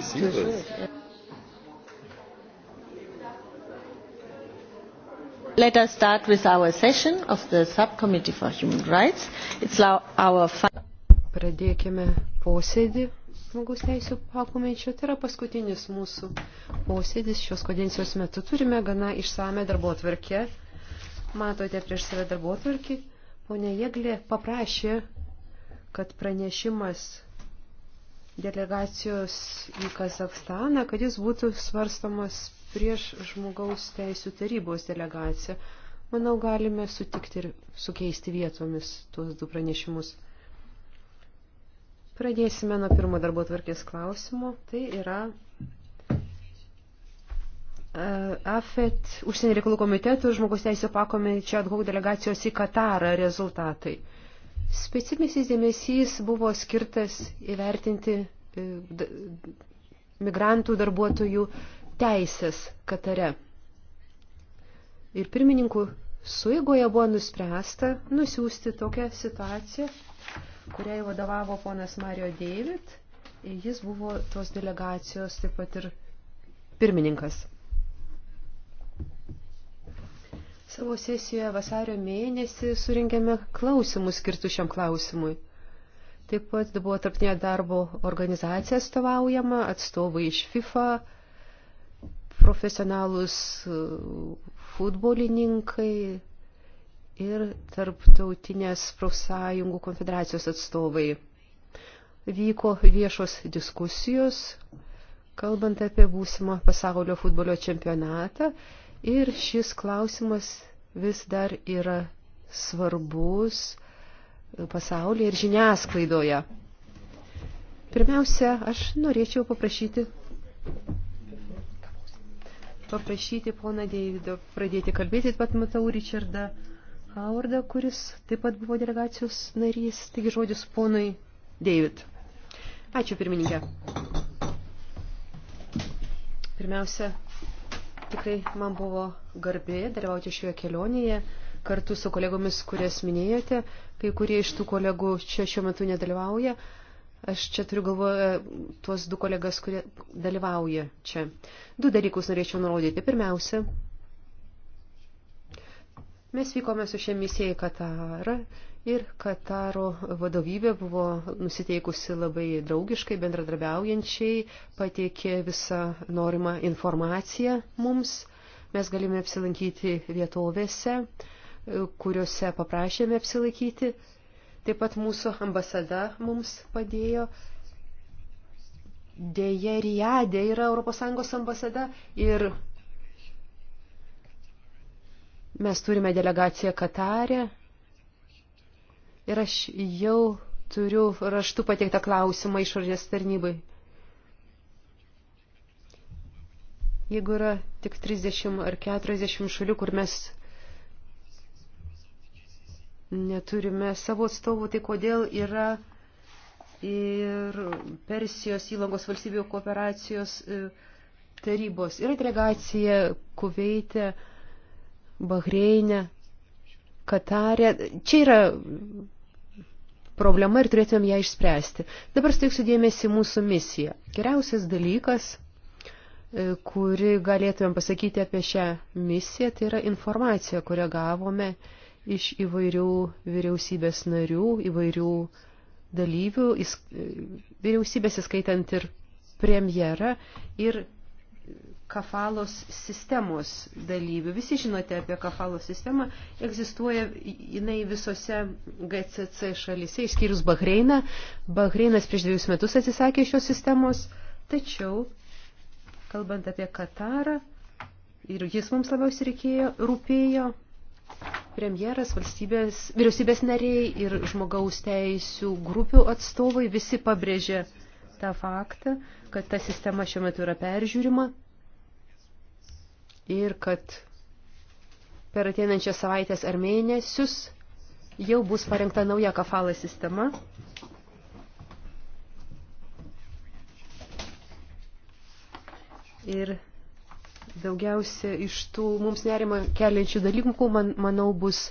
we see this. Let us start with our session of the Subcommittee for Human Rights. It's our Pradėkime posėdį žmogus teisų pakomečio. Tai yra paskutinis mūsų posėdis šios kadencijos metu. Turime gana išsame darbo tvarkę. Matote prieš save darbo tvarkį. Pone Jėglė paprašė, kad pranešimas delegacijos į Kazakstaną, kad jis būtų svarstamas prieš žmogaus teisų tarybos delegaciją. Manau, galime sutikti ir sukeisti vietomis tuos du pranešimus. Pradėsime nuo pirmo darbo tvarkės klausimo. Tai yra e, AFET užsienio reikalų komitetų ir žmogus teisų pakomečio atgauk delegacijos į Katarą rezultatai. Specifinis dėmesys buvo skirtas įvertinti e, migrantų darbuotojų teisės Katare. Ir pirmininkų suigoje buvo nuspręsta nusiųsti tokią situaciją, kuriai vadovavo ponas Mario David. Jis buvo tos delegacijos taip pat ir pirmininkas. Savo sesijoje vasario mėnesį surinkėme klausimus skirtų šiam klausimui. Taip pat buvo tarptinė darbo organizacija atstovaujama, atstovai iš FIFA, profesionalus uh, futbolininkai ir tarptautinės profsąjungų konfederacijos atstovai. Vyko viešos diskusijos, kalbant apie būsimą pasaulio futbolio čempionatą Ir šis klausimas vis dar yra svarbus pasaulyje ir žiniasklaidoje. Pirmiausia, aš norėčiau paprašyti, paprašyti poną Deivido pradėti kalbėti, bet matau Richardą Howardą, kuris taip pat buvo delegacijos narys. Taigi žodis ponui David. Ačiū pirmininkė. Pirmiausia, Tikrai man buvo garbė dalyvauti šioje kelionėje kartu su kolegomis, kurias minėjote. Kai kurie iš tų kolegų čia šiuo metu nedalyvauja. Aš čia turiu galvoje tuos du kolegas, kurie dalyvauja čia. Du dalykus norėčiau nurodyti. Pirmiausia, mes vykome su šia misija į Katarą ir Kataro vadovybė buvo nusiteikusi labai draugiškai, bendradarbiaujančiai, pateikė visą norimą informaciją mums. Mes galime apsilankyti vietovėse, kuriuose paprašėme apsilaikyti. Taip pat mūsų ambasada mums padėjo. Deja, Riadė yra ES ambasada ir mes turime delegaciją Katarė Ir aš jau turiu raštu pateiktą klausimą išorės tarnybai. Jeigu yra tik 30 ar 40 šalių, kur mes neturime savo atstovų, tai kodėl yra ir Persijos įlangos valstybių kooperacijos e, tarybos. Yra delegacija Kuveitė, Bahreine, Katarė. Čia yra problema ir turėtumėm ją išspręsti. Dabar steiksiu dėmesį mūsų misiją. Geriausias dalykas, e, kurį galėtumėm pasakyti apie šią misiją, tai yra informacija, kurią gavome iš įvairių vyriausybės narių, įvairių dalyvių, e, vyriausybės įskaitant ir premjerą ir kafalos sistemos dalyvių. Visi žinote apie kafalos sistemą, egzistuoja jinai visose GCC šalyse, išskyrus Bahreiną. Bahreinas prieš dviejus metus atsisakė šios sistemos, tačiau, kalbant apie Katarą, ir jis mums labiausiai reikėjo, rūpėjo, premjeras, valstybės, vyriausybės nariai ir žmogaus teisų grupių atstovai visi pabrėžė tą faktą, kad ta sistema šiuo metu yra peržiūrima ir kad per ateinančias savaitės ar mėnesius jau bus parengta nauja kafalą sistema. Ir daugiausia iš tų mums nerima keliančių dalykų, man, manau, bus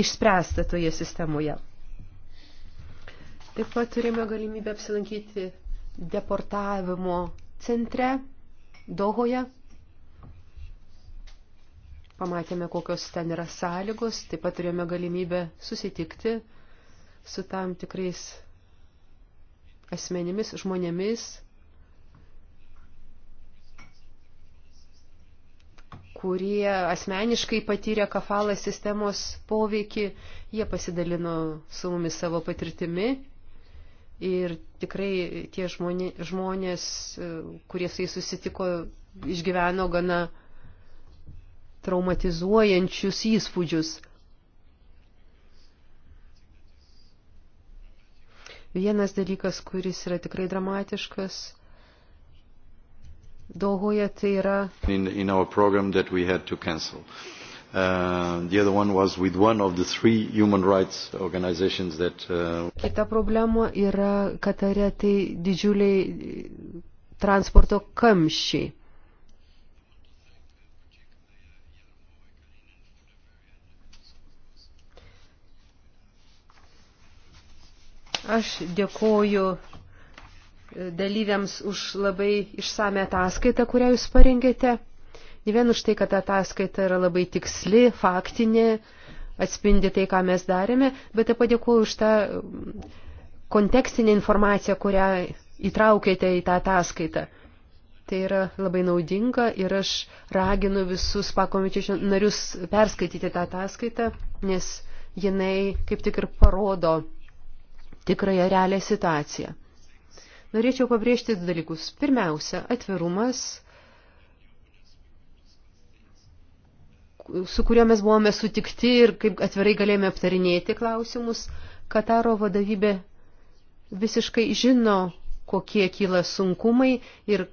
išspręsta toje sistemoje. Taip pat turime galimybę apsilankyti deportavimo centre Dohoje pamatėme, kokios ten yra sąlygos, taip pat turėjome galimybę susitikti su tam tikrais asmenimis, žmonėmis, kurie asmeniškai patyrė kafalą sistemos poveikį, jie pasidalino su mumis savo patirtimi ir tikrai tie žmonė, žmonės, kurie su jais susitiko, išgyveno gana traumatizuojančius įspūdžius. Vienas dalykas, kuris yra tikrai dramatiškas, Dohoje tai yra. In, in our program that we had to cancel. Uh, the other one was with one of the three human rights organizations that. Uh... Kita problema yra Katare tai didžiuliai transporto kamščiai. Aš dėkoju e, dalyviams už labai išsame ataskaitą, kurią jūs parengėte. Ne vien už tai, kad ataskaita yra labai tiksli, faktinė, atspindi tai, ką mes darėme, bet taip padėkoju už tą kontekstinę informaciją, kurią įtraukėte į tą ataskaitą. Tai yra labai naudinga ir aš raginu visus pakomitečio narius perskaityti tą ataskaitą, nes jinai kaip tik ir parodo tikrąją realią situaciją. Norėčiau pabrėžti dalykus. Pirmiausia, atvirumas, su kuriuo mes buvome sutikti ir kaip atvirai galėjome aptarinėti klausimus. Kataro vadovybė visiškai žino, kokie kyla sunkumai ir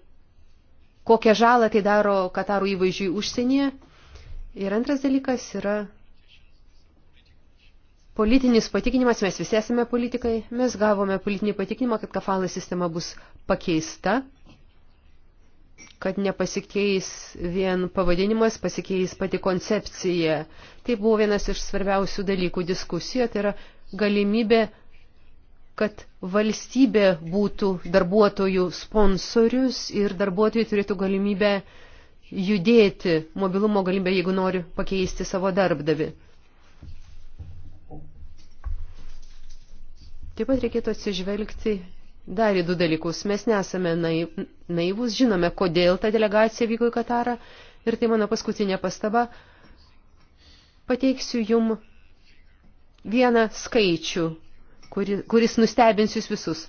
kokią žalą tai daro Katarų įvaizdžiui užsienyje. Ir antras dalykas yra politinis patikinimas, mes visi esame politikai, mes gavome politinį patikinimą, kad kafalai sistema bus pakeista, kad nepasikeis vien pavadinimas, pasikeis pati koncepcija. Tai buvo vienas iš svarbiausių dalykų diskusijoje, tai yra galimybė, kad valstybė būtų darbuotojų sponsorius ir darbuotojai turėtų galimybę judėti mobilumo galimybę, jeigu nori pakeisti savo darbdavį. Taip pat reikėtų atsižvelgti dar į du dalykus. Mes nesame naivus, žinome, kodėl ta delegacija vyko į Katarą. Ir tai mano paskutinė pastaba. Pateiksiu jum vieną skaičių, kuri, kuris nustebins jūs visus.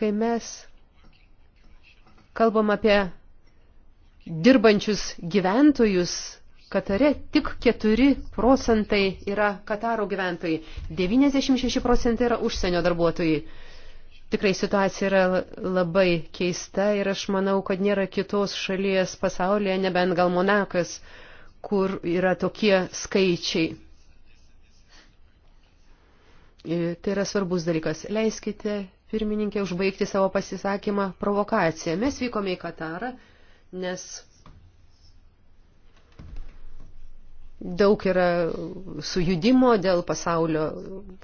Kai mes kalbam apie dirbančius gyventojus, Katare tik 4 procentai yra Kataro gyventojai, 96 procentai yra užsienio darbuotojai. Tikrai situacija yra labai keista ir aš manau, kad nėra kitos šalies pasaulyje, nebent gal Monakas, kur yra tokie skaičiai. E, tai yra svarbus dalykas. Leiskite, pirmininkė, užbaigti savo pasisakymą provokaciją. Mes vykome į Katarą, nes daug yra sujudimo dėl pasaulio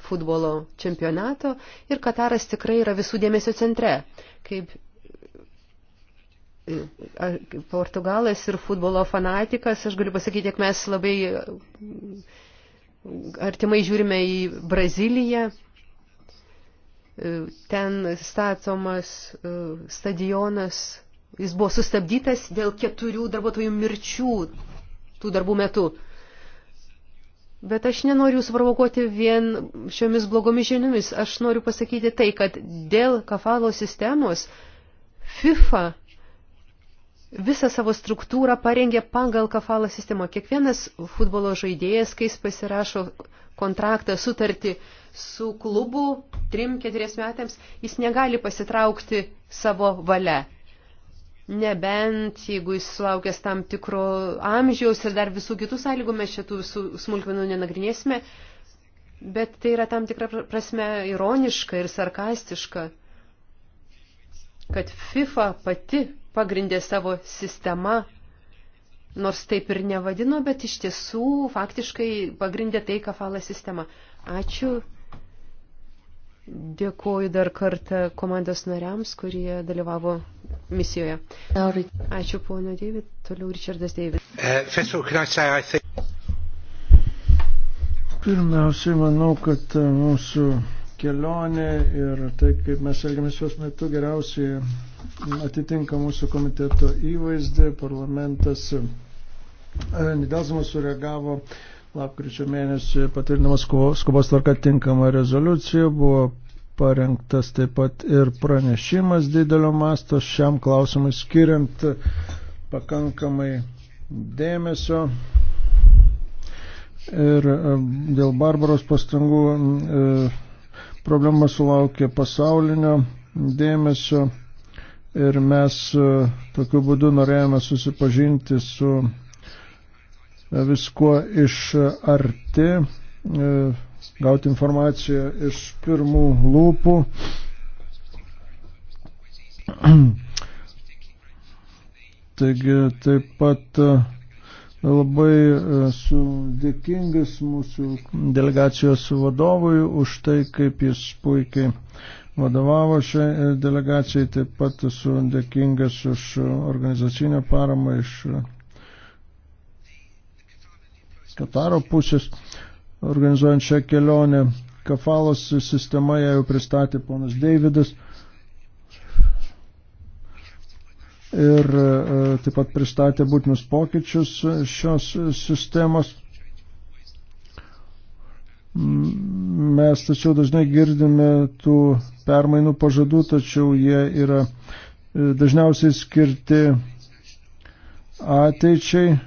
futbolo čempionato ir Kataras tikrai yra visų dėmesio centre. Kaip portugalas ir futbolo fanatikas, aš galiu pasakyti, tiek mes labai mm, artimai žiūrime į Braziliją. Ten statomas e, stadionas, jis buvo sustabdytas dėl keturių darbuotojų mirčių tų darbų metu. Bet aš nenoriu jūs provokuoti vien šiomis blogomis žiniomis. Aš noriu pasakyti tai, kad dėl kafalo sistemos FIFA visą savo struktūrą parengė pagal kafalo sistemą. Kiekvienas futbolo žaidėjas, kai jis pasirašo kontraktą, sutartį su klubu trim, keturiems metams, jis negali pasitraukti savo valia. Nebent, jeigu jis sulaukęs tam tikro amžiaus ir dar visų kitų sąlygų, mes šitų visų smulkmenų nenagrinėsime, bet tai yra tam tikra prasme ironiška ir sarkastiška, kad FIFA pati pagrindė savo sistemą, nors taip ir nevadino, bet iš tiesų faktiškai pagrindė tai, ką fala sistema. Ačiū. Dėkuoju dar kartą komandos nariams, kurie dalyvavo misijoje. Ačiū ponio David, toliau Richardas David. Uh, Pirmiausiai, manau, kad uh, mūsų kelionė ir tai, kaip mes elgiamės jos metu, geriausiai atitinka mūsų komiteto įvaizdį. Parlamentas uh, nedelsamas sureagavo Lapkričio mėnesį patvirtinamas skubos tvarka tinkama rezoliucija buvo parengtas taip pat ir pranešimas didelio masto šiam klausimui skiriant pakankamai dėmesio. Ir e, dėl Barbaros pastangų e, problema sulaukė pasaulinio dėmesio ir mes e, tokiu būdu norėjome susipažinti su viskuo iš arti, e, gauti informaciją iš pirmų lūpų. Taigi taip pat e, labai e, esu dėkingas mūsų delegacijos vadovui už tai, kaip jis puikiai vadovavo šiai delegacijai. Taip pat esu dėkingas už organizacinę paramą iš Kataro pusės organizuojant šią kelionę. Kafalos sistema ją jau pristatė ponas Deividas. Ir e, taip pat pristatė būtinus pokyčius šios sistemos. Mes tačiau dažnai girdime tų permainų pažadų, tačiau jie yra e, dažniausiai skirti ateičiai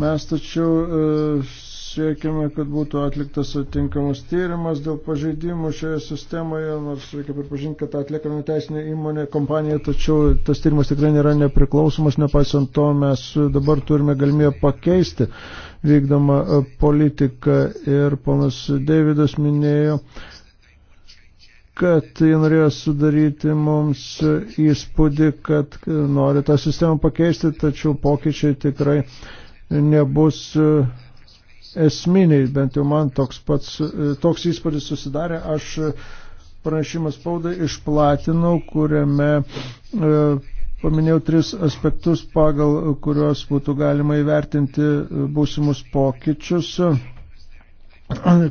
Mes tačiau e, siekiame, kad būtų atliktas atinkamas tyrimas dėl pažeidimų šioje sistemoje, nors reikia pripažinti, kad atliekame teisinę įmonę, kompaniją, tačiau tas tyrimas tikrai nėra nepriklausomas, nepaisant to mes dabar turime galimybę pakeisti vykdomą e, politiką ir ponas Davidas minėjo, kad jie norėjo sudaryti mums įspūdį, kad nori tą sistemą pakeisti, tačiau pokyčiai tikrai nebus e, esminiai, bent jau man toks, pats, e, toks įspūdis susidarė. Aš e, pranešimą spaudai išplatinau, kuriame paminėjau tris aspektus, pagal kuriuos būtų galima įvertinti būsimus pokyčius.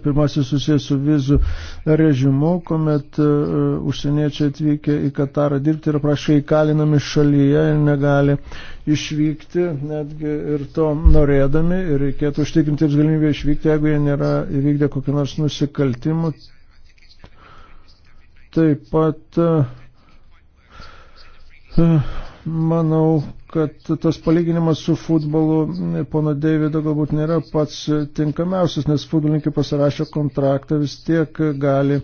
Pirmasis susijęs su vizų režimu, kuomet e, užsieniečiai atvykę į Katarą dirbti ir prašai įkalinami šalyje ir negali išvykti, netgi ir to norėdami, ir reikėtų užtikrinti jiems galimybę išvykti, jeigu jie nėra įvykdę kokį nors nusikaltimų. Taip pat e, e, manau, kad tas palyginimas su futbolu pono Deivido galbūt nėra pats tinkamiausias, nes futbolininkai pasirašę kontraktą vis tiek gali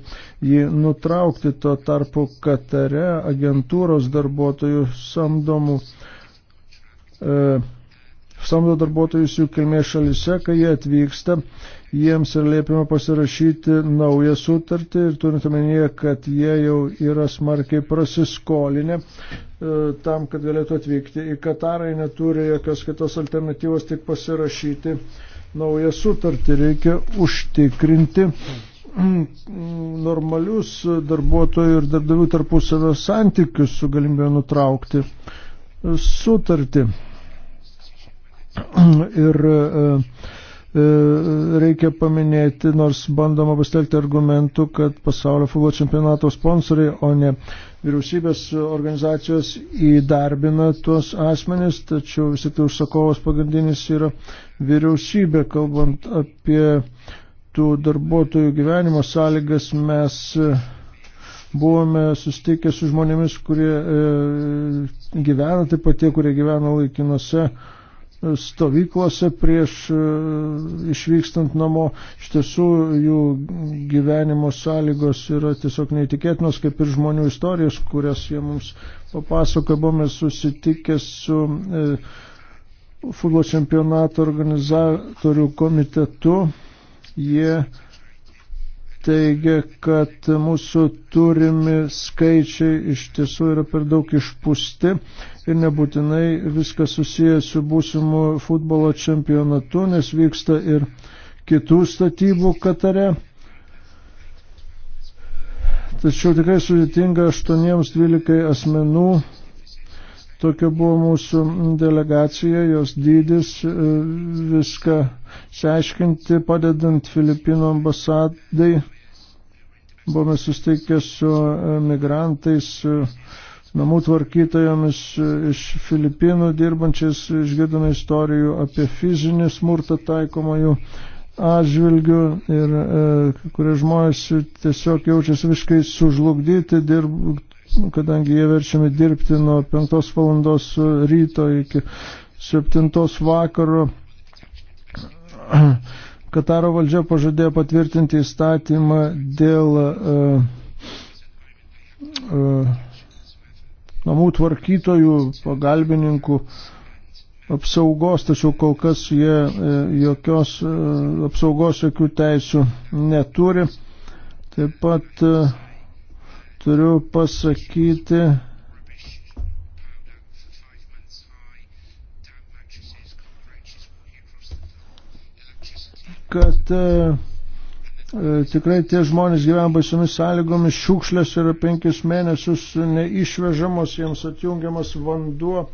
jį nutraukti. Tuo tarpu Katare agentūros darbuotojų samdomų e, samdo darbuotojus jų kilmės šalise, kai jie atvyksta, jiems ir liepiama pasirašyti naują sutartį ir turint omenyje, kad jie jau yra smarkiai prasiskolinę e, tam, kad galėtų atvykti į Katarą, neturi jokios kitos alternatyvos, tik pasirašyti naują sutartį. Reikia užtikrinti normalius darbuotojų ir darbdavių tarpusavio santykius su galimybė nutraukti sutartį. Ir e, e, reikia paminėti, nors bandoma pastelgti argumentų, kad pasaulio futbolo čempionato sponsoriai, o ne vyriausybės organizacijos įdarbina tuos asmenis, tačiau vis tik tai užsakovas pagrindinis yra vyriausybė, kalbant apie tų darbuotojų gyvenimo sąlygas, mes e, buvome sustikę su žmonėmis, kurie gyvena taip pat tie, kurie gyvena laikinose stovyklose prieš e, išvykstant namo. Iš tiesų jų gyvenimo sąlygos yra tiesiog neįtikėtinos, kaip ir žmonių istorijos, kurias jie mums papasakojo. Buvome susitikę su e, futbolo čempionato organizatorių komitetu. Jie teigia, kad mūsų turimi skaičiai iš tiesų yra per daug išpūsti ir nebūtinai viskas susijęs su būsimu futbolo čempionatu, nes vyksta ir kitų statybų Katare. Tačiau tikrai sudėtinga 8-12 asmenų. Tokia buvo mūsų delegacija, jos dydis, e, viską seiškinti, padedant Filipino ambasadai Buvome susteikę su e, migrantais, e, namų tvarkytojomis e, iš Filipinų dirbančiais, išgirdome istorijų apie fizinį smurtą taikomą jų atžvilgių ir e, kurie žmonės tiesiog jaučiasi visiškai sužlugdyti, dirb, kadangi jie verčiami dirbti nuo 5 valandos ryto iki 7 vakaro. Kataro valdžia pažadėjo patvirtinti įstatymą dėl uh, uh, namų tvarkytojų, pagalbininkų apsaugos, tačiau kol kas jie e, jokios apsaugos, jokių teisių neturi. Taip pat turiu pasakyti, kad e, e, tikrai tie žmonės gyvena baisiomis sąlygomis, šiukšlės yra penkis mėnesius neišvežamos, jiems atjungiamas vanduo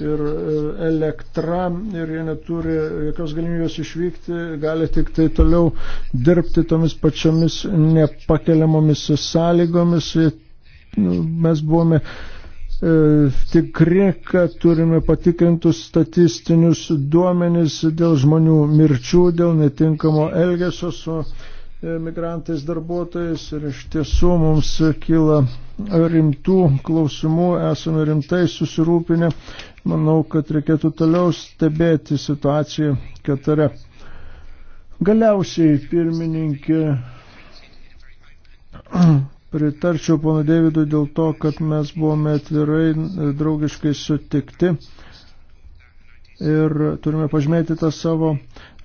ir e, elektra ir jie neturi jokios galimybės išvykti, gali tik tai toliau dirbti tomis pačiomis nepakeliamomis sąlygomis. Nu, mes buvome E, tikri, kad turime patikrintus statistinius duomenis dėl žmonių mirčių, dėl netinkamo elgesio su e, migrantais darbuotojais ir iš tiesų mums kyla rimtų klausimų, esame rimtai susirūpinę. Manau, kad reikėtų toliau stebėti situaciją Katare. Galiausiai pirmininkė Pritarčiau pono Davidui dėl to, kad mes buvome atvirai draugiškai sutikti ir turime pažymėti tą savo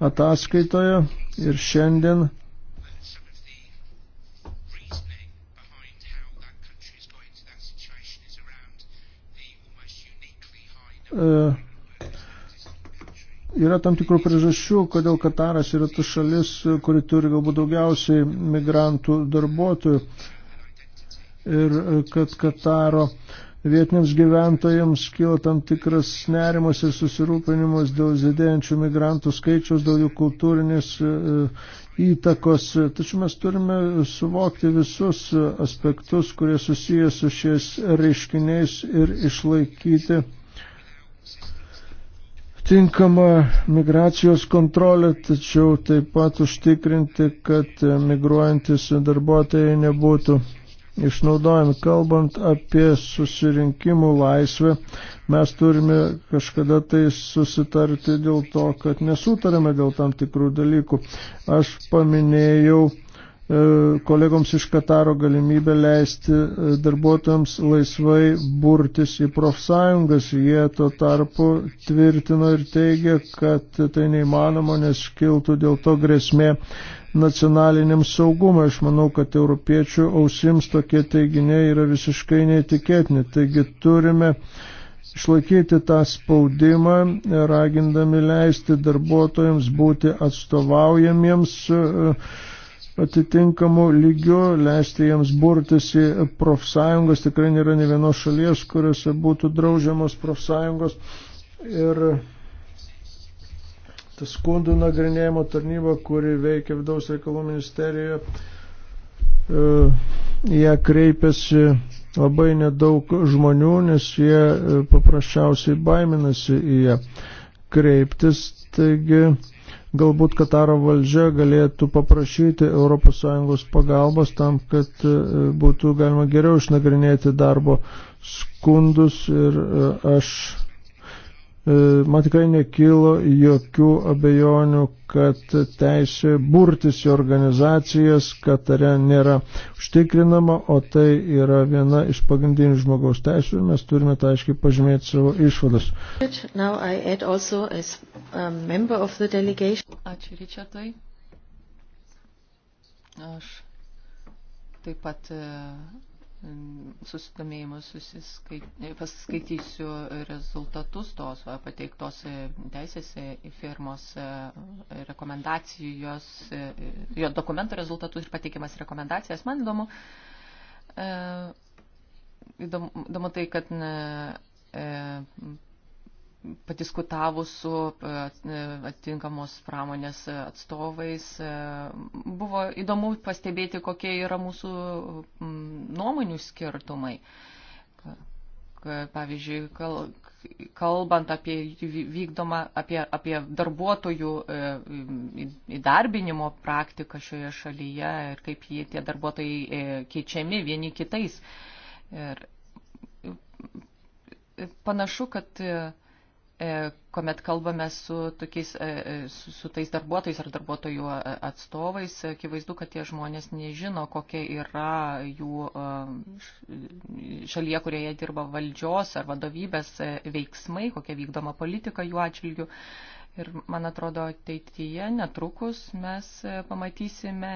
ataskaitoje ir šiandien e, Yra tam tikrų priežasčių, kodėl Kataras yra ta šalis, kuri turi galbūt daugiausiai migrantų darbuotojų ir kad Kataro vietiniams gyventojams kyla tam tikras nerimas ir susirūpinimas dėl zidėjančių migrantų skaičiaus, dėl jų kultūrinės e, įtakos. Tačiau mes turime suvokti visus aspektus, kurie susijęs su šiais reiškiniais ir išlaikyti tinkamą migracijos kontrolę, tačiau taip pat užtikrinti, kad migruojantis darbuotojai nebūtų išnaudojami. Kalbant apie susirinkimų laisvę, mes turime kažkada tai susitarti dėl to, kad nesutarėme dėl tam tikrų dalykų. Aš paminėjau e, kolegoms iš Kataro galimybę leisti e, darbuotojams laisvai burtis į profsąjungas. Jie tuo tarpu tvirtino ir teigia, kad tai neįmanoma, nes kiltų dėl to grėsmė nacionaliniam saugumui. Aš manau, kad europiečių ausims tokie teiginiai yra visiškai neįtikėtini. Taigi turime išlaikyti tą spaudimą, ragindami leisti darbuotojams būti atstovaujamiems e, atitinkamų lygių, leisti jiems burtis į profsąjungas. Tikrai nėra ne vienos šalies, kuriuose būtų draužiamos profsąjungos. Ir skundų nagrinėjimo tarnyba, kuri veikia vidaus reikalų ministerijoje. E, jie kreipiasi labai nedaug žmonių, nes jie e, paprasčiausiai baiminasi į ją kreiptis. Taigi, galbūt Kataro valdžia galėtų paprašyti ES pagalbos tam, kad e, būtų galima geriau išnagrinėti darbo skundus ir aš E, man tikrai nekilo jokių abejonių, kad teisė burtis į organizacijas Katare nėra užtikrinama, o tai yra viena iš pagrindinių žmogaus teisų ir mes turime tai aiškiai pažymėti savo išvadas. Um, Ačiū, Richardai. Aš taip pat e, susidomėjimu pasiskaitysiu rezultatus tos pateiktos teisės firmos e, rekomendacijos, e, jo dokumento rezultatus ir pateikimas rekomendacijas. Man įdomu, e, įdomu, įdomu tai, kad patiskutavus su e, atitinkamos pramonės atstovais, e, buvo įdomu pastebėti, kokie yra mūsų nuomonių skirtumai. Pavyzdžiui, kalbant apie vykdomą, apie, apie darbuotojų e, įdarbinimo praktiką šioje šalyje ir kaip jie, tie darbuotojai keičiami vieni kitais. Ir panašu, kad E, kuomet kalbame su, tokiais, e, e, su, su tais darbuotojais ar darbuotojų atstovais, akivaizdu, kad tie žmonės nežino, kokia yra jų šalyje, kurioje dirba valdžios ar vadovybės veiksmai, kokia vykdoma politika jų atžvilgių. Ir man atrodo, ateityje netrukus mes pamatysime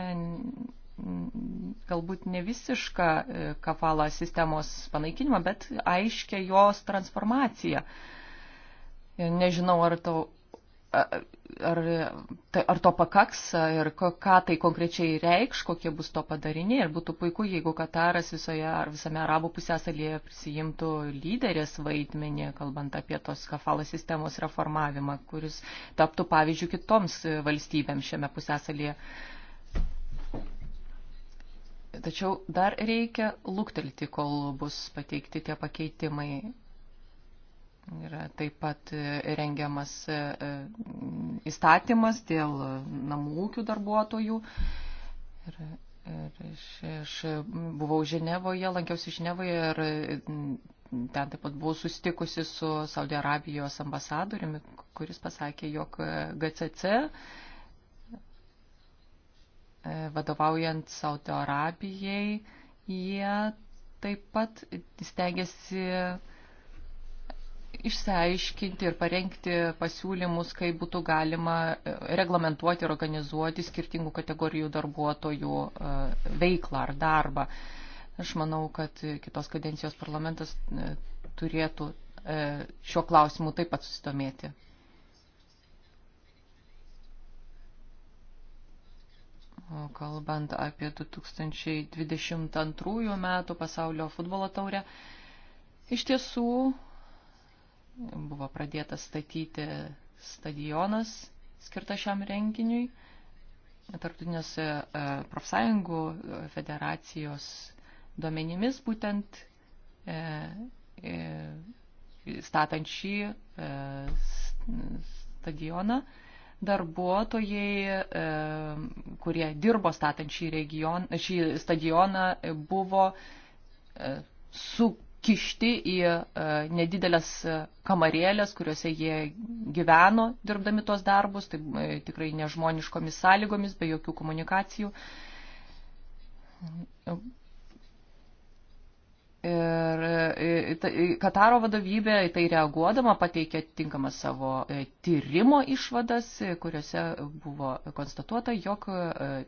galbūt ne visišką kavalą sistemos panaikinimą, bet aiškia jos transformaciją. Uh, Nežinau, ar to, ar, ar to pakaks ir ką tai konkrečiai reikš, kokie bus to padariniai. Ir būtų puiku, jeigu Kataras visoje ar visame arabų pusėsalyje prisijimtų lyderės vaidmenį, kalbant apie tos kafalo sistemos reformavimą, kuris taptų pavyzdžių kitoms valstybėms šiame pusėsalyje. Tačiau dar reikia luktelti, kol bus pateikti tie pakeitimai. Yra taip pat e, rengiamas e, e, įstatymas dėl namų ūkių darbuotojų. Ir, ir aš, aš buvau Ženevoje, lankiausi Ženevoje ir ten taip pat buvau susitikusi su Saudė Arabijos ambasadoriumi, kuris pasakė, jog GCC vadovaujant Saudo Arabijai, jie taip pat stengiasi išsiaiškinti ir parengti pasiūlymus, kaip būtų galima e, reglamentuoti ir organizuoti skirtingų kategorijų darbuotojų e, veiklą ar darbą. Aš manau, kad kitos kadencijos parlamentas e, turėtų šiuo klausimu taip pat susidomėti. O kalbant apie 2022 metų pasaulio futbolo taurę, iš tiesų Buvo pradėtas statyti stadionas skirtas šiam renginiui. Tarptautinės e, profsąjungų e, federacijos duomenimis būtent e, e, statant šį e, stadioną darbuotojai, e, kurie dirbo statant šį, region, šį stadioną, buvo e, su kišti į e, nedidelės kamarėlės, kuriuose jie gyveno dirbdami tos darbus, tai e, tikrai nežmoniškomis sąlygomis, be jokių komunikacijų. Ir e, Kataro vadovybė tai reaguodama pateikė tinkamą savo tyrimo išvadas, kuriuose buvo konstatuota, jog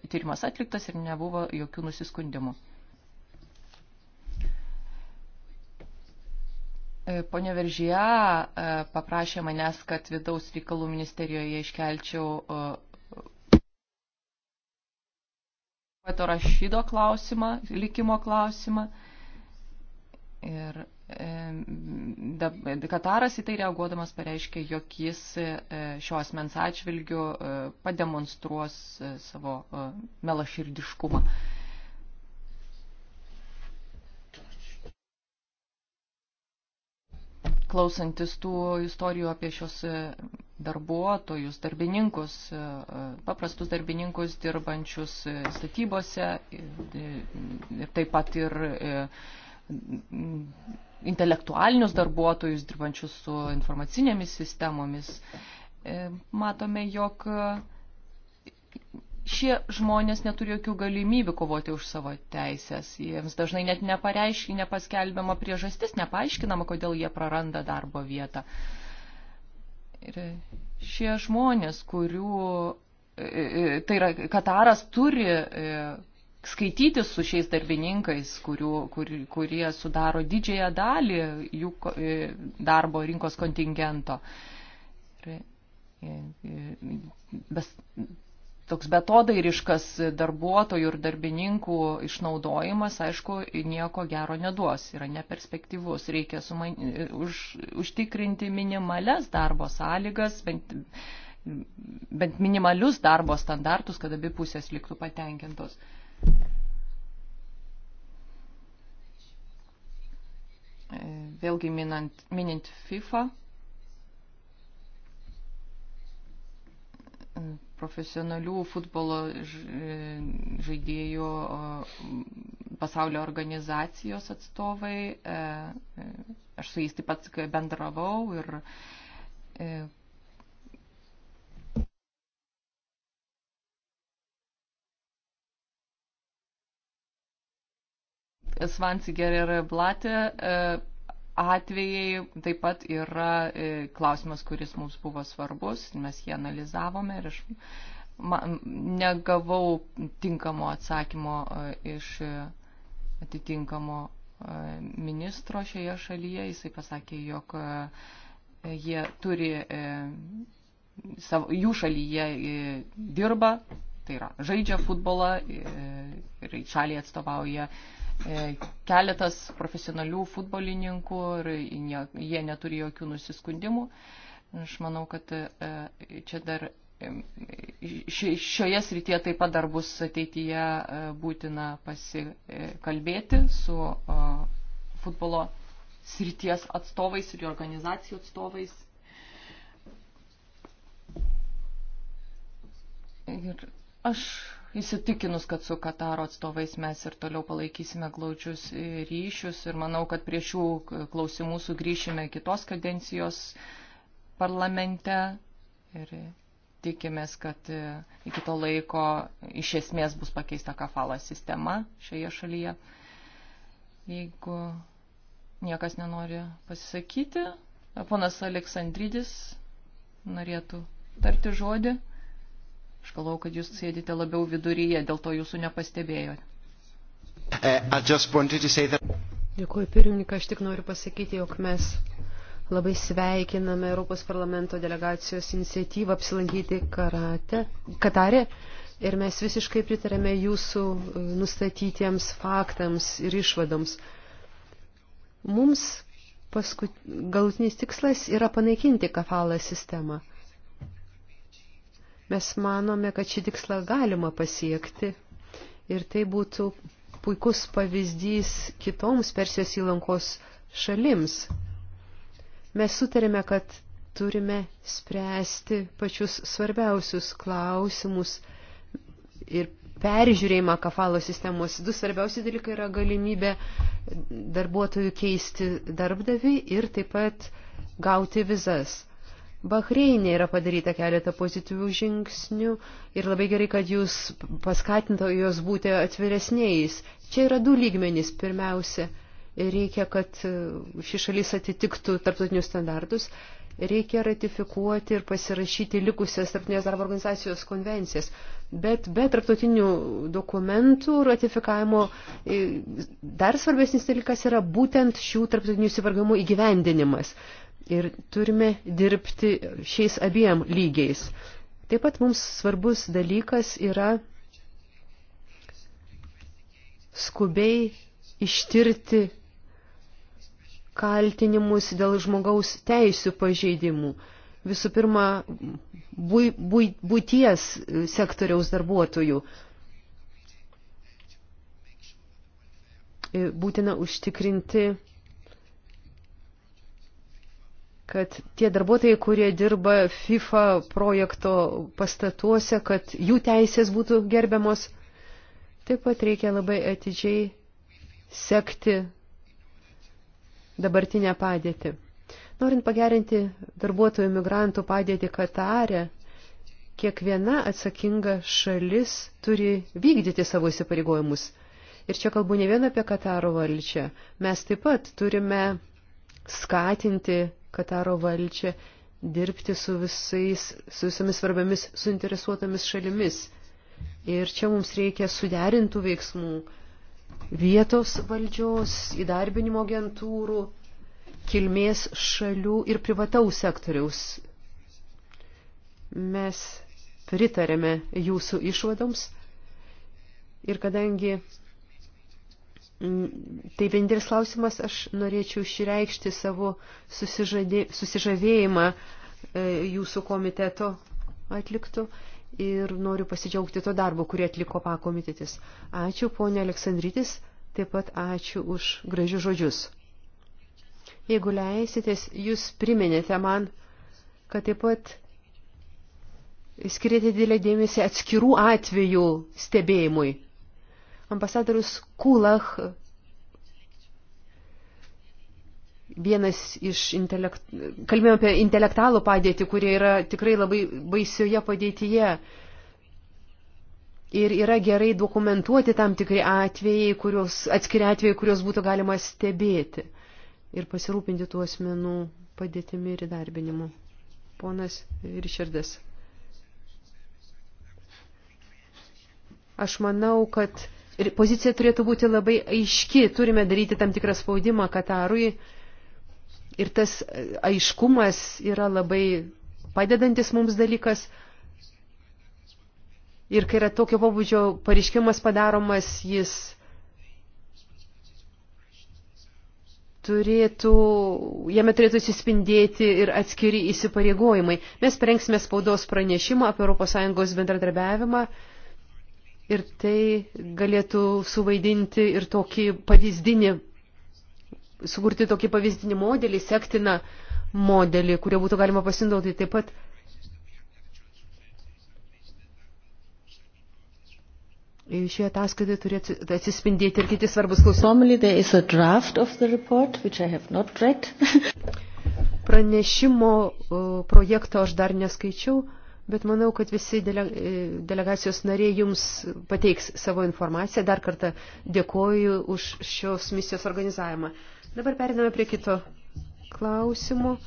tyrimas atliktas ir nebuvo jokių nusiskundimų. E, Pone Veržyje e, paprašė manęs, kad vidaus reikalų ministerijoje iškelčiau e, poeto rašydo klausimą, likimo klausimą. Ir Kataras į tai reaguodamas pareiškė, jog jis šio asmens atžvilgiu pademonstruos savo melaširdiškumą. klausantis tų istorijų apie šios e, darbuotojus, darbininkus, e, e, paprastus darbininkus dirbančius statybose ir taip pat ir intelektualinius darbuotojus dirbančius su informacinėmis sistemomis, matome, jog šie žmonės neturi jokių galimybių kovoti už savo teisės. Jiems dažnai net nepareiškia, nepaskelbiama priežastis, nepaaiškinama, kodėl jie praranda darbo vietą. Ir šie žmonės, kurių, e, e, tai yra, Kataras turi e, skaityti su šiais darbininkais, kurių, kur, kurie sudaro didžiąją dalį jų darbo rinkos kontingento. Ir, ir, ir, bes, toks betodairiškas darbuotojų ir darbininkų išnaudojimas, aišku, nieko gero neduos, yra neperspektyvus. Reikia suman... už... užtikrinti minimales darbo sąlygas, bent... bent minimalius darbo standartus, kad abi pusės liktų patenkintos. Vėlgi minant, minint FIFA, profesionalių futbolo e, žaidėjų pasaulio organizacijos atstovai. E, e, aš su jais taip pat bendravau ir Svansiger ir Blatė atvejai taip pat yra e, klausimas, kuris mums buvo svarbus, mes jį analizavome ir aš negavau tinkamo atsakymo e, iš atitinkamo e, ministro šioje šalyje. Jisai pasakė, jog jie turi, savo, jų šalyje dirba, tai yra žaidžia futbolą ir šaliai atstovauja E, keletas profesionalių futbolininkų ir jie neturi jokių nusiskundimų. Aš manau, kad e, čia dar e, šioje srityje taip pat dar bus ateityje būtina pasikalbėti su futbolo srities atstovais ir organizacijų atstovais. Ir aš įsitikinus, kad su Kataro atstovais mes ir toliau palaikysime glaučius ryšius ir manau, kad prie šių klausimų sugrįšime kitos kadencijos parlamente ir tikimės, kad iki to laiko iš esmės bus pakeista kafalo sistema šioje šalyje. Jeigu niekas nenori pasisakyti, ponas Aleksandridis norėtų tarti žodį. Aš galvau, kad jūs sėdite labiau viduryje, dėl to jūsų nepastebėjo. Uh, Dėkuoju, pirmininkai, aš tik noriu pasakyti, jog mes labai sveikiname Europos parlamento delegacijos iniciatyvą apsilankyti karate, Katare ir mes visiškai pritarėme jūsų uh, nustatytiems faktams ir išvadoms. Mums paskut... galutinis tikslas yra panaikinti kafalą sistemą. Mes manome, kad šį tikslą galima pasiekti ir tai būtų puikus pavyzdys kitoms Persijos įlankos šalims. Mes sutarėme, kad turime spręsti pačius svarbiausius klausimus ir peržiūrėjimą kafalo sistemos. Du svarbiausi dalykai yra galimybė darbuotojų keisti darbdavį ir taip pat gauti vizas. Bahreinė yra padaryta keletą pozityvių žingsnių ir labai gerai, kad jūs paskatinto juos būti atviresniais. Čia yra du lygmenys. Pirmiausia, reikia, kad uh, ši šalis atitiktų tarptautinius standartus. Reikia ratifikuoti ir pasirašyti likusias tarptautinės darbo organizacijos konvencijas. Bet be tarptautinių dokumentų ratifikavimo dar svarbesnis dalykas yra būtent šių tarptautinių įsivargimų įgyvendinimas ir turime dirbti šiais abiem lygiais. Taip pat mums svarbus dalykas yra skubiai ištirti kaltinimus dėl žmogaus teisių pažeidimų. Visų pirma, bū, bū, būties sektoriaus darbuotojų. Būtina užtikrinti kad tie darbuotojai, kurie dirba FIFA projekto pastatuose, kad jų teisės būtų gerbiamos. Taip pat reikia labai atidžiai sekti dabartinę padėtį. Norint pagerinti darbuotojų migrantų padėtį Katarę, kiekviena atsakinga šalis turi vykdyti savo įsipareigojimus. Ir čia kalbu ne vien apie Kataro valdžią. Mes taip pat turime skatinti Kataro valdžią dirbti su, visais, su visomis svarbiamis suinteresuotomis šalimis. Ir čia mums reikia suderintų veiksmų vietos valdžios, įdarbinimo agentūrų, kilmės šalių ir privataus sektoriaus. Mes pritarėme jūsų išvadoms ir kadangi Tai vienintelis klausimas, aš norėčiau išreikšti savo susižadė, susižavėjimą e, jūsų komiteto atliktų ir noriu pasidžiaugti to darbo, kurį atliko pakomitetis. Ačiū, ponė Aleksandrytis, taip pat ačiū už gražius žodžius. Jeigu leisitės, jūs priminėte man, kad taip pat skirėte didelę dėmesį atskirų atvejų stebėjimui ambasadorius Kulach, vienas iš intelekt... kalbėjome apie intelektualų padėtį, kurie yra tikrai labai baisioje padėtyje. Ir yra gerai dokumentuoti tam tikri atvejai, kurios, atskiri atvejai, kurios būtų galima stebėti ir pasirūpinti tų asmenų padėtimi ir įdarbinimu. Ponas Rišardas. Aš manau, kad pozicija turėtų būti labai aiški, turime daryti tam tikrą spaudimą Katarui ir tas e, aiškumas yra labai padedantis mums dalykas. Ir kai yra tokio pobūdžio pareiškimas padaromas, jis turėtų, jame turėtų atsispindėti ir atskiri įsipareigojimai. Mes prengsime spaudos pranešimą apie ES bendradarbiavimą Ir tai galėtų suvaidinti ir tokį pavyzdinį, sukurti tokį pavyzdinį modelį, sektiną modelį, kurio būtų galima pasinaudoti taip pat. Šioje ataskaitoje turėtų atsispindėti ir kiti svarbus klausimai. Pranešimo projekto aš dar neskaičiau bet manau, kad visi dele, e, delegacijos nariai jums pateiks savo informaciją. Dar kartą dėkoju už šios misijos organizavimą. Dabar periname prie kito klausimo.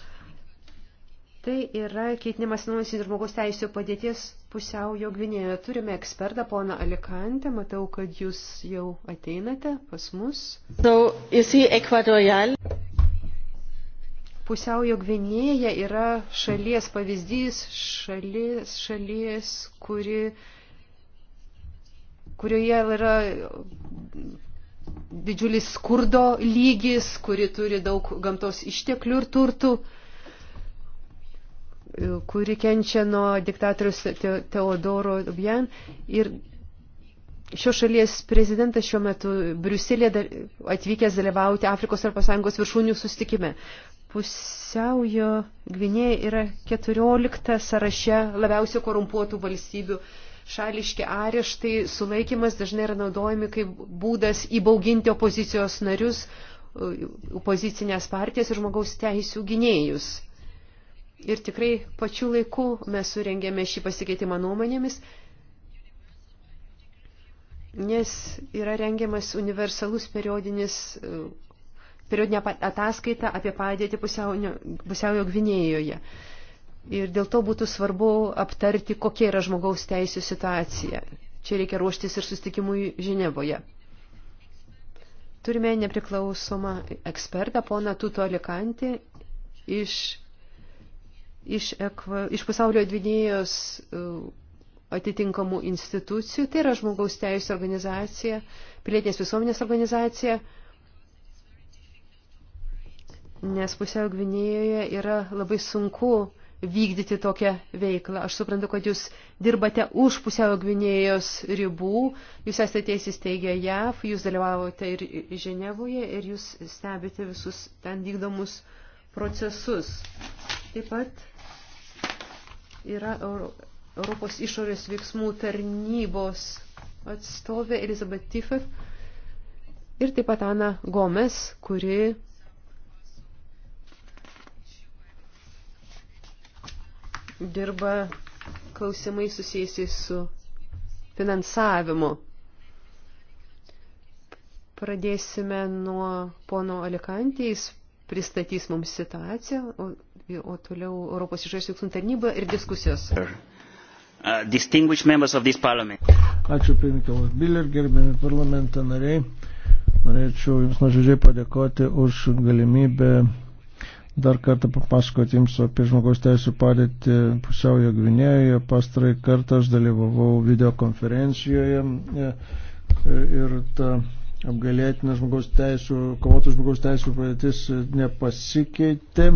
Tai yra keitinimas nuomonės ir žmogaus teisų padėties pusiaujo Gvinėjoje. Turime ekspertą, poną Alikantę, matau, kad jūs jau ateinate pas mus. So, Pusiaujo Gvinėja yra šalies pavyzdys, šalies, šalies kuri, kurioje yra didžiulis skurdo lygis, kuri turi daug gamtos išteklių ir turtų, kuri kenčia nuo diktatorius Teodoro Bien. Ir šios šalies prezidentas šiuo metu Briuselėje atvykęs dalyvauti Afrikos Europos Sąjungos viršūnių sustikime. Pusiaujo Gvinėja yra 14 sąraše labiausiai korumpuotų valstybių. Šališki areštai, sulaikimas dažnai yra naudojami kaip būdas įbauginti opozicijos narius, opozicinės partijas ir žmogaus teisų gynėjus. Ir tikrai pačiu laiku mes surengėme šį pasikeitimą nuomonėmis, nes yra rengiamas universalus periodinis periodinę ataskaitą apie padėtį pusiaujo Gvinėjoje. Ir dėl to būtų svarbu aptarti, kokia yra žmogaus teisų situacija. Čia reikia ruoštis ir sustikimui Ženevoje. Turime nepriklausomą ekspertą, poną Tuto Alikantį, iš, iš, ekva, iš pasaulio dvinėjos e, atitinkamų institucijų. Tai yra žmogaus teisų organizacija, pilietinės visuomenės organizacija – nes pusiau Gvinėjoje yra labai sunku vykdyti tokią veiklą. Aš suprantu, kad jūs dirbate už pusiau Gvinėjos ribų, jūs esate teisės teigę JAV, jūs dalyvavote ir Ženevoje ir jūs stebite visus ten vykdomus procesus. Taip pat yra Europos išorės veiksmų tarnybos atstovė Elizabeth Tiffef ir taip pat Ana Gomes, kuri dirba klausimai susijusiai su finansavimu. Pradėsime nuo pono Alikantijais, pristatys mums situaciją, o, o toliau Europos išorės veiksmų tarnyba ir diskusijos. Uh, Ačiū, pirmininkas Biller, gerbiami parlamento nariai. Norėčiau Jums nuoširdžiai padėkoti už galimybę dar kartą papasakoti jums apie žmogaus teisų padėtį pusiaujo Gvinėjoje. Pastarai kartą aš dalyvavau videokonferencijoje e, e, ir ta apgalėtina žmogaus teisų, kovotų žmogaus teisų padėtis e, nepasikeitė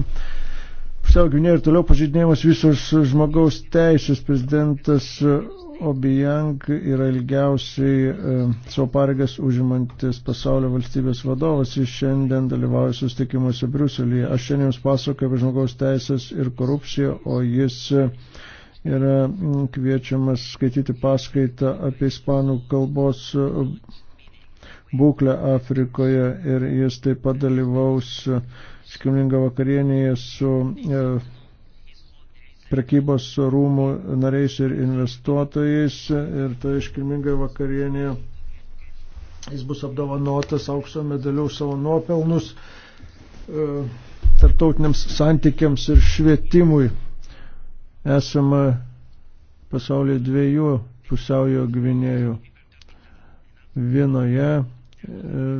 pusiau gyvinė ir toliau pažydinėjimas visos žmogaus teisės. Prezidentas Obijang yra ilgiausiai e, savo pareigas užimantis pasaulio valstybės vadovas. Jis šiandien dalyvauja sustikimuose Briuselėje. Aš šiandien jums pasakoju apie žmogaus teisės ir korupciją, o jis yra kviečiamas skaityti paskaitą apie ispanų kalbos būklę Afrikoje ir jis taip pat dalyvaus e, skilminga vakarienėje su e, prekybos rūmų nariais ir investuotojais ir toje iškilmingoje vakarienėje jis bus apdovanotas aukso medaliu už savo nuopelnus e, tarptautiniams santykiams ir švietimui. Esame pasaulyje dviejų pusiaujo gvinėjų. Vienoje e,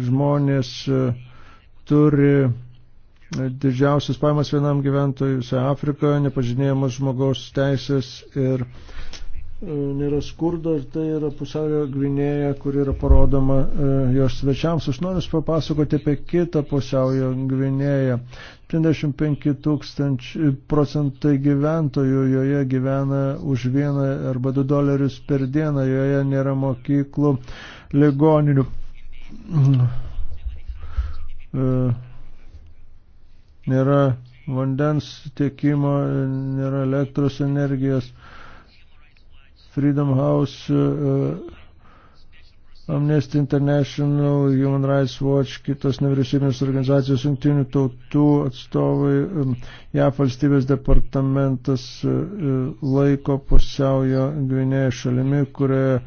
žmonės turi didžiausias pajamas vienam gyventojui visoje Afrikoje, nepažinėjimas žmogaus teisės ir e, nėra skurdo ir tai yra pusiaujo gvinėja, kur yra parodoma e, jos svečiams. Aš noriu papasakoti apie kitą pusiaujo gvinėją. 35 tūkstančiai procentai gyventojų joje gyvena už vieną arba du dolerius per dieną, joje nėra mokyklų, ligoninių. Uh nėra vandens tiekimo, nėra elektros energijos. Freedom House, uh, Amnesty International, Human Rights Watch, kitos nevyriausybinės organizacijos, jungtinių tautų atstovai, um, JAF valstybės departamentas uh, laiko pusiaujo Gvinėje šalimi, kurioje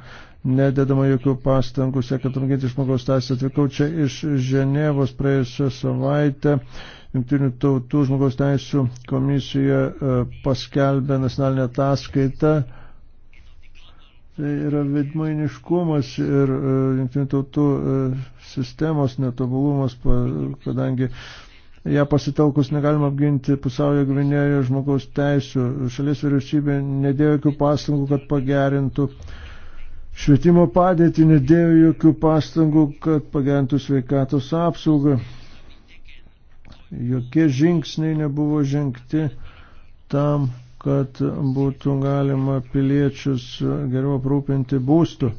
nededama jokių pastangų, siekiant apginti žmogaus teisės. Atvykau čia iš Ženevos praėjusią savaitę. Junktinių tautų žmogaus teisų komisija e, paskelbė nacionalinę ataskaitą. Tai yra vidmainiškumas ir e, jungtinių tautų e, sistemos netobulumas, kadangi ją pasitelkus negalima apginti pusiaujo gvinėjo žmogaus teisų. Šalies vyriausybė nedėjo jokių pastangų, kad pagerintų uh, švietimo padėtį, nedėjo jokių pastangų, kad pagentų sveikatos apsaugą. Jokie žingsniai nebuvo žengti tam, kad būtų galima piliečius geriau aprūpinti būstų.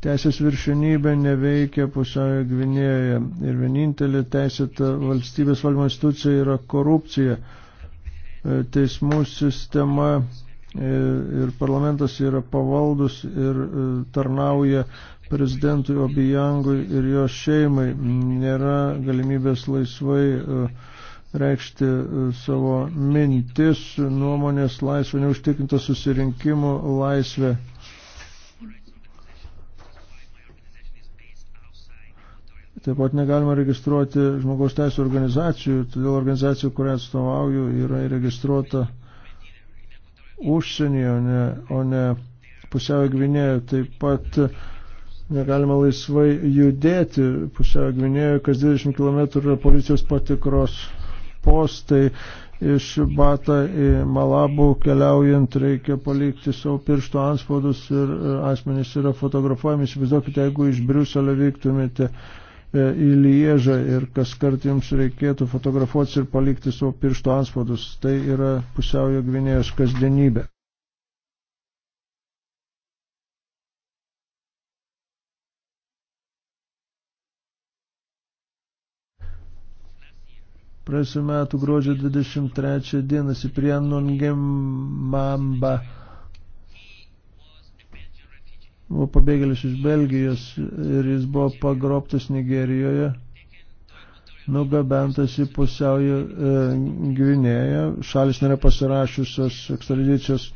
Teisės viršinybė neveikia pusiaujo Gvinėje ir vienintelė teisėta valstybės valdymo institucija yra korupcija. E, teismų sistema e, ir parlamentas yra pavaldus ir e, tarnauja prezidentui Obijangui ir jo šeimai. Nėra galimybės laisvai reikšti savo mintis, nuomonės laisvę, neužtikrinta susirinkimų laisvę. Taip pat negalima registruoti žmogaus teisų organizacijų, todėl organizacijų, kurią atstovauju, yra registruota užsienyje, o ne, o ne pusiau Gvinėje. Taip pat negalima laisvai judėti pusiau Gvinėje, kas 20 km yra policijos patikros postai. Iš Bata į Malabų keliaujant reikia palikti savo piršto anspaudus ir e, asmenys yra fotografuojami. Įsivaizduokite, jeigu iš Briuselio vyktumėte E, į Liežą ir kas kart jums reikėtų fotografuotis ir palikti savo piršto anspaudus. Tai yra pusiaujo gvinėjos kasdienybė. Praėjusiu metu gruodžio 23 dieną Siprian Nongemamba Mamba buvo pabėgėlis iš Belgijos ir jis buvo pagrobtas Nigerijoje, nugabentas į pusiaują e, Gvinėją. Šalis nėra pasirašiusios ekstradicijos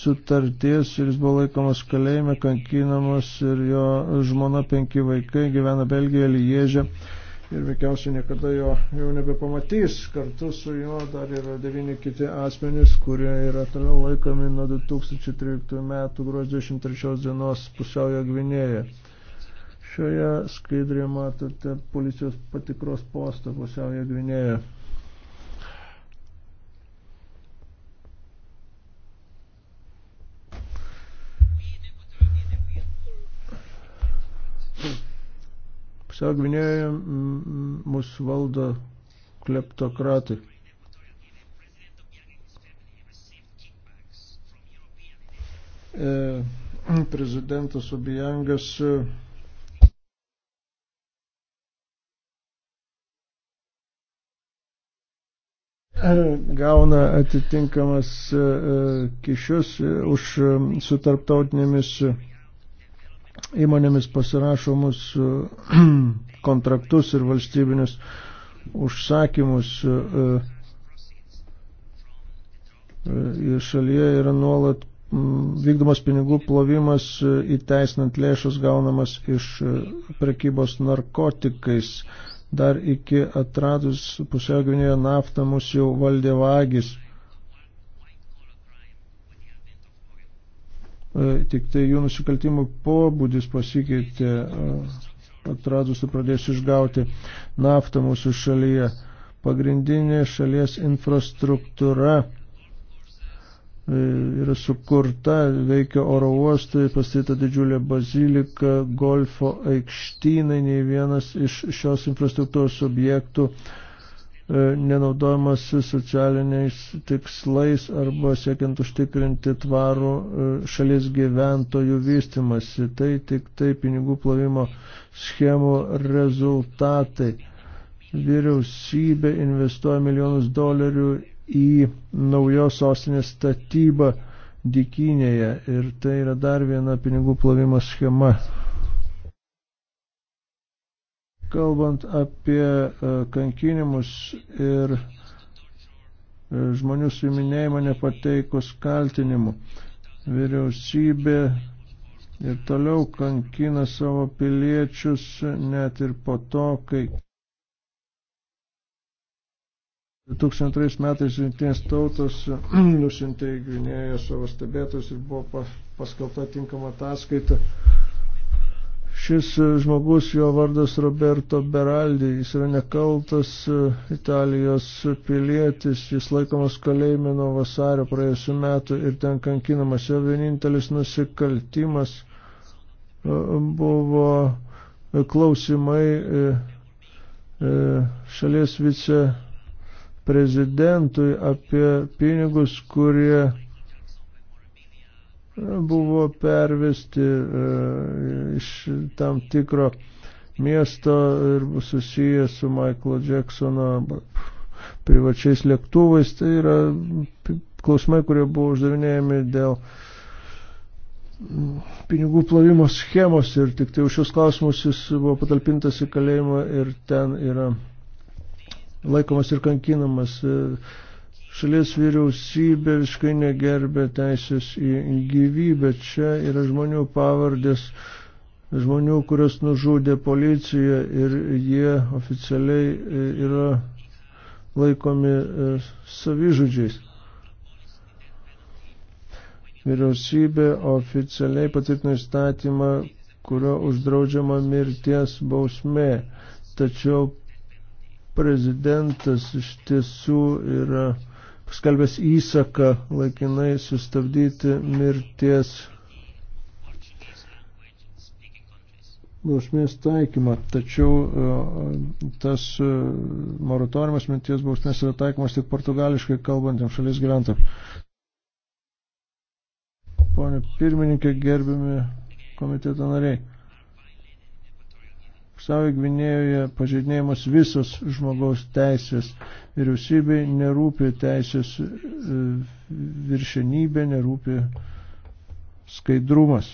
sutarties ir jis buvo laikomas kalėjime, kankinamas ir jo žmona penki vaikai gyvena Belgijoje, Liežė ir veikiausiai niekada jo jau nebepamatys. Kartu su juo dar yra devyni kiti asmenys, kurie yra toliau laikomi nuo 2013 metų gruodžio 23 dienos pusiaujo Gvinėje. Šioje skaidrėje matote policijos patikros postą pusiaujo Gvinėje. Pusiau Gvinėjoje mus valdo kleptokratai. E, prezidentas Obijangas e, gauna atitinkamas e, e, kišius už sutarptautinėmis įmonėmis pasirašomus kontraktus ir valstybinius užsakymus e, e, šalyje yra nuolat vykdomas pinigų plovimas e, įteisinant lėšus gaunamas iš prekybos narkotikais. Dar iki atradus pusiauginėje naftą mus jau valdė vagys. E, tik tai jų nusikaltimų pobūdis pasikeitė, e, atradus ir pradės išgauti naftą mūsų šalyje. Pagrindinė šalies infrastruktūra e, yra sukurta, veikia oro uostai, pastatyta didžiulė bazilika, golfo aikštynai, nei vienas iš šios infrastruktūros subjektų E, nenaudojamas socialiniais tikslais arba siekiant užtikrinti tvarų e, šalies gyventojų vystimasi. Tai tik tai pinigų plovimo schemų rezultatai. Vyriausybė investuoja milijonus dolerių į naujos sostinės statybą Dikinėje ir tai yra dar viena pinigų plovimo schema. Kalbant apie e, kankinimus ir e, žmonių suiminėjimą nepateikus kaltinimu, vyriausybė ir toliau kankina savo piliečius net ir po to, kai 2002 metais jungtinės tautos nusintė į Gvinėją savo stebėtus ir buvo paskelbta tinkama ataskaita Šis e, žmogus, jo vardas Roberto Beraldi, jis yra nekaltas e, Italijos pilietis, jis laikomas kalėjime nuo vasario praėjusiu metu ir ten kankinamas. Jo vienintelis nusikaltimas e, buvo klausimai šalies viceprezidentui apie pinigus, kurie buvo pervesti e, iš tam tikro miesto ir susijęs su Michael Jacksono privačiais lėktuvais. Tai yra klausimai, kurie buvo uždavinėjami dėl pinigų plovimo schemos ir tik tai už šios klausimus jis buvo patalpintas į kalėjimą ir ten yra laikomas ir kankinamas. E, šalies vyriausybė visiškai negerbė teisės į gyvybę. Čia yra žmonių pavardės, žmonių, kurios nužudė policija ir jie oficialiai e, yra laikomi e, savižudžiais. Vyriausybė oficialiai patvirtino įstatymą, kurio uždraudžiama mirties bausmė. Tačiau prezidentas iš tiesų yra paskelbęs įsaką laikinai sustabdyti mirties bausmės taikymą. Tačiau e, tas e, moratoriumas mirties bausmės yra taikomas tik portugališkai kalbantiems šalies gyventojams. Pone pirmininkė, gerbiami komiteto nariai. Pusiaujo Gvinėjoje pažeidinėjimas visos žmogaus teisės vyriausybei nerūpi teisės e, viršenybė, nerūpi skaidrumas.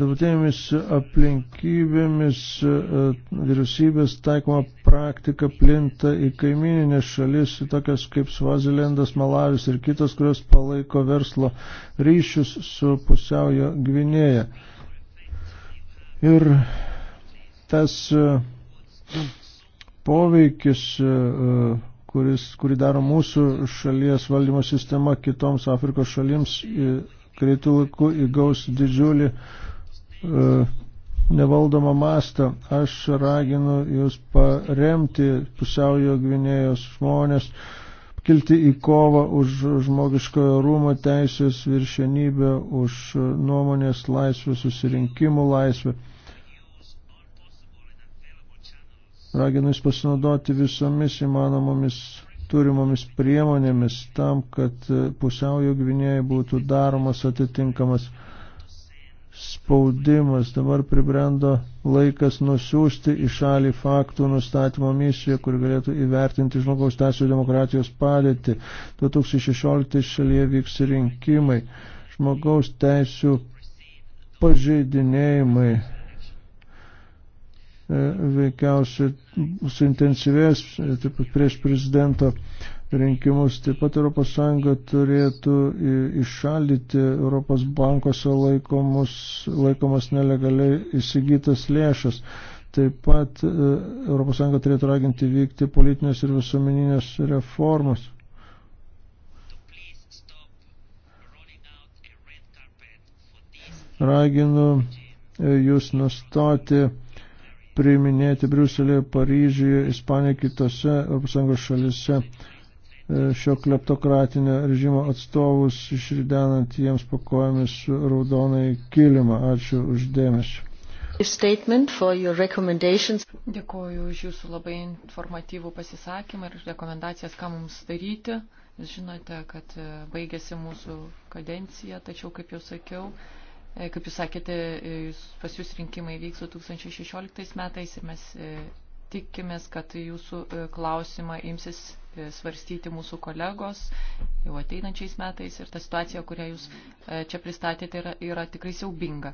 Dabartinėmis aplinkybėmis e, vyriausybės taikoma praktika plinta į kaimininės šalis, tokias kaip Svazilendas, Malavis ir kitos, kurios palaiko verslo ryšius su pusiaujo Gvinėja. Ir tas e, poveikis, e, kuris, kurį daro mūsų šalies valdymo sistema kitoms Afrikos šalims, greitų laikų įgaus didžiulį E, nevaldomą mastą. Aš raginu jūs paremti pusiaujo gvinėjos žmonės, kilti į kovą už žmogiškojo rūmo teisės viršenybę, už nuomonės laisvę, susirinkimų laisvę. Raginu jūs pasinaudoti visomis įmanomomis turimomis priemonėmis tam, kad pusiaujo gvinėjai būtų daromas atitinkamas spaudimas. Dabar pribrendo laikas nusiųsti į šalį faktų nustatymo misiją, kur galėtų įvertinti žmogaus teisų demokratijos padėtį. 2016 šalyje vyks rinkimai. Žmogaus teisų pažeidinėjimai e, veikiausiai suintensyvės e, taip pat prieš prezidento rinkimus. Taip pat ES turėtų iššaldyti Europos bankose laikomus, laikomas nelegaliai įsigytas lėšas. Taip pat ES turėtų raginti vykti politinės ir visuomeninės reformas. Raginu e, jūs nustoti priiminėti Briuselėje, Paryžiuje, Ispanijoje, kitose ES šalise E, šio kleptokratinio režimo atstovus, išridenant jiems pakojomis raudonai kilimą. Ačiū uždėmesi. Dėkuoju už Jūsų labai informatyvų pasisakymą ir rekomendacijas, ką mums daryti. Jūs žinote, kad e, baigėsi mūsų kadencija, tačiau, kaip jau sakiau, e, kaip jūs sakėte, pas jūs rinkimai vyks 2016 metais ir mes tikimės, kad jūsų klausimą imsis svarstyti mūsų kolegos jau ateinančiais metais ir ta situacija, kurią jūs e, čia pristatėte, yra, yra tikrai siaubinga.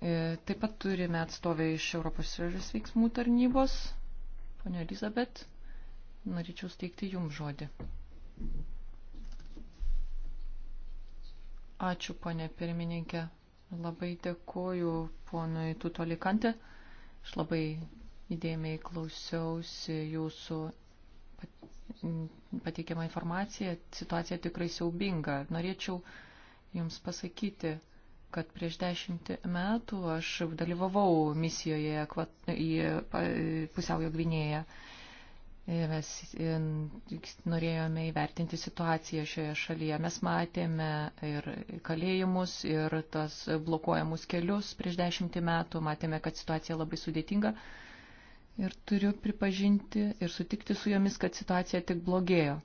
E, taip pat turime atstovę iš Europos svežės veiksmų tarnybos. Pone Elizabet, norėčiau steigti jums žodį. Ačiū, ponė pirmininkė. Labai dėkuoju ponui Tutolikantė. Aš labai įdėmiai klausiausi jūsų pateikiamą informaciją. Situacija tikrai siaubinga. Norėčiau Jums pasakyti, kad prieš dešimtį metų aš dalyvavau misijoje į pusiaujo Gvinėje. Mes norėjome įvertinti situaciją šioje šalyje. Mes matėme ir kalėjimus, ir tas blokuojamus kelius prieš dešimtį metų. Matėme, kad situacija labai sudėtinga ir turiu pripažinti ir sutikti su jomis, kad situacija tik blogėjo.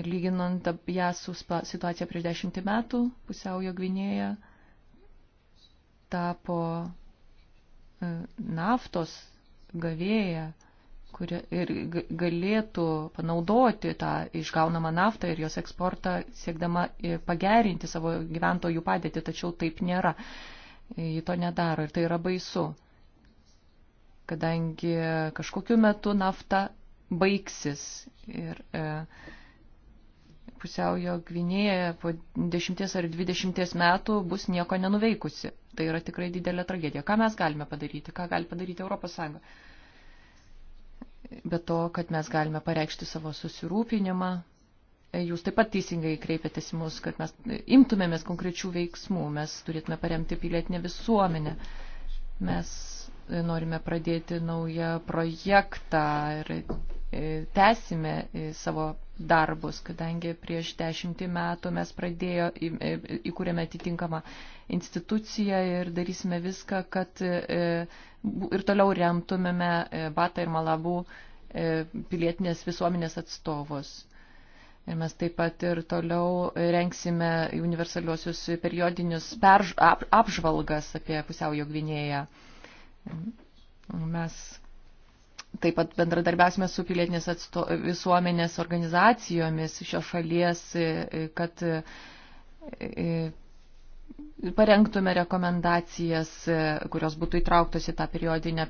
Ir lyginant ją su situacija prieš dešimtį metų, pusiaujo Gvinėja tapo e, naftos gavėja kuri ir galėtų panaudoti tą išgaunamą naftą ir jos eksportą, siekdama e, pagerinti savo gyventojų padėtį, tačiau taip nėra. Ji to nedaro ir tai yra baisu kadangi kažkokiu metu nafta baigsis ir e, pusiaujo Gvinėje po 10 ar 20 metų bus nieko nenuveikusi. Tai yra tikrai didelė tragedija. Ką mes galime padaryti? Ką gali padaryti ES? Be to, kad mes galime pareikšti savo susirūpinimą, e, jūs taip pat teisingai kreipėtės į mus, kad mes e, imtumėmės konkrečių veiksmų, mes turėtume paremti pilietinę visuomenę. Mes norime pradėti naują projektą ir e, tęsime e, savo darbus, kadangi prieš dešimtį metų mes pradėjo, e, įkūrėme atitinkamą instituciją ir darysime viską, kad ir toliau remtumėme Batą ir Malabų pilietinės visuomenės atstovus. Ir mes taip pat ir toliau renksime universaliuosius periodinius perž, ap, apžvalgas apie pusiaujo gvinėją. Mes taip pat bendradarbiausime su pilietinės atsto, visuomenės organizacijomis šios šalies, kad parengtume rekomendacijas, kurios būtų įtrauktos į tą periodinę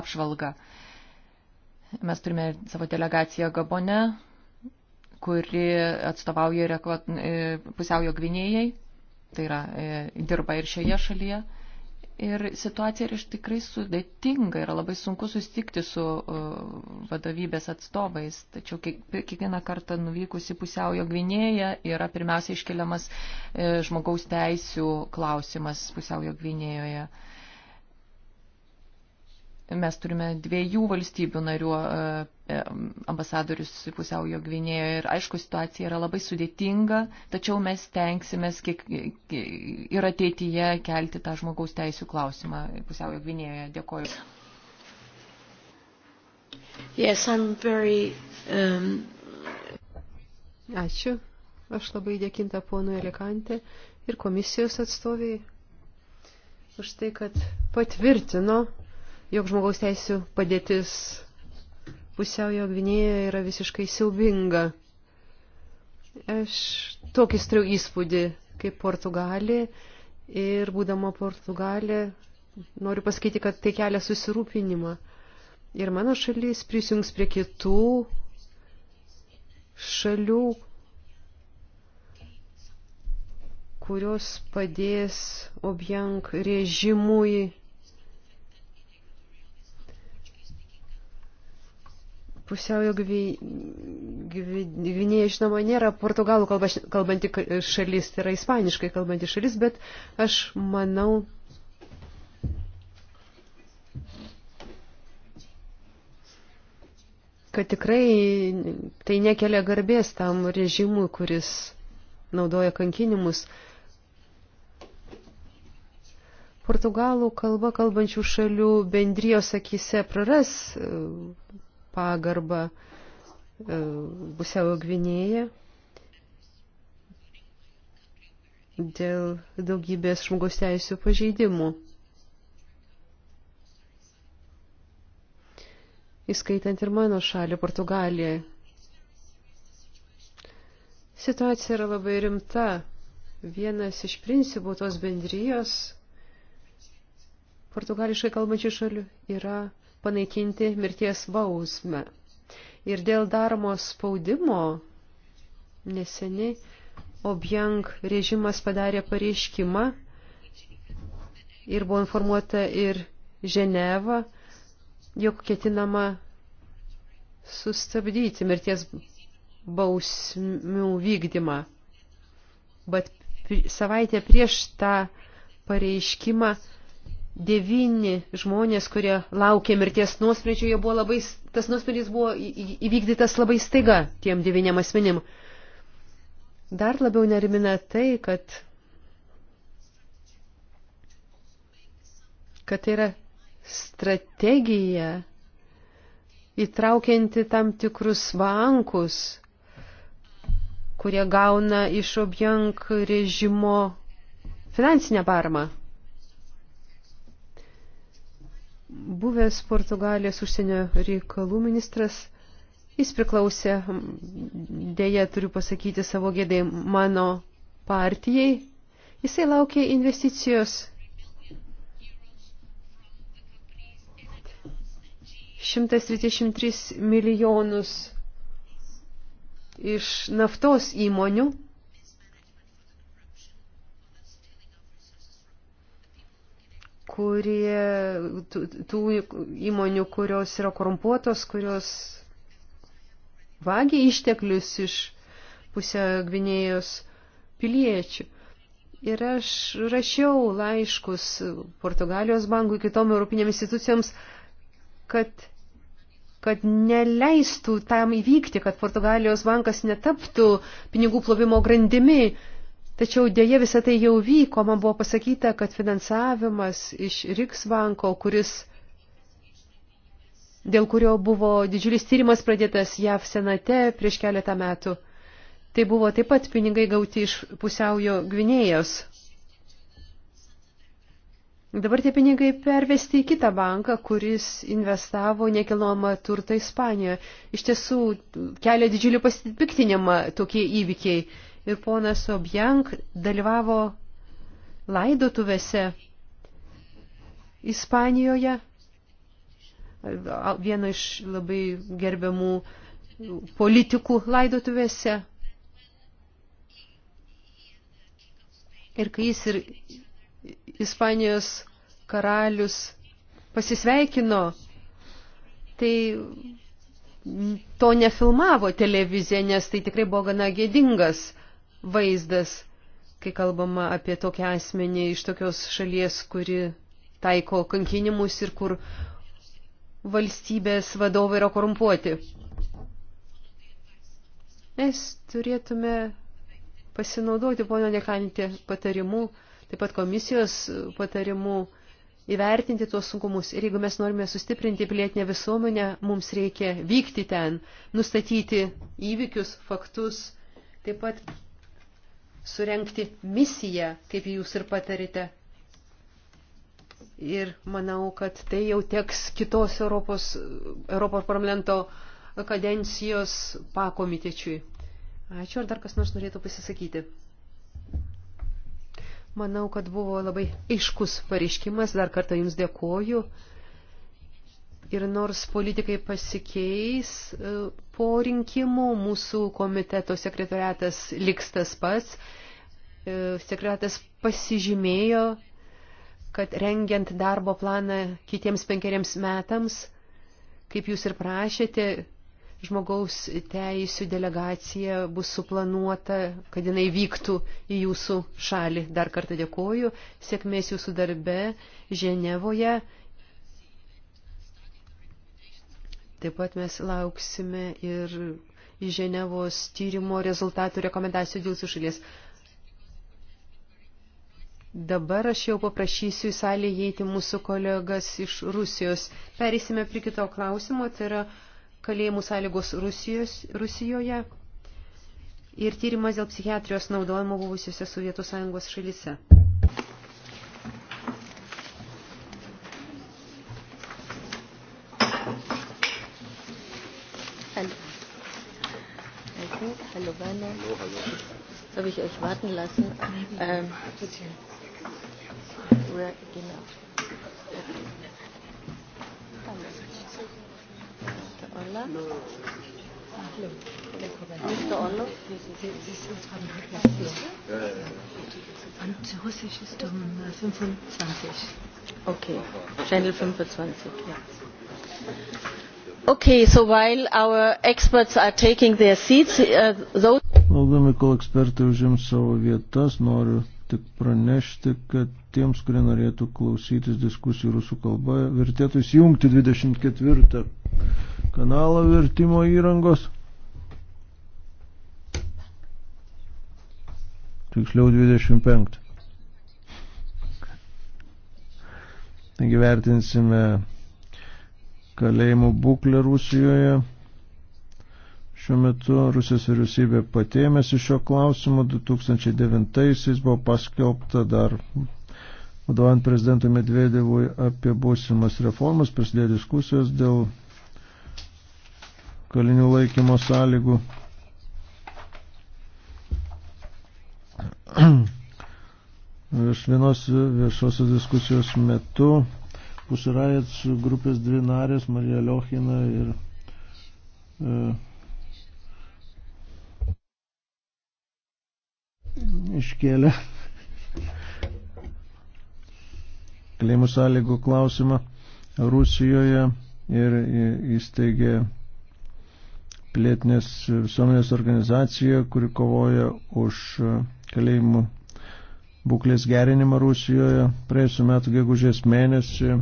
apžvalgą. Mes turime savo delegaciją Gabone, kuri atstovauja pusiaujo gvinėjai, tai yra dirba ir šioje šalyje. Ir situacija yra tikrai sudėtinga, yra labai sunku susitikti su uh, vadovybės atstovais, tačiau kiekvieną kartą nuvykus į pusiaujo gvinėją yra pirmiausia iškeliamas uh, žmogaus teisų klausimas pusiaujo gvinėjoje mes turime dviejų valstybių narių e, e, ambasadorius pusiaujo Gvinėjoje ir aišku situacija yra labai sudėtinga, tačiau mes tenksimės kiek, ir ateityje kelti tą žmogaus teisų klausimą pusiaujo Gvinėjoje. Dėkoju. Yes, I'm very, um... Ačiū. Aš labai dėkinta ponui Elikantė ir komisijos atstoviai už tai, kad patvirtino jog žmogaus teisų padėtis pusiaujo Gvinėje yra visiškai siaubinga. Aš tokį turiu įspūdį kaip Portugalį ir būdama Portugalė noriu pasakyti, kad tai kelia susirūpinimą. Ir mano šalis prisijungs prie kitų šalių, kurios padės objang režimui Pusiaujo Gvinėje, žinoma, nėra portugalų kalba, kalbanti šalis, tai yra ispaniškai kalbanti šalis, bet aš manau, kad tikrai tai nekelia garbės tam režimui, kuris naudoja kankinimus. Portugalų kalba kalbančių šalių bendrijos akise praras pagarbą e, pusiau Gvinėje dėl daugybės žmogaus teisų pažeidimų, įskaitant ir mano šalį Portugaliją. Situacija yra labai rimta. Vienas iš principų tos bendrijos portugališkai kalbančių šalių yra panaikinti mirties bausmę. Ir dėl daromo spaudimo neseniai Objang režimas padarė pareiškimą ir buvo informuota ir Ženeva, jog ketinama sustabdyti mirties bausmių vykdymą. Bet savaitę prieš tą pareiškimą devyni žmonės, kurie laukė mirties nuosprendžio, jie buvo labai, tas nuosprendis buvo įvykdytas labai staiga tiem devyniam asmenim. Dar labiau nerimina tai, kad, kad tai yra strategija įtraukianti tam tikrus bankus, kurie gauna iš objank režimo finansinę paramą. buvęs Portugalijos užsienio reikalų ministras. Jis priklausė, dėja turiu pasakyti savo gėdai, mano partijai. Jisai laukė investicijos 133 milijonus iš naftos įmonių kurie, tų įmonių, kurios yra korumpuotos, kurios vagia išteklius iš pusę Gvinėjos piliečių. Ir aš rašiau laiškus Portugalijos bankui kitom europinėm institucijoms, kad, kad neleistų tam įvykti, kad Portugalijos bankas netaptų pinigų plovimo grandimi Tačiau dėje visą tai jau vyko, man buvo pasakyta, kad finansavimas iš Riksbanko, kuris, dėl kurio buvo didžiulis tyrimas pradėtas JAV senate prieš keletą metų, tai buvo taip pat pinigai gauti iš pusiaujo Gvinėjos. Dabar tie pinigai pervesti į kitą banką, kuris investavo nekilnojamą turtą Ispanijoje. Iš tiesų kelia didžiulį pasipiktinimą tokie įvykiai ir ponas Objang dalyvavo laidotuvėse Ispanijoje, vieno iš labai gerbiamų politikų laidotuvėse. Ir kai jis ir Ispanijos karalius pasisveikino, tai to nefilmavo televizija, nes tai tikrai buvo gana gėdingas vaizdas, kai kalbama apie tokią asmenį iš tokios šalies, kuri taiko kankinimus ir kur valstybės vadovai yra korumpuoti. Mes turėtume pasinaudoti pono Nekantė patarimu, taip pat komisijos patarimu įvertinti tuos sunkumus. Ir jeigu mes norime sustiprinti pilietinę visuomenę, mums reikia vykti ten, nustatyti įvykius, faktus, taip pat surenkti misiją, kaip jūs ir patarite. Ir manau, kad tai jau teks kitos Europos, Europos parlamento kadencijos pakomitečiui. Ačiū, ar dar kas nors norėtų pasisakyti? Manau, kad buvo labai aiškus pareiškimas, dar kartą Jums dėkoju. Ir nors politikai pasikeis e, po rinkimų, mūsų komiteto sekretariatas liks tas pats. E, sekretariatas pasižymėjo, kad rengiant darbo planą kitiems penkeriems metams, kaip jūs ir prašėte, žmogaus teisų delegacija bus suplanuota, kad jinai vyktų į jūsų šalį. Dar kartą dėkoju, sėkmės jūsų darbe Ženevoje Taip pat mes lauksime ir Ženevos tyrimo rezultatų rekomendacijų dėl jūsų šalies. Dabar aš jau paprašysiu į salę įeiti mūsų kolegas iš Rusijos. Perėsime prie kito klausimo, tai yra kalėjimų sąlygos Rusijos, Rusijoje ir tyrimas dėl psichiatrijos naudojimo buvusiuose Sovietų Sąjungos šalyse. Hallo Werner. Hallo, hallo. Jetzt habe ich euch warten lassen. Ähm, where, genau. Hallo. Mr. Orlov. Mr. Orlov. Und Russisch ist um 25. Okay, Channel 25, ja. Okay, so while our experts are taking their seats, uh, those... Laukdami, kol ekspertai užims savo vietas, noriu tik pranešti, kad tiems, kurie norėtų klausytis diskusijų rusų kalba, vertėtų įsijungti 24 kanalą vertimo įrangos. Tiksliau 25. Taigi vertinsime kalėjimų būklę Rusijoje. Šiuo metu Rusijos vyriausybė patėmėsi šio klausimo. 2009-aisiais buvo paskelbta dar vadovaujant prezidentui Medvedevui apie būsimas reformas, prasidėjo diskusijos dėl kalinių laikymo sąlygų. Iš vienos viešosios diskusijos metu Pusirajats grupės dvi narės, Marija Liochina ir e, iškėlė kalėjimų sąlygų klausimą Rusijoje ir įsteigė pilietinės visuomenės organizaciją, kuri kovoja už kalėjimų būklės gerinimą Rusijoje. Praėjusiu metu gegužės mėnesį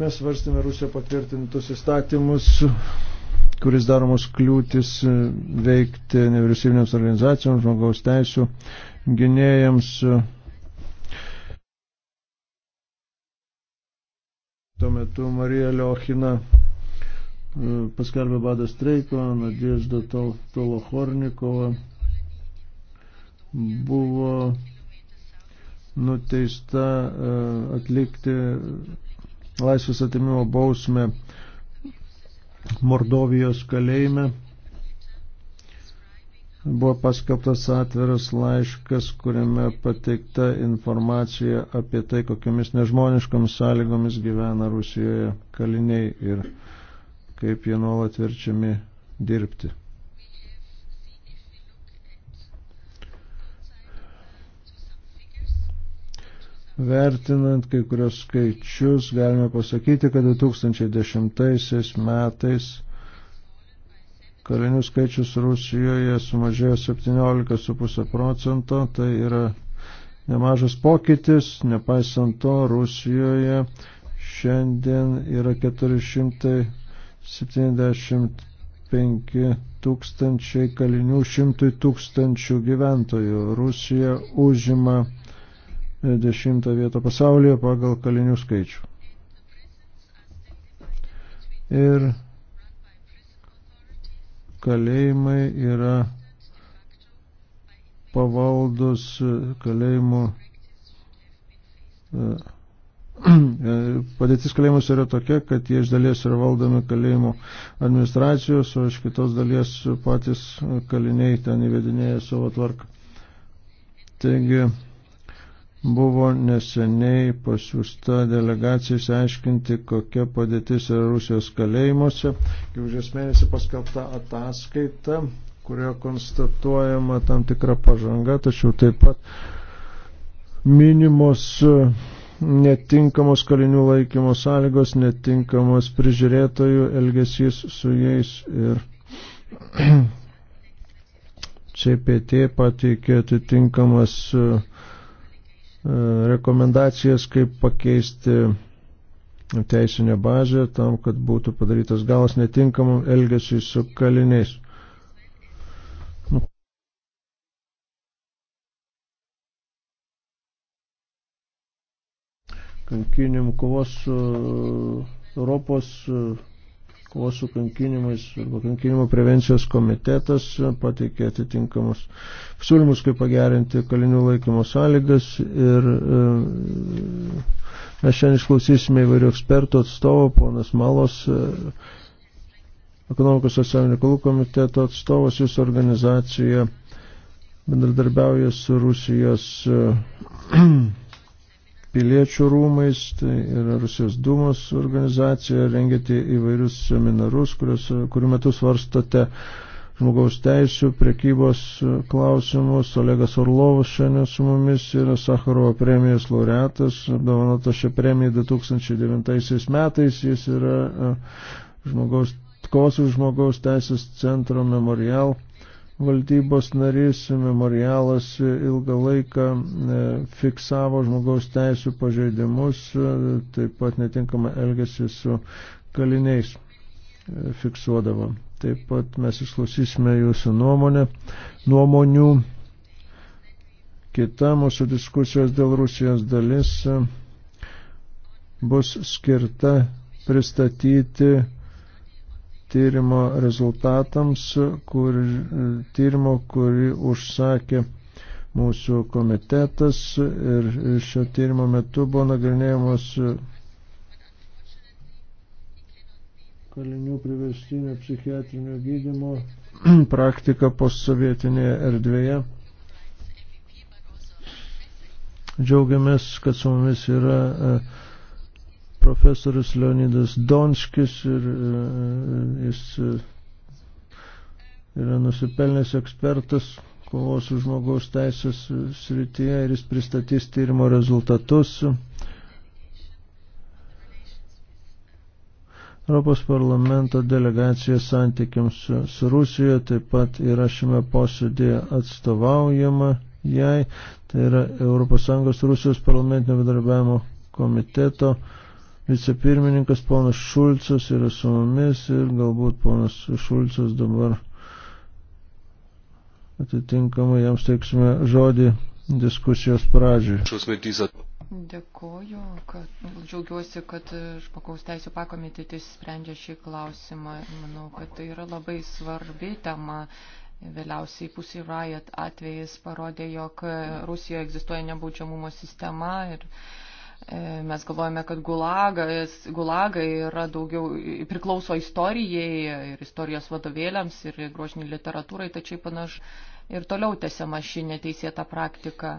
mes svarstėme Rusiją patvirtintus įstatymus, kuris daromos kliūtis e, veikti nevyriausybinėms organizacijoms, žmogaus teisų gynėjams. Tuo metu Marija Leochina e, paskelbė badą streiko, Nadiežda Tolohornikova. Tol buvo nuteista e, atlikti laisvės atimimo bausmę Mordovijos kalėjime. Buvo paskaptas atviras laiškas, kuriame pateikta informacija apie tai, kokiamis nežmoniškomis sąlygomis gyvena Rusijoje kaliniai ir kaip jie nuolat verčiami dirbti. Vertinant kai kurios skaičius, galime pasakyti, kad 2010 metais kalinių skaičius Rusijoje sumažėjo 17,5 procento, tai yra nemažas pokytis, nepaisant to Rusijoje šiandien yra 475 tūkstančiai kalinių, 100 tūkstančių gyventojų. Rusija užima dešimtą vietą pasaulyje pagal kalinių skaičių. Ir kalėjimai yra pavaldus kalėjimų e, e, padėtis kalėjimus yra tokia, kad jie iš dalies yra valdomi kalėjimų administracijos, o iš kitos dalies patys kaliniai ten įvedinėja savo tvarką. Taigi, buvo neseniai pasiūsta delegacija išsiaiškinti, kokia padėtis yra Rusijos kalėjimuose. Gegužės mėnesį paskelbta ataskaita, kurioje konstatuojama tam tikra pažanga, tačiau taip pat minimos e, netinkamos kalinių laikymo sąlygos, netinkamos prižiūrėtojų elgesys su jais ir CPT pateikė atitinkamas uh, E, rekomendacijas, kaip pakeisti teisinę bazę tam, kad būtų padarytas galas netinkamam elgesiui su kaliniais. Nu, Kankinim kovos su Europos kovos su kankinimais arba kankinimo prevencijos komitetas pateikė atitinkamus pasiūlymus, kaip pagerinti kalinių laikymo sąlygas ir e, mes šiandien išklausysime įvairių ekspertų atstovų, ponas Malos, e, ekonomikos socialinių reikalų komiteto atstovas, jūsų organizacija bendradarbiauja su Rusijos e, piliečių rūmais, tai yra Rusijos Dūmos organizacija, rengėte įvairius seminarus, kurios, kurių metu svarstate žmogaus teisų, prekybos klausimus. Olegas Orlovas šiandien su mumis yra Sakarovo premijos laureatas, apdovanota šią premiją 2009 metais. Jis yra e, žmogaus, kovos už žmogaus teisės centro memorial valdybos narys memorialas ilgą laiką e, fiksavo žmogaus teisų pažeidimus, e, taip pat netinkamą elgesį su kaliniais e, fiksuodavo. Taip pat mes išklausysime jūsų nuomonę, nuomonių. Kita mūsų diskusijos dėl Rusijos dalis bus skirta pristatyti tyrimo rezultatams, kur, e, tyrimo, kurį užsakė mūsų komitetas ir šio tyrimo metu buvo nagrinėjamos e, kalinių priverstinio psichiatrinio gydymo praktika postsovietinėje erdvėje. Džiaugiamės, kad su mumis yra uh, profesorius Leonidas Donskis ir e, e, jis e, yra nusipelnęs ekspertas kovos už žmogaus teisės srityje ir jis pristatys tyrimo rezultatus. Europos parlamento delegacija santykiams su Rusija taip pat yra šiame posėdėje atstovaujama jai, tai yra ES Rusijos parlamentinio bendradarbiavimo komiteto vicepirmininkas ponas Šulcas yra su mumis ir galbūt ponas Šulcas dabar atitinkamai jam steiksime žodį diskusijos pradžiai. Dėkuoju, kad džiaugiuosi, kad žmogaus teisų pakomitėtis sprendžia šį klausimą. Manau, kad tai yra labai svarbi tema. Vėliausiai Pussy Riot atvejais parodė, jog Rusijoje egzistuoja nebaudžiamumo sistema ir uh, E, mes galvojame, kad gulagas, gulagai yra daugiau, priklauso istorijai ir istorijos vadovėliams ir grožiniai literatūrai, tačiau panaš ir toliau tęsiama ši neteisėta praktika.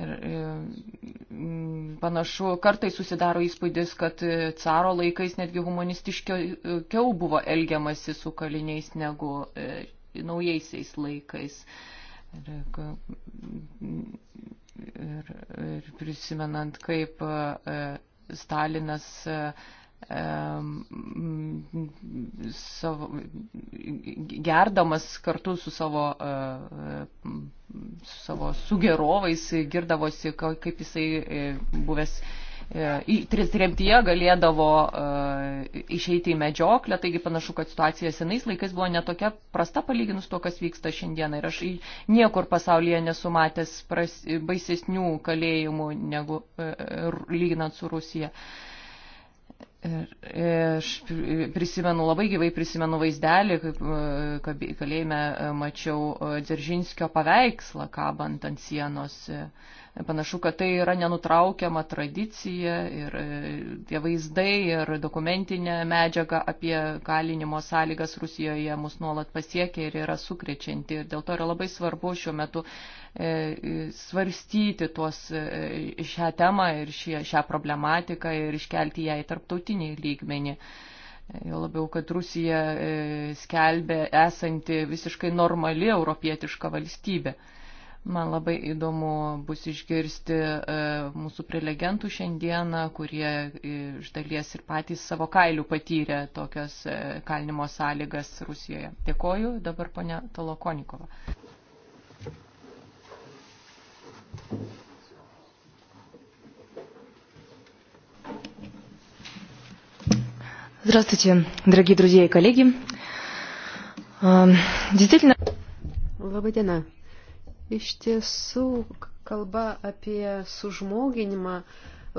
Ir, ir, e, panašu, kartai susidaro įspūdis, kad caro laikais netgi humanistiškiau buvo elgiamasi su kaliniais negu e, naujaisiais laikais. Ir, e, Ir, ir prisimenant, kaip e, Stalinas e, e, savo, gerdamas kartu su savo, su savo sugerovais girdavosi, kaip jisai buvęs E, tremtyje galėdavo e, išeiti į medžioklę, taigi panašu, kad situacija senais laikais buvo netokia prasta palyginus to, kas vyksta šiandieną. Ir aš niekur pasaulyje nesu matęs baisesnių kalėjimų, negu e, lyginant su Rusija. Ir aš prisimenu, labai gyvai prisimenu vaizdelį, kaip kalėjime mačiau Dzeržinskio paveikslą kabant ant sienos. Ir Panašu, kad tai yra nenutraukiama tradicija ir e, tie vaizdai ir dokumentinė medžiaga apie kalinimo sąlygas Rusijoje mus nuolat pasiekia ir yra sukrečianti. Ir dėl to yra labai svarbu šiuo metu e, svarstyti tuos, e, šią temą ir šią, šią problematiką ir iškelti ją į tarptautinį lygmenį. Jo labiau, kad Rusija skelbė esanti visiškai normali europietiška valstybė. Man labai įdomu bus išgirsti e, mūsų prelegentų šiandieną, kurie e, iš dalies ir patys savo kailių patyrė tokias e, kalinimo sąlygas Rusijoje. Dėkoju, dabar ponia Tolokonikova. Здравствуйте, дорогие друзья и коллеги. Действительно... Лабадина. Iš tiesų, kalba apie sužmoginimą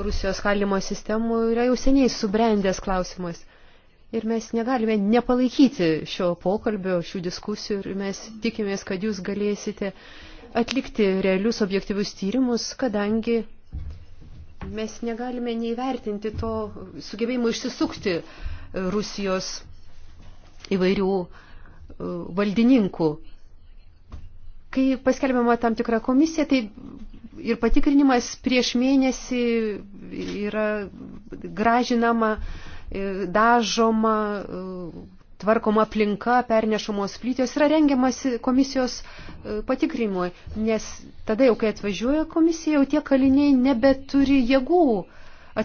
Rusijos kalimo sistemų yra jau seniai subrendęs klausimas. Ir mes negalime nepalaikyti šio pokalbio, šių diskusijų ir mes tikimės, kad jūs galėsite atlikti realius objektyvius tyrimus, kadangi mes negalime neįvertinti to sugebėjimo išsisukti Rusijos įvairių e, valdininkų Kai paskelbiama tam tikra komisija, tai ir patikrinimas prieš mėnesį yra gražinama, e, dažoma, e, tvarkoma aplinka, pernešamos plytės, yra rengiamasi komisijos e, patikrinimui, nes tada jau, kai atvažiuoja komisija, jau tie kaliniai nebeturi jėgų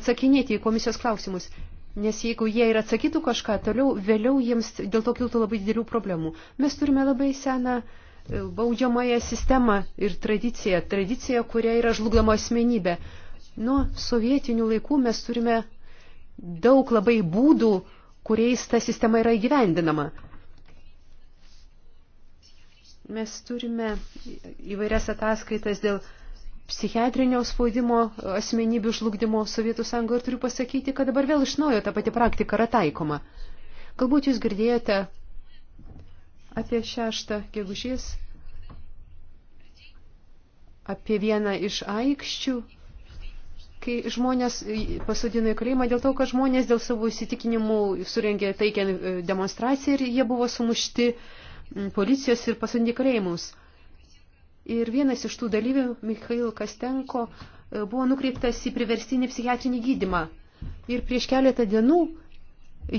atsakinėti į komisijos klausimus. Nes jeigu jie ir atsakytų kažką toliau, vėliau jiems dėl to kiltų labai didelių problemų. Mes turime labai seną uh, baudžiamąją sistemą ir tradiciją, tradiciją, kuria yra žlugdama asmenybė. Nuo sovietinių laikų mes turime daug labai būdų, kuriais ta sistema yra įgyvendinama. Mes turime įvairias ataskaitas dėl psichiatrinio spaudimo, asmenybių žlugdymo Sovietų sąjungoje ir turiu pasakyti, kad dabar vėl iš naujo ta pati praktika yra taikoma. Galbūt jūs girdėjote apie šeštą gegužės, apie vieną iš aikščių, kai žmonės pasodino į kalėjimą dėl to, kad žmonės dėl savo įsitikinimų surengė taikę e, demonstraciją ir jie buvo sumušti policijos ir pasodinti kalėjimus. Ir vienas iš tų dalyvių, Mikhail Kastenko, e, buvo nukreiptas į priverstinį psichiatrinį gydimą. Ir prieš keletą dienų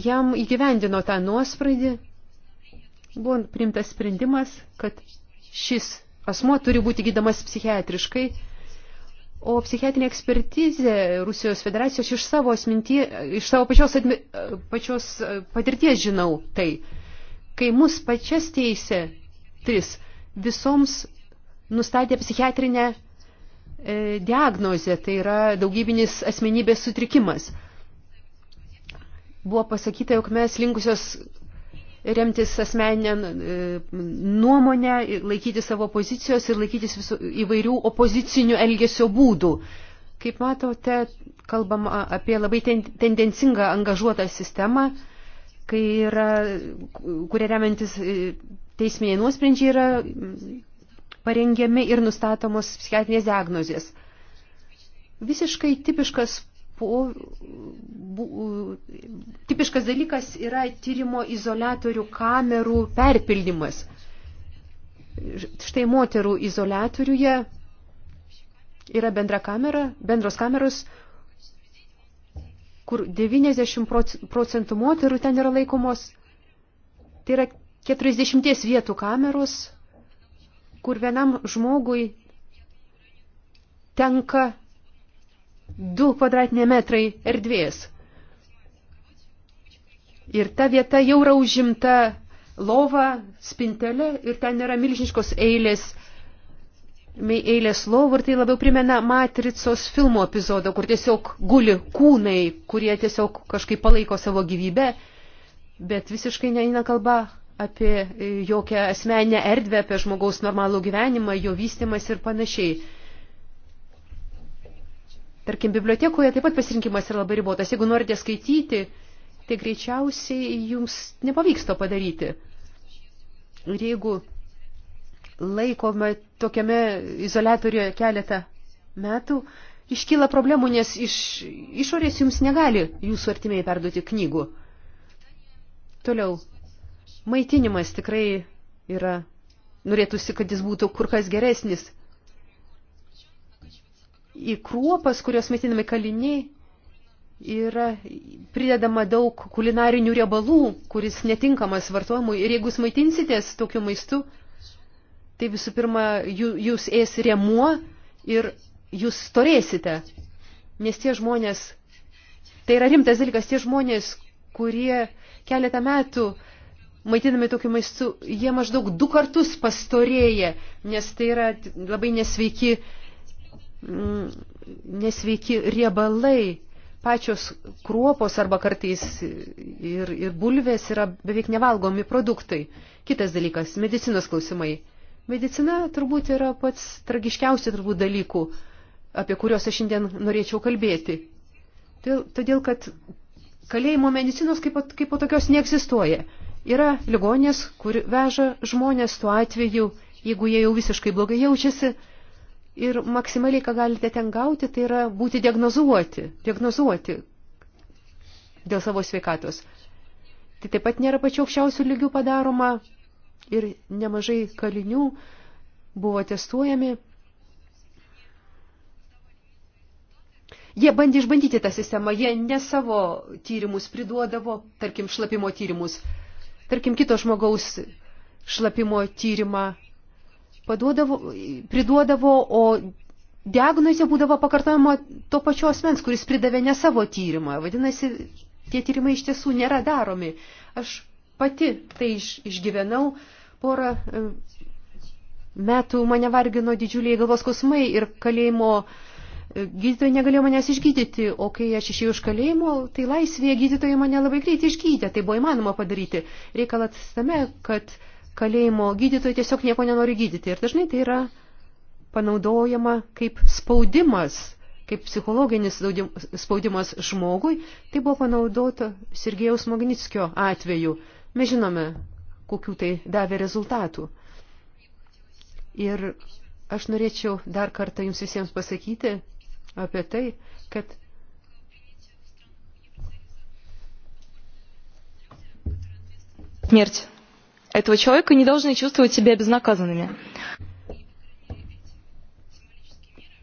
jam įgyvendino tą nuospraidį buvo priimtas sprendimas, kad šis asmo turi būti gydamas psichiatriškai, o psichiatrinė ekspertizė Rusijos federacijos iš savo, asmintie, iš savo pačios, admi, pačios e, patirties žinau tai, kai mus pačias teisė tris visoms nustatė psichiatrinę e, diagnozę, tai yra daugybinis asmenybės sutrikimas. Buvo pasakyta, jog mes linkusios remtis asmeninę e, nuomonę, laikyti savo pozicijos ir laikytis visų įvairių opozicinių elgesio būdų. Kaip matote, kalbama apie labai ten, tendencingą angažuotą sistemą, kai yra, kuria remiantis e, teisminiai nuosprendžiai yra parengiami ir nustatomos psichiatrinės diagnozės. Visiškai tipiškas po, bu, tipiškas dalykas yra tyrimo izolatorių kamerų perpildymas. Štai moterų izolatoriuje yra bendra kamera, bendros kameros, kur 90 procentų moterų ten yra laikomos. Tai yra 40 vietų kameros, kur vienam žmogui tenka 2 kvadratiniai metrai erdvės. Ir ta vieta jau yra užimta lova, spintelė ir ten yra milžiniškos eilės, eilės lovų ir tai labiau primena Matricos filmo epizodą, kur tiesiog guli kūnai, kurie tiesiog kažkaip palaiko savo gyvybę, bet visiškai neina kalba apie jokią asmeninę erdvę, apie žmogaus normalų gyvenimą, jo vystimas ir panašiai. Tarkim, bibliotekoje taip pat pasirinkimas yra labai ribotas. Jeigu norite skaityti, tai greičiausiai jums nepavyks to padaryti. Ir jeigu laikome tokiame izolatoriuje keletą metų, iškyla problemų, nes iš išorės jums negali jūsų artimiai perduoti knygų. Toliau, maitinimas tikrai yra, norėtųsi, kad jis būtų kur kas geresnis į kruopas, kurios maitinami kaliniai, yra pridedama daug kulinarinių riebalų, kuris netinkamas vartojimui. Ir jeigu jūs maitinsitės tokiu maistu, tai visų pirma, jūs ės riemuo ir jūs storėsite. Nes tie žmonės, tai yra rimtas dalykas, tie žmonės, kurie keletą metų maitinami tokiu maistu, jie maždaug du kartus pastorėja, nes tai yra labai nesveiki Mm, nesveiki riebalai, pačios kruopos arba kartais ir, ir bulvės yra beveik nevalgomi produktai. Kitas dalykas – medicinos klausimai. Medicina turbūt yra pats tragiškiausia turbūt dalykų, apie kuriuos aš šiandien norėčiau kalbėti. Todėl, kad kalėjimo medicinos kaip, kaip po tokios neegzistuoja. Yra ligonės, kur veža žmonės tuo atveju, jeigu jie jau visiškai blogai jaučiasi – ir maksimaliai, ką galite ten gauti, tai yra būti diagnozuoti, diagnozuoti dėl savo sveikatos. Tai taip pat nėra pačiu aukščiausių lygių padaroma ir nemažai kalinių buvo testuojami. Jie bandė išbandyti tą sistemą, jie ne savo tyrimus priduodavo, tarkim, šlapimo tyrimus, tarkim, kito žmogaus šlapimo tyrimą paduodavo, priduodavo, o diagnozė būdavo pakartojama to pačio asmens, kuris pridavė ne savo tyrimą. Vadinasi, tie tyrimai iš tiesų nėra daromi. Aš pati tai iš, išgyvenau porą e, metų mane vargino didžiuliai galvos skausmai ir kalėjimo e, gydytojai negalėjo manęs išgydyti, o kai aš išėjau iš kalėjimo, tai laisvėje gydytojai mane labai greitai išgydė, tai buvo įmanoma padaryti. Reikalas tame, kad uh, kalėjimo gydytojai tiesiog nieko nenori gydyti. Ir dažnai tai yra panaudojama kaip spaudimas, kaip psichologinis spaudimas žmogui. Tai buvo panaudota Sergejaus Magnitskio atveju. Mes žinome, kokių tai davė rezultatų. Ir aš norėčiau dar kartą jums visiems pasakyti apie tai, kad Смерть этого человека не должны чувствовать себя безнаказанными.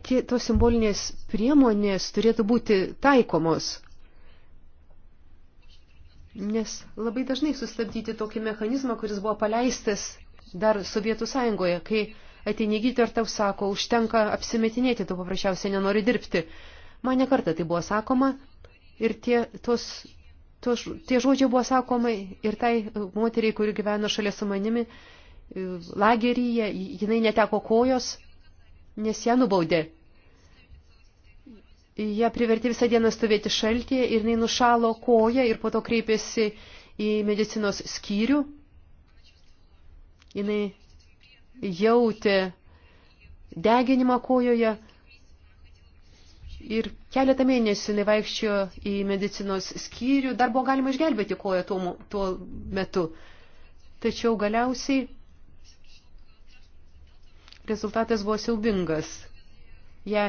Tie, tos simbolinės priemonės turėtų būti taikomos, nes labai dažnai sustabdyti tokį mechanizmą, kuris buvo paleistas dar Sovietų sąjungoje, kai ateini gyti ir tau sako, užtenka apsimetinėti, tu paprasčiausiai nenori dirbti. Man nekartą tai buvo sakoma ir tie, tos to, tie žodžiai buvo sakomai ir tai e, moteriai, kuri gyveno šalia su manimi e, lageryje, jinai neteko kojos, nes ją nubaudė. Ją privertė visą dieną stovėti šaltyje ir jinai nušalo koją ir po to kreipėsi į medicinos skyrių. Jinai jautė deginimą kojoje Ir keletą mėnesių nevaikščiojo į medicinos skyrių, dar buvo galima išgelbėti koją tuo, tuo metu. Tačiau galiausiai rezultatas buvo siaubingas. Ja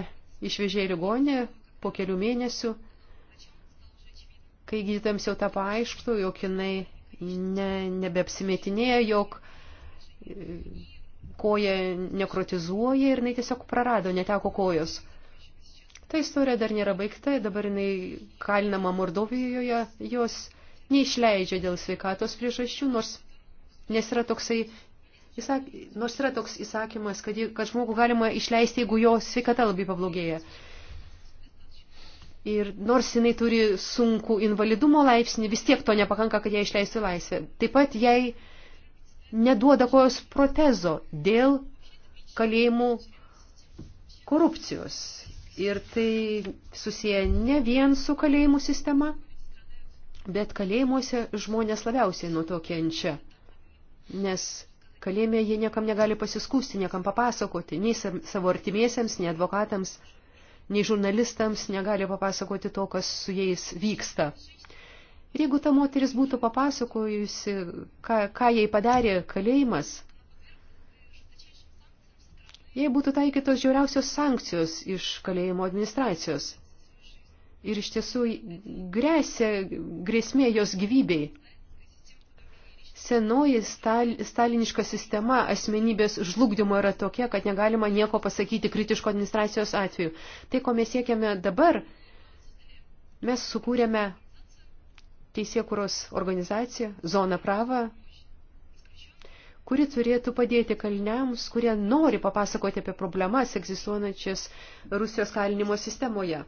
išvežė į ligonę po kelių mėnesių, kai gydytams jau tą paaišktų, jog jinai ne, nebeapsimetinėja, jog e, koja nekrotizuoja ir jinai tiesiog prarado, neteko kojos. Ta istorija dar nėra baigta, dabar jinai kalinama Mordovijoje, jos neišleidžia dėl sveikatos priežasčių, nors, nes yra toksai, įsak, nors yra toks įsakymas, kad, kad žmogų galima išleisti, jeigu jo sveikata labai pablogėja. Ir nors jinai turi sunkų invalidumo laipsnį, vis tiek to nepakanka, kad ją išleistų laisvę. Taip pat jai neduoda kojos protezo dėl kalėjimų korupcijos. Ir tai susiję ne vien su kalėjimų sistema, bet kalėjimuose žmonės labiausiai nuo to kenčia. Nes kalėjime jie niekam negali pasiskūsti, niekam papasakoti, nei savo artimiesiems, nei advokatams, nei žurnalistams negali papasakoti to, kas su jais vyksta. Ir jeigu ta moteris būtų papasakojusi, ką, ką jai padarė kalėjimas, jei būtų taikytos žiauriausios sankcijos iš kalėjimo administracijos. Ir iš tiesų grėsia grėsmė jos gyvybei. Senoji stal, staliniška sistema asmenybės žlugdymo yra tokia, kad negalima nieko pasakyti kritiško administracijos atveju. Tai, ko mes siekiame dabar, mes sukūrėme teisėkuros organizaciją, zoną pravą, kuri turėtų padėti kaliniams, kurie nori papasakoti apie problemas egzistuojančias Rusijos kalinimo sistemoje.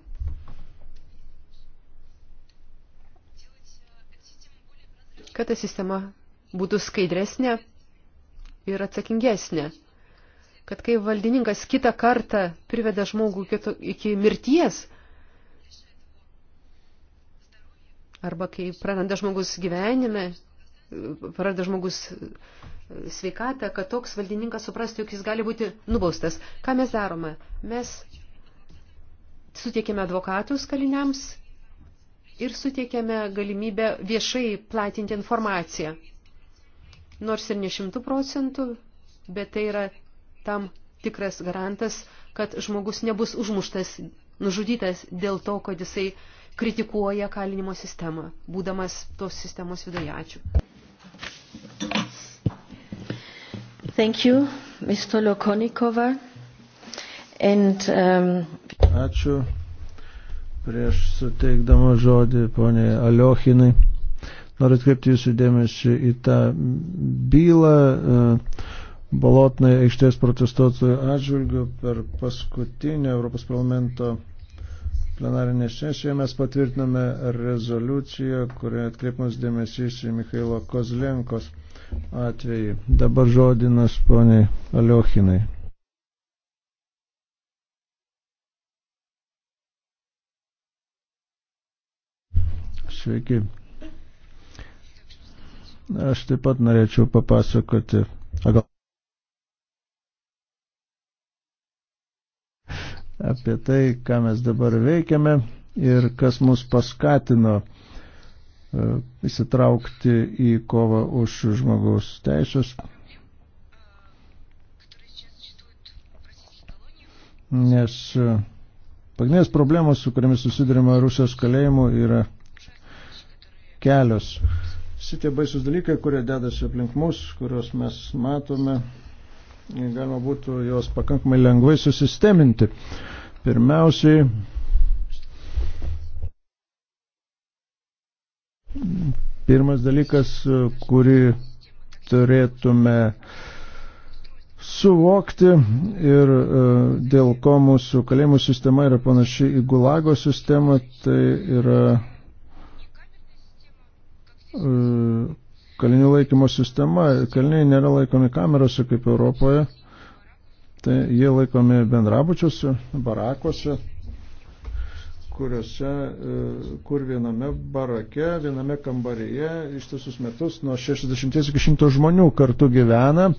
Kad ta sistema būtų skaidresnė ir atsakingesnė kad kai valdininkas kitą kartą priveda žmogų kito, iki mirties, arba kai praranda žmogus gyvenime, praranda žmogus sveikatą, kad toks valdininkas suprastų, jog jis gali būti nubaustas. Ką mes darome? Mes sutiekėme advokatus kaliniams ir sutiekėme galimybę viešai platinti informaciją. Nors ir ne šimtų procentų, bet tai yra tam tikras garantas, kad žmogus nebus užmuštas, nužudytas dėl to, kad jisai kritikuoja kalinimo sistemą, būdamas tos sistemos viduje. Ačiū. Thank you, Mr. Lokonikova. And, um... Ačiū. Prieš suteikdama žodį poniai Aliohinai, noriu atkreipti jūsų dėmesį į tą bylą. Uh, e, Balotnai aikštės protestuotojų atžvilgių per paskutinę Europos parlamento plenarinę sesiją mes patvirtiname rezoliuciją, kurioje atkreipimas dėmesys į Mikhailo Kozlenkos atvejį. Dabar žodinas poniai Aliokinai. Sveiki. Aš taip pat norėčiau papasakoti. Agal... apie tai, ką mes dabar veikiame ir kas mus paskatino uh, E, įsitraukti į kovą už žmogaus teisės. Nes e, pagrindinės problemos, su kuriamis susidurima Rusijos kalėjimu, yra kelios. Šitie baisus dalykai, kurie dedasi aplink mus, kuriuos mes matome, galima būtų juos pakankamai lengvai susisteminti. Pirmiausiai, Pirmas dalykas, kurį turėtume suvokti ir e, dėl ko mūsų kalėjimų sistema yra panaši į gulago sistemą, tai yra e, kalinių laikymo sistema. Kaliniai nėra laikomi kamerose kaip Europoje, tai jie laikomi bendrabučiuose, barakuose kuriuose, e, kur viename barake, viename kambaryje ištisus metus nuo 60 iki 100 žmonių kartu gyvena.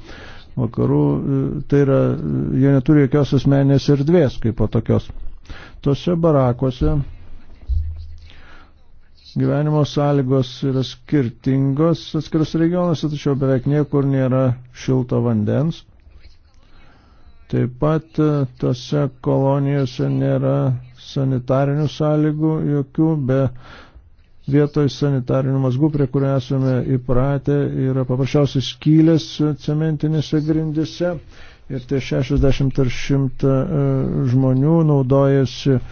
Vakarų, e, tai yra, e, jie neturi jokios asmenės erdvės kaip po tokios. Tose barakuose gyvenimo sąlygos yra skirtingos atskiros regionuose, tačiau beveik niekur nėra šilto vandens. Taip pat tose kolonijose nėra sanitarinių sąlygų jokių, be vietoj sanitarinių mazgų, prie kurio esame įpratę, yra paprasčiausiai skylės cementinėse grindise ir tie 60 ar 100 e, žmonių naudojasi e,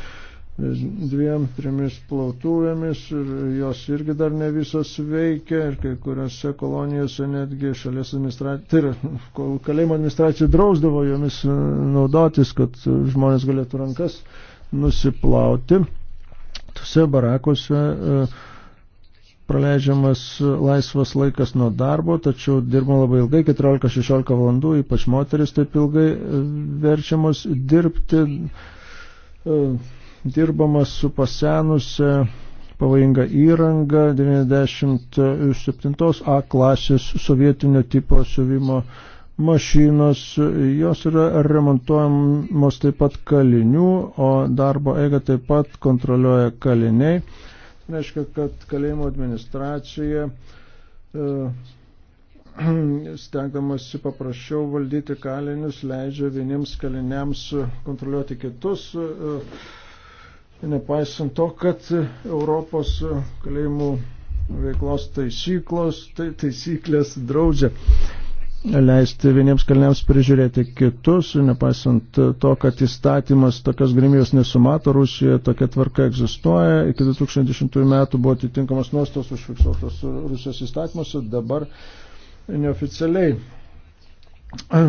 dviem, trimis plautuvėmis ir jos irgi dar ne visos veikia ir kai kuriuose kolonijose netgi šalies administracija, tai yra kalėjimo administracija drausdavo jomis e, naudotis, kad žmonės galėtų rankas nusiplauti. Tuose barakose e, praleidžiamas laisvas laikas nuo darbo, tačiau dirba labai ilgai, 14-16 valandų, ypač moteris taip ilgai e, verčiamos dirbti, e, dirbamas su pasenusią pavojinga įranga 97A klasės sovietinio tipo siuvimo mašinos, jos yra remontuojamos taip pat kalinių, o darbo eigą taip pat kontroliuoja kaliniai. Tai reiškia, kad kalėjimo administracija e, stengdamasi paprasčiau valdyti kalinius, leidžia vieniems kaliniams kontroliuoti kitus, e, nepaisant to, kad Europos kalėjimų veiklos taisyklos, tai taisyklės draudžia leisti vieniems kaliniams prižiūrėti kitus, nepaisant to, kad įstatymas tokios galimybės nesumato, Rusijoje tokia tvarka egzistuoja. Iki 2010 metų buvo atitinkamas nuostos užfiksuotas Rusijos įstatymuose, dabar neoficialiai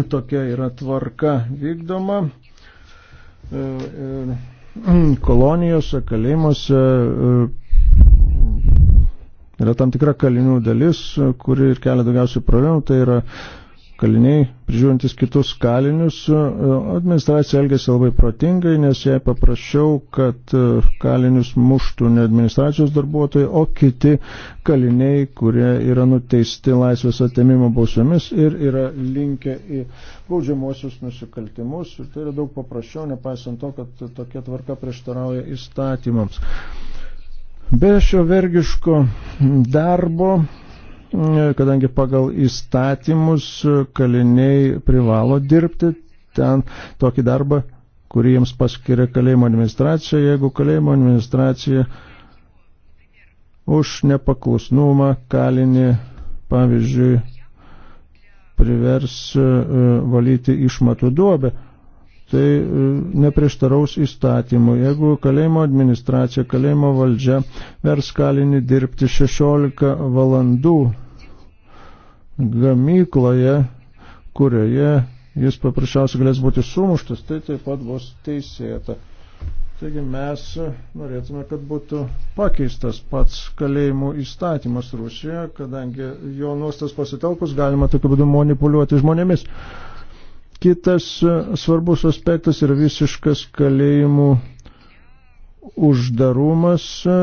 tokia yra tvarka vykdoma. Ir e, e, kolonijose, kalėjimuose Yra tam tikra kalinių dalis, kuri ir kelia daugiausiai problemų, tai yra kaliniai, prižiūrintis kitus kalinius, administracija elgėsi labai protingai, nes jai paprašiau, kad kalinius muštų ne administracijos darbuotojai, o kiti kaliniai, kurie yra nuteisti laisvės atėmimo bausmėmis ir yra linkę į baudžiamuosius nusikaltimus. Ir tai yra daug paprasčiau, nepaisant to, kad tokia tvarka prieštarauja įstatymams. Be šio vergiško darbo, e, kadangi pagal įstatymus e, kaliniai privalo dirbti ten tokį darbą, kurį jiems paskiria kalėjimo administracija, jeigu kalėjimo administracija už nepaklusnumą kalinį, pavyzdžiui, privers e, valyti išmatų duobę tai e, neprieštaraus įstatymų. Jeigu kalėjimo administracija, kalėjimo valdžia vers kalinį dirbti 16 valandų gamykloje, kurioje jis paprasčiausiai galės būti sumuštas, tai taip pat bus teisėta. Taigi mes norėtume, kad būtų pakeistas pats kalėjimų įstatymas Rusijoje, kadangi jo nuostas pasitelkus galima tokiu būdu manipuliuoti žmonėmis. Kitas e, svarbus aspektas yra visiškas kalėjimų uždarumas, e,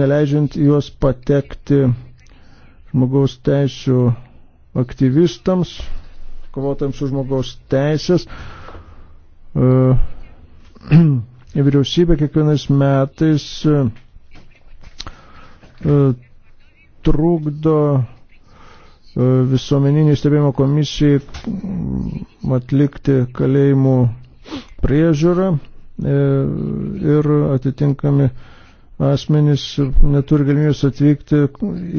neleidžiant juos patekti žmogaus teisų aktyvistams, kovotams už žmogaus teisės. E, Vyriausybė kiekvienais metais trukdo E, visuomeniniai stebėjimo komisijai mm, atlikti kalėjimų priežiūrą e, ir atitinkami asmenys neturi galimybės atvykti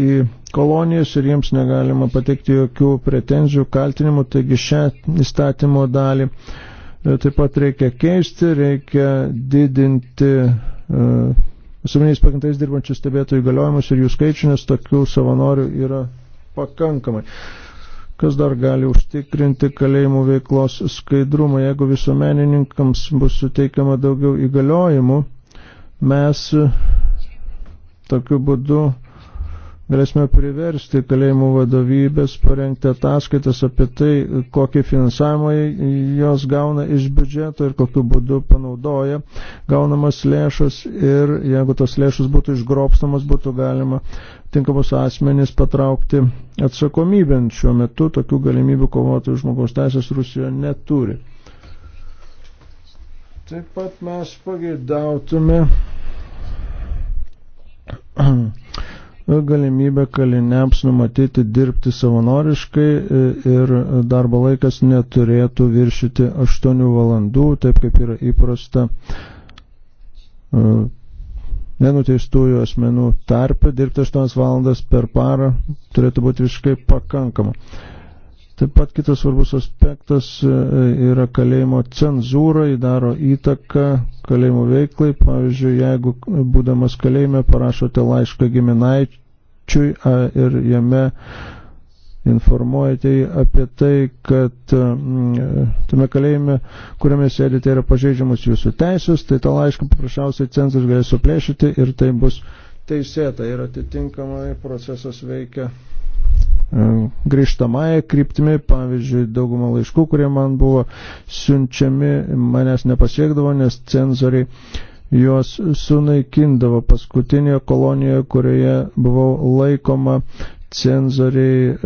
į kolonijas ir jiems negalima pateikti jokių pretenzijų, kaltinimų, taigi šią įstatymo dalį e, taip pat reikia keisti, reikia didinti visuomeniais pakantais dirbančių stebėtojų įgaliojimus ir jų skaičių, nes tokių savanorių yra pakankamai. Kas dar gali užtikrinti kalėjimų veiklos skaidrumą, jeigu visuomenininkams bus suteikiama daugiau įgaliojimų, mes e, tokiu būdu galėsime priversti kalėjimų vadovybės parengti ataskaitas apie tai, kokį finansavimą jos gauna iš biudžeto ir kokiu būdu panaudoja gaunamas lėšas ir jeigu tos lėšas būtų išgrobstamas, būtų galima tinkamus asmenys patraukti atsakomybėn. Šiuo metu tokių galimybių kovoti už žmogaus teisės Rusijoje neturi. Taip pat mes pageidautume galimybę kaliniams numatyti dirbti savanoriškai e, ir darbo laikas neturėtų viršyti 8 valandų, taip kaip yra įprasta e, nenuteistųjų asmenų tarpe dirbti 8 valandas per parą turėtų būti visiškai pakankama. Taip pat kitas svarbus aspektas e, yra kalėjimo cenzūra, įdaro įtaką kalėjimo veiklai. Pavyzdžiui, jeigu būdamas kalėjime parašote laišką giminaičiui ir jame informuojate apie tai, kad mm, tame kalėjime, kuriame sėdite, yra pažeidžiamas jūsų teisės, tai tą laišką paprasčiausiai cenzas galės suplėšyti ir tai bus teisėta ir atitinkamai procesas veikia e, grįžtamąją kryptimį, pavyzdžiui, daugumą laiškų, kurie man buvo siunčiami, manęs nepasiekdavo, nes cenzoriai juos sunaikindavo paskutinėje kolonijoje, kurioje buvau laikoma cenzoriai e,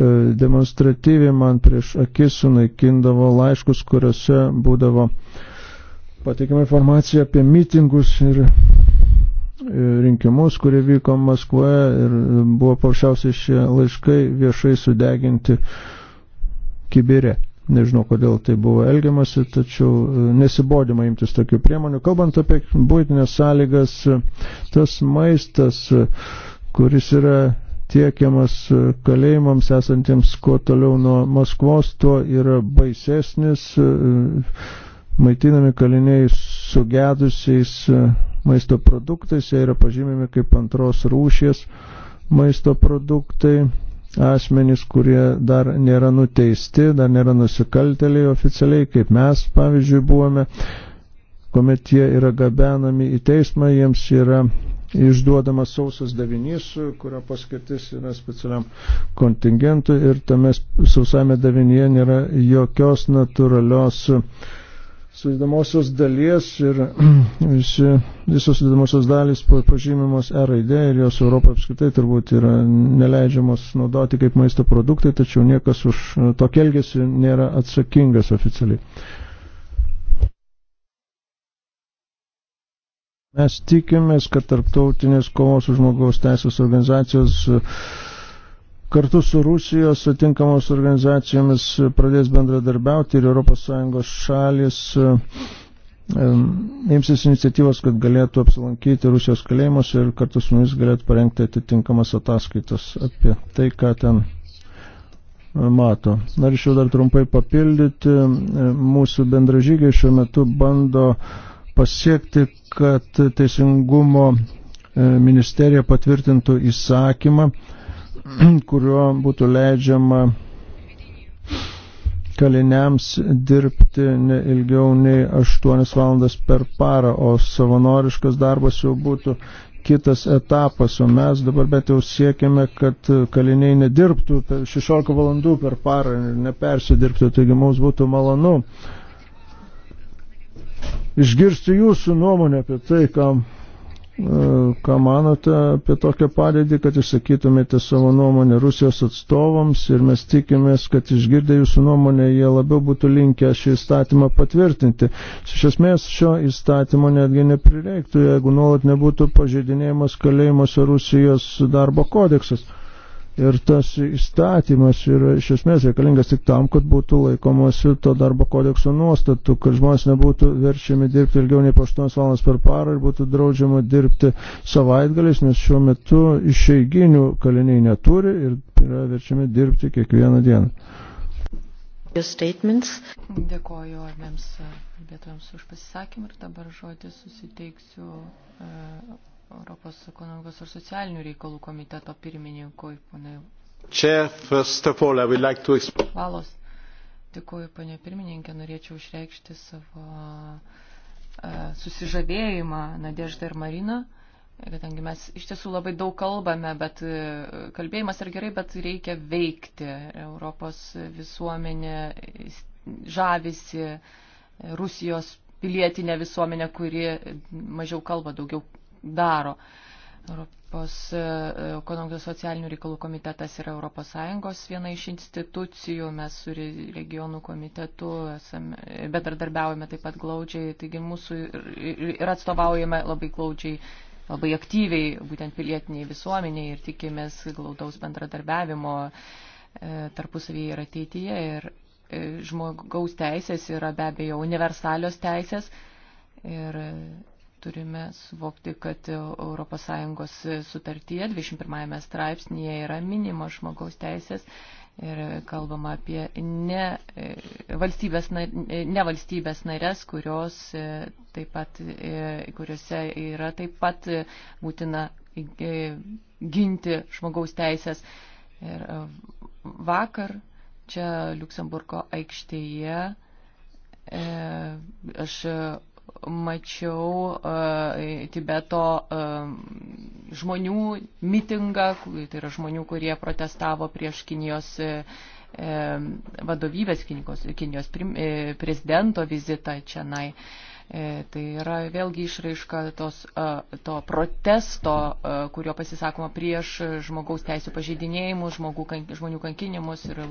demonstratyviai man prieš akis sunaikindavo laiškus, kuriuose būdavo patikima informacija apie mitingus ir e, rinkimus, kurie vyko Maskvoje ir buvo paprasčiausiai šie laiškai viešai sudeginti kibirė. Nežinau, kodėl tai buvo elgiamasi, tačiau e, nesibodima imtis tokių priemonių. Kalbant apie būtinės sąlygas, tas maistas, kuris yra tiekiamas e, kalėjimams esantiems kuo toliau nuo Maskvos, tuo yra baisesnis, e, maitinami kaliniai sugedusiais e, maisto produktais, jie yra pažymimi kaip antros rūšies maisto produktai, asmenys, kurie dar nėra nuteisti, dar nėra nusikalteliai oficialiai, kaip mes, pavyzdžiui, buvome, kuomet jie yra gabenami į teismą, jiems yra išduodamas sausas davinys, kurio paskirtis yra specialiam kontingentui ir tame sausame davinyje nėra jokios natūralios sudėdamosios dalies ir visi, visos sudėdamosios dalys pažymimos R e raidė ir jos Europoje apskritai turbūt yra neleidžiamos naudoti kaip maisto produktai, tačiau niekas už tokį elgesį nėra atsakingas oficialiai. Mes tikimės, kad tarptautinės kovos už žmogaus teisės organizacijos e, kartu su Rusijos atinkamos organizacijomis pradės bendradarbiauti ir ES šalis e, e, imsis iniciatyvos, kad galėtų apsilankyti Rusijos kalėjimus ir kartu su mumis galėtų parengti atitinkamas ataskaitas apie tai, ką ten mato. Norėčiau dar trumpai papildyti, mūsų bendražygiai šiuo metu bando uh, pasiekti, kad teisingumo e, ministerija patvirtintų įsakymą, kuriuo būtų leidžiama kaliniams dirbti ne ilgiau nei 8 valandas per parą, o savanoriškas darbas jau būtų kitas etapas, o mes dabar bet jau siekiame, kad kaliniai nedirbtų 16 valandų per parą ir nepersidirbtų, taigi mums būtų malonu išgirsti jūsų nuomonę apie tai, kam, e, ką manote apie tokią padėtį, kad išsakytumėte savo nuomonę Rusijos atstovams ir mes tikimės, kad išgirdę jūsų nuomonę jie labiau būtų linkę šį įstatymą patvirtinti. Iš esmės šio įstatymo netgi neprireiktų, jeigu nuolat nebūtų pažeidinėjimas kalėjimuose Rusijos darbo kodeksas. Ir tas įstatymas yra iš esmės reikalingas tik tam, kad būtų laikomasi to darbo kodekso nuostatų, kad žmonės nebūtų verčiami dirbti ilgiau nei 8 valandas per parą ir būtų draudžiama dirbti savaitgaliais, nes šiuo metu išeiginių kaliniai neturi ir yra verčiami dirbti kiekvieną dieną. Dėkoju abiems kalbėtojams už pasisakymą ir dabar žodį susiteiksiu. Uh, Europos ekonomikos ir socialinių reikalų komiteto pirmininkui, ponai. Čia, first of all, I would like to explain. Valos. Dėkuoju, panė pirmininkė, norėčiau išreikšti savo e, susižavėjimą Nadeždą ir Mariną, kadangi mes iš tiesų labai daug kalbame, bet e, kalbėjimas yra gerai, bet reikia veikti. Europos visuomenė žavisi Rusijos pilietinė visuomenė, kuri mažiau kalba, daugiau daro. Europos e, ekonomikos socialinių reikalų komitetas yra ES viena iš institucijų, mes su regionų komitetu esame, betardarbiaujame taip pat glaudžiai, taigi mūsų ir atstovaujame labai glaudžiai, labai aktyviai būtent pilietiniai visuomeniai ir tikimės glaudaus bendradarbiavimo e, tarpusavyje ir ateityje. Ir e, žmogaus teisės yra be abejo universalios teisės. Ir turime suvokti, kad ES sutartyje 21 straipsnėje yra minima žmogaus teisės ir kalbama apie ne valstybės, ne valstybės narės, kurios taip pat, kuriuose yra taip pat būtina ginti žmogaus teisės. Ir vakar čia Luksemburgo aikštėje e, aš mačiau e, Tibeto e, žmonių mitingą, tai yra žmonių, kurie protestavo prieš Kinijos e, vadovybės, Kinijos, Kinijos prezidento vizitą čia. Nai. Tai yra vėlgi išraiška tos, to protesto, kurio pasisakoma prieš žmogaus teisų pažeidinėjimus, žmonių kankinimus ir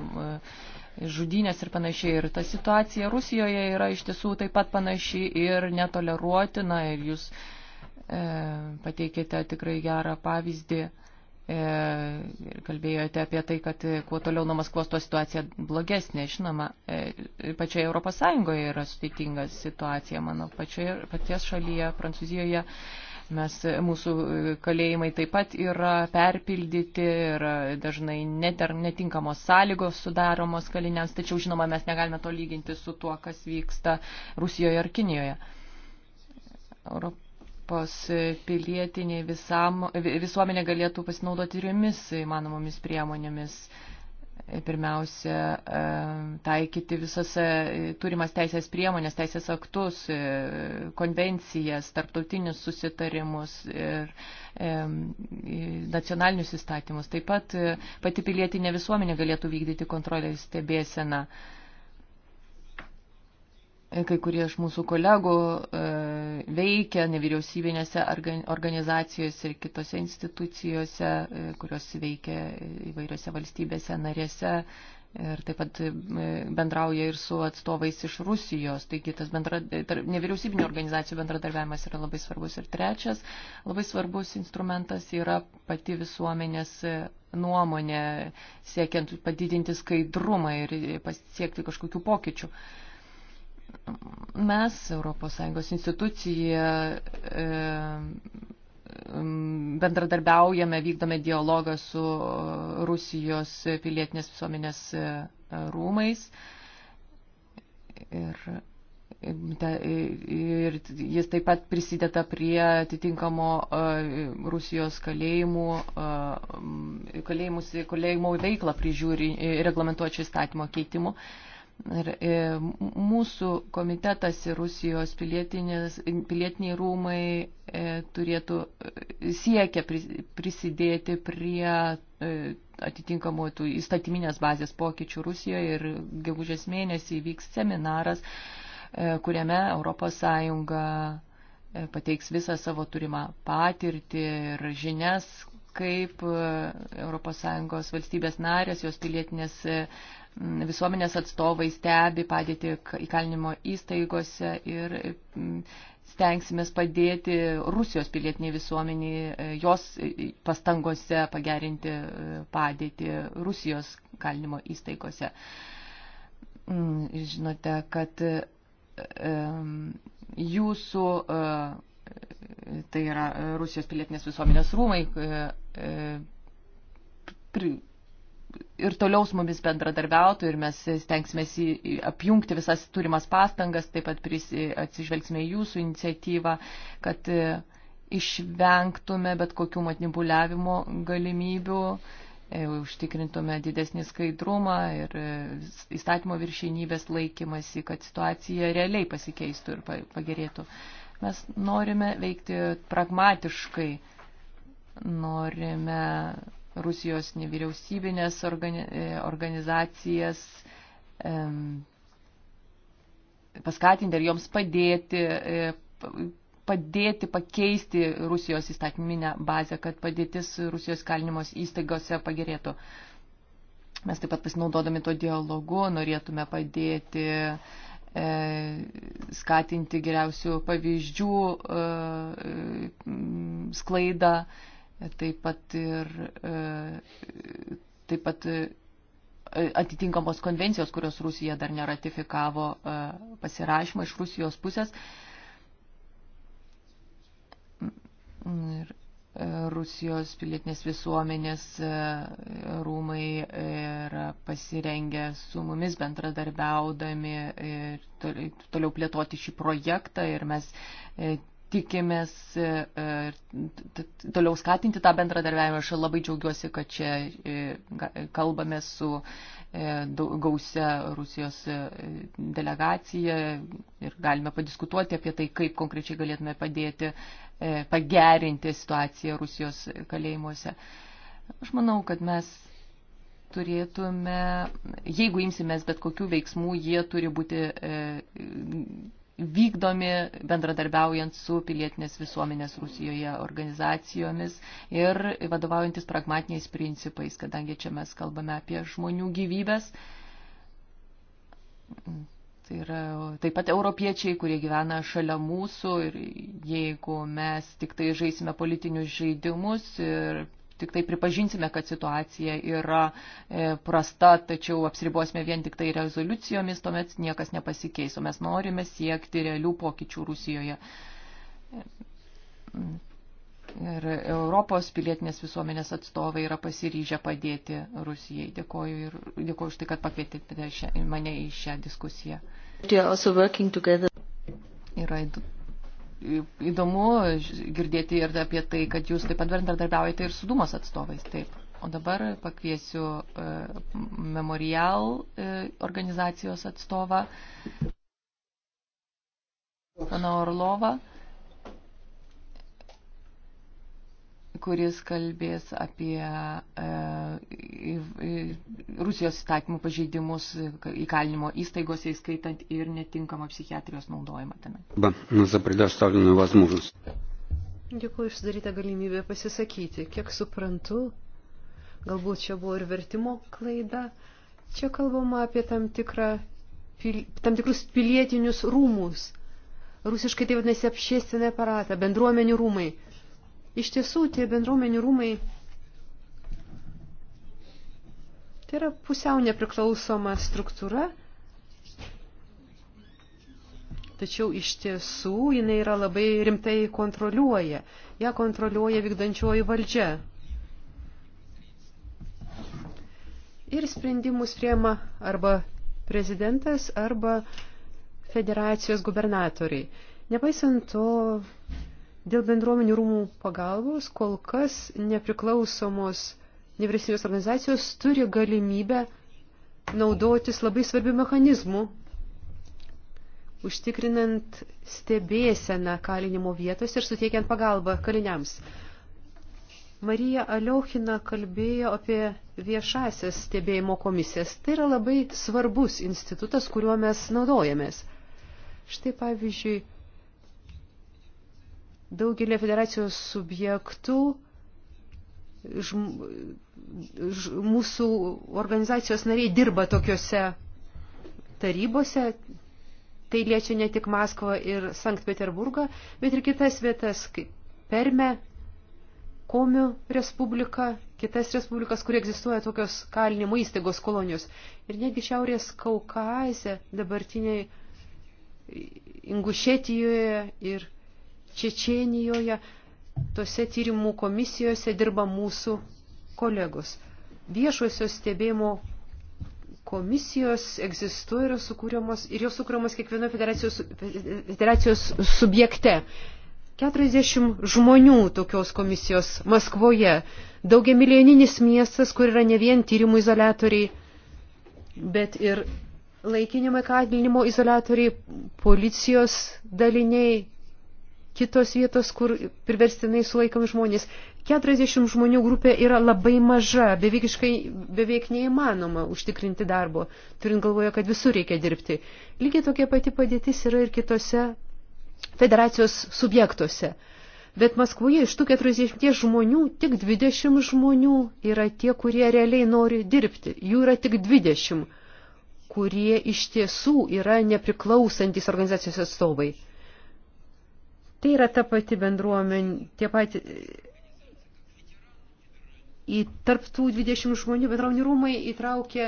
žudynės ir panašiai. Ir ta situacija Rusijoje yra iš tiesų taip pat panaši ir netoleruotina. Ir jūs e, pateikėte tikrai gerą pavyzdį e, ir kalbėjote apie tai, kad kuo toliau nuo Maskvos to situacija blogesnė, žinoma, e, pačioje Europos Sąjungoje yra sudėtinga situacija, mano pačioje, paties šalyje, Prancūzijoje Mes, e, mūsų e, kalėjimai taip pat yra perpildyti ir dažnai net ar netinkamos sąlygos sudaromos kaliniams, tačiau žinoma, mes negalime to lyginti su tuo, kas vyksta Rusijoje ar Kinijoje. Europ Europos pilietiniai visam, visuomenė galėtų pasinaudoti trimis įmanomomis priemonėmis pirmiausia, e, taikyti visas e, turimas teisės priemonės, teisės aktus, e, konvencijas, tarptautinius susitarimus ir nacionalinius įstatymus. Taip pat pati pilietinė visuomenė galėtų vykdyti kontrolę ir stebėseną kai kurie iš mūsų kolegų e, veikia nevyriausybinėse organizacijose ir kitose institucijose, e, kurios veikia įvairiose valstybėse narėse ir taip pat e, bendrauja ir su atstovais iš Rusijos. Taigi tas bendra, nevyriausybinio organizacijų bendradarbiavimas yra labai svarbus. Ir trečias labai svarbus instrumentas yra pati visuomenės nuomonė, siekiant padidinti skaidrumą ir pasiekti kažkokių pokyčių. Uh, mes, ES institucija, e, bendradarbiaujame, vykdome dialogą su Rusijos pilietinės visuomenės e, rūmais. Ir, ir jis taip pat prisideda prie atitinkamo e, Rusijos kalėjimų, kalėjimus, kalėjimų veiklą prižiūri reglamentuočio įstatymo keitimu. Ir e, mūsų komitetas ir Rusijos pilietiniai rūmai e, turėtų e, siekia prisidėti prie e, atitinkamų tų įstatyminės bazės pokyčių Rusijoje ir gegužės mėnesį vyks seminaras, e, kuriame ES e, pateiks visą savo turimą patirtį ir žinias, kaip ES valstybės narės, jos pilietinės e, visuomenės atstovai stebi padėti įkalinimo įstaigose ir stengsimės padėti Rusijos pilietiniai visuomeniai e, jos e, pastangose pagerinti e, padėti Rusijos kalinimo įstaigose. Ir mm, žinote, kad jūsų, tai yra Rusijos pilietinės visuomenės rūmai, ir toliau su mumis bendradarbiautų ir mes stengsime apjungti visas turimas pastangas, taip pat atsižvelgsime jūsų iniciatyvą, kad e, išvengtume bet kokių manipuliavimo galimybių, e, užtikrintume didesnį skaidrumą ir e, įstatymo viršinybės laikymasi, kad situacija realiai pasikeistų ir pagerėtų. Mes norime veikti pragmatiškai, norime Rusijos nevyriausybinės e, organizacijas, paskatinti ar joms padėti, e, padėti pakeisti Rusijos įstatyminę bazę, kad padėtis Rusijos kalinimos įstaigose pagerėtų. Mes taip pat pasinaudodami to dialogu norėtume padėti e, skatinti geriausių pavyzdžių sklaidą taip pat ir e, taip pat e, atitinkamos konvencijos, kurios Rusija dar neratifikavo e, pasirašymą iš Rusijos pusės. Ir Rusijos pilietinės visuomenės rūmai yra pasirengę su mumis bendradarbiaudami ir toliau plėtoti šį projektą ir mes tikimės e, toliau skatinti tą bendradarbiavimą. Aš labai džiaugiuosi, kad čia e, kalbame su e, gausia Rusijos delegacija ir galime padiskutuoti apie tai, kaip konkrečiai galėtume padėti pagerinti situaciją Rusijos kalėjimuose. Aš manau, kad mes turėtume, jeigu imsimės bet kokių veiksmų, jie turi būti vykdomi bendradarbiaujant su pilietinės visuomenės Rusijoje organizacijomis ir vadovaujantis pragmatiniais principais, kadangi čia mes kalbame apie žmonių gyvybės. Tai yra taip pat europiečiai, kurie gyvena šalia mūsų ir jeigu mes tik tai žaisime politinius žaidimus ir tik tai pripažinsime, kad situacija yra e, prasta, tačiau apsiribosime vien tik tai rezoliucijomis, tuomet niekas nepasikeis, o mes norime siekti realių pokyčių Rusijoje. Ir Europos pilietinės visuomenės atstovai yra pasiryžę padėti Rusijai. Dėkoju ir dėkoju už tai, kad pakvietėte mane į šią diskusiją. Yra įdomu girdėti ir apie tai, kad jūs taip pat bendradarbiaujate ir su Dumos atstovais. Taip. O dabar pakviesiu e, Memorial e, organizacijos atstovą, pana Orlovą. kuris kalbės apie e, Rusijos įstatymų pažeidimus įkalinimo įstaigose, įskaitant ir netinkamą psichiatrijos naudojimą tame. Nu, Dėkuoju išsudarytą galimybę pasisakyti. Kiek suprantu, galbūt čia buvo ir vertimo klaida. Čia kalbama apie tam, tikrą, tam tikrus pilietinius rūmus. Rusiškai tai vadinasi apšėstinė aparatą, bendruomenių rūmai. Iš tiesų, tie bendruomenių rūmai tai yra pusiau nepriklausoma struktūra, tačiau iš tiesų jinai yra labai rimtai kontroliuoja. Ja kontroliuoja vykdančioji valdžia. Ir sprendimus priema arba prezidentas, arba federacijos gubernatoriai. Nepaisant to, Dėl bendruomenių rūmų pagalbos kol kas nepriklausomos nevyriausybės organizacijos turi galimybę naudotis labai svarbių mechanizmų, užtikrinant stebėseną kalinimo vietos ir suteikiant pagalbą kaliniams. Marija Aliochina kalbėjo apie viešasias stebėjimo komisijas. Tai yra labai svarbus institutas, kuriuo mes naudojamės. Štai pavyzdžiui, Daugelio federacijos subjektų žm, ž, mūsų organizacijos nariai dirba tokiuose tarybose. Tai liečia ne tik Maskvą ir Sankt Peterburgą, bet ir kitas vietas, kaip Perme, Komių Respublika, kitas Respublikas, kur egzistuoja tokios kalinimo įstaigos kolonijos. Ir netgi Šiaurės Kaukaze, dabartiniai Ingušetijoje ir Čečienijoje, tose tyrimų komisijose dirba mūsų kolegos. Viešosios stebėjimo komisijos egzistuoja ir, sukūriamos, ir jos sukūriamos kiekvieno federacijos, federacijos subjekte. 40 žmonių tokios komisijos Maskvoje, daugiamilijoninis miestas, kur yra ne vien tyrimų izolatoriai, bet ir laikinimo įkalinimo izolatoriai, policijos daliniai, kitos vietos, kur priverstinai sulaikomi žmonės. 40 žmonių grupė yra labai maža, beveikiškai, beveik neįmanoma užtikrinti darbo, turint galvoje, kad visur reikia dirbti. Lygiai tokia pati padėtis yra ir kitose federacijos subjektuose. Bet Maskvoje iš tų 40 žmonių tik 20 žmonių yra tie, kurie realiai nori dirbti. Jų yra tik 20, kurie iš tiesų yra nepriklausantis organizacijos atstovai. Tai yra ta pati bendruomenė, tie pati. Į tarptų 20 žmonių bendruomenių rūmai įtraukė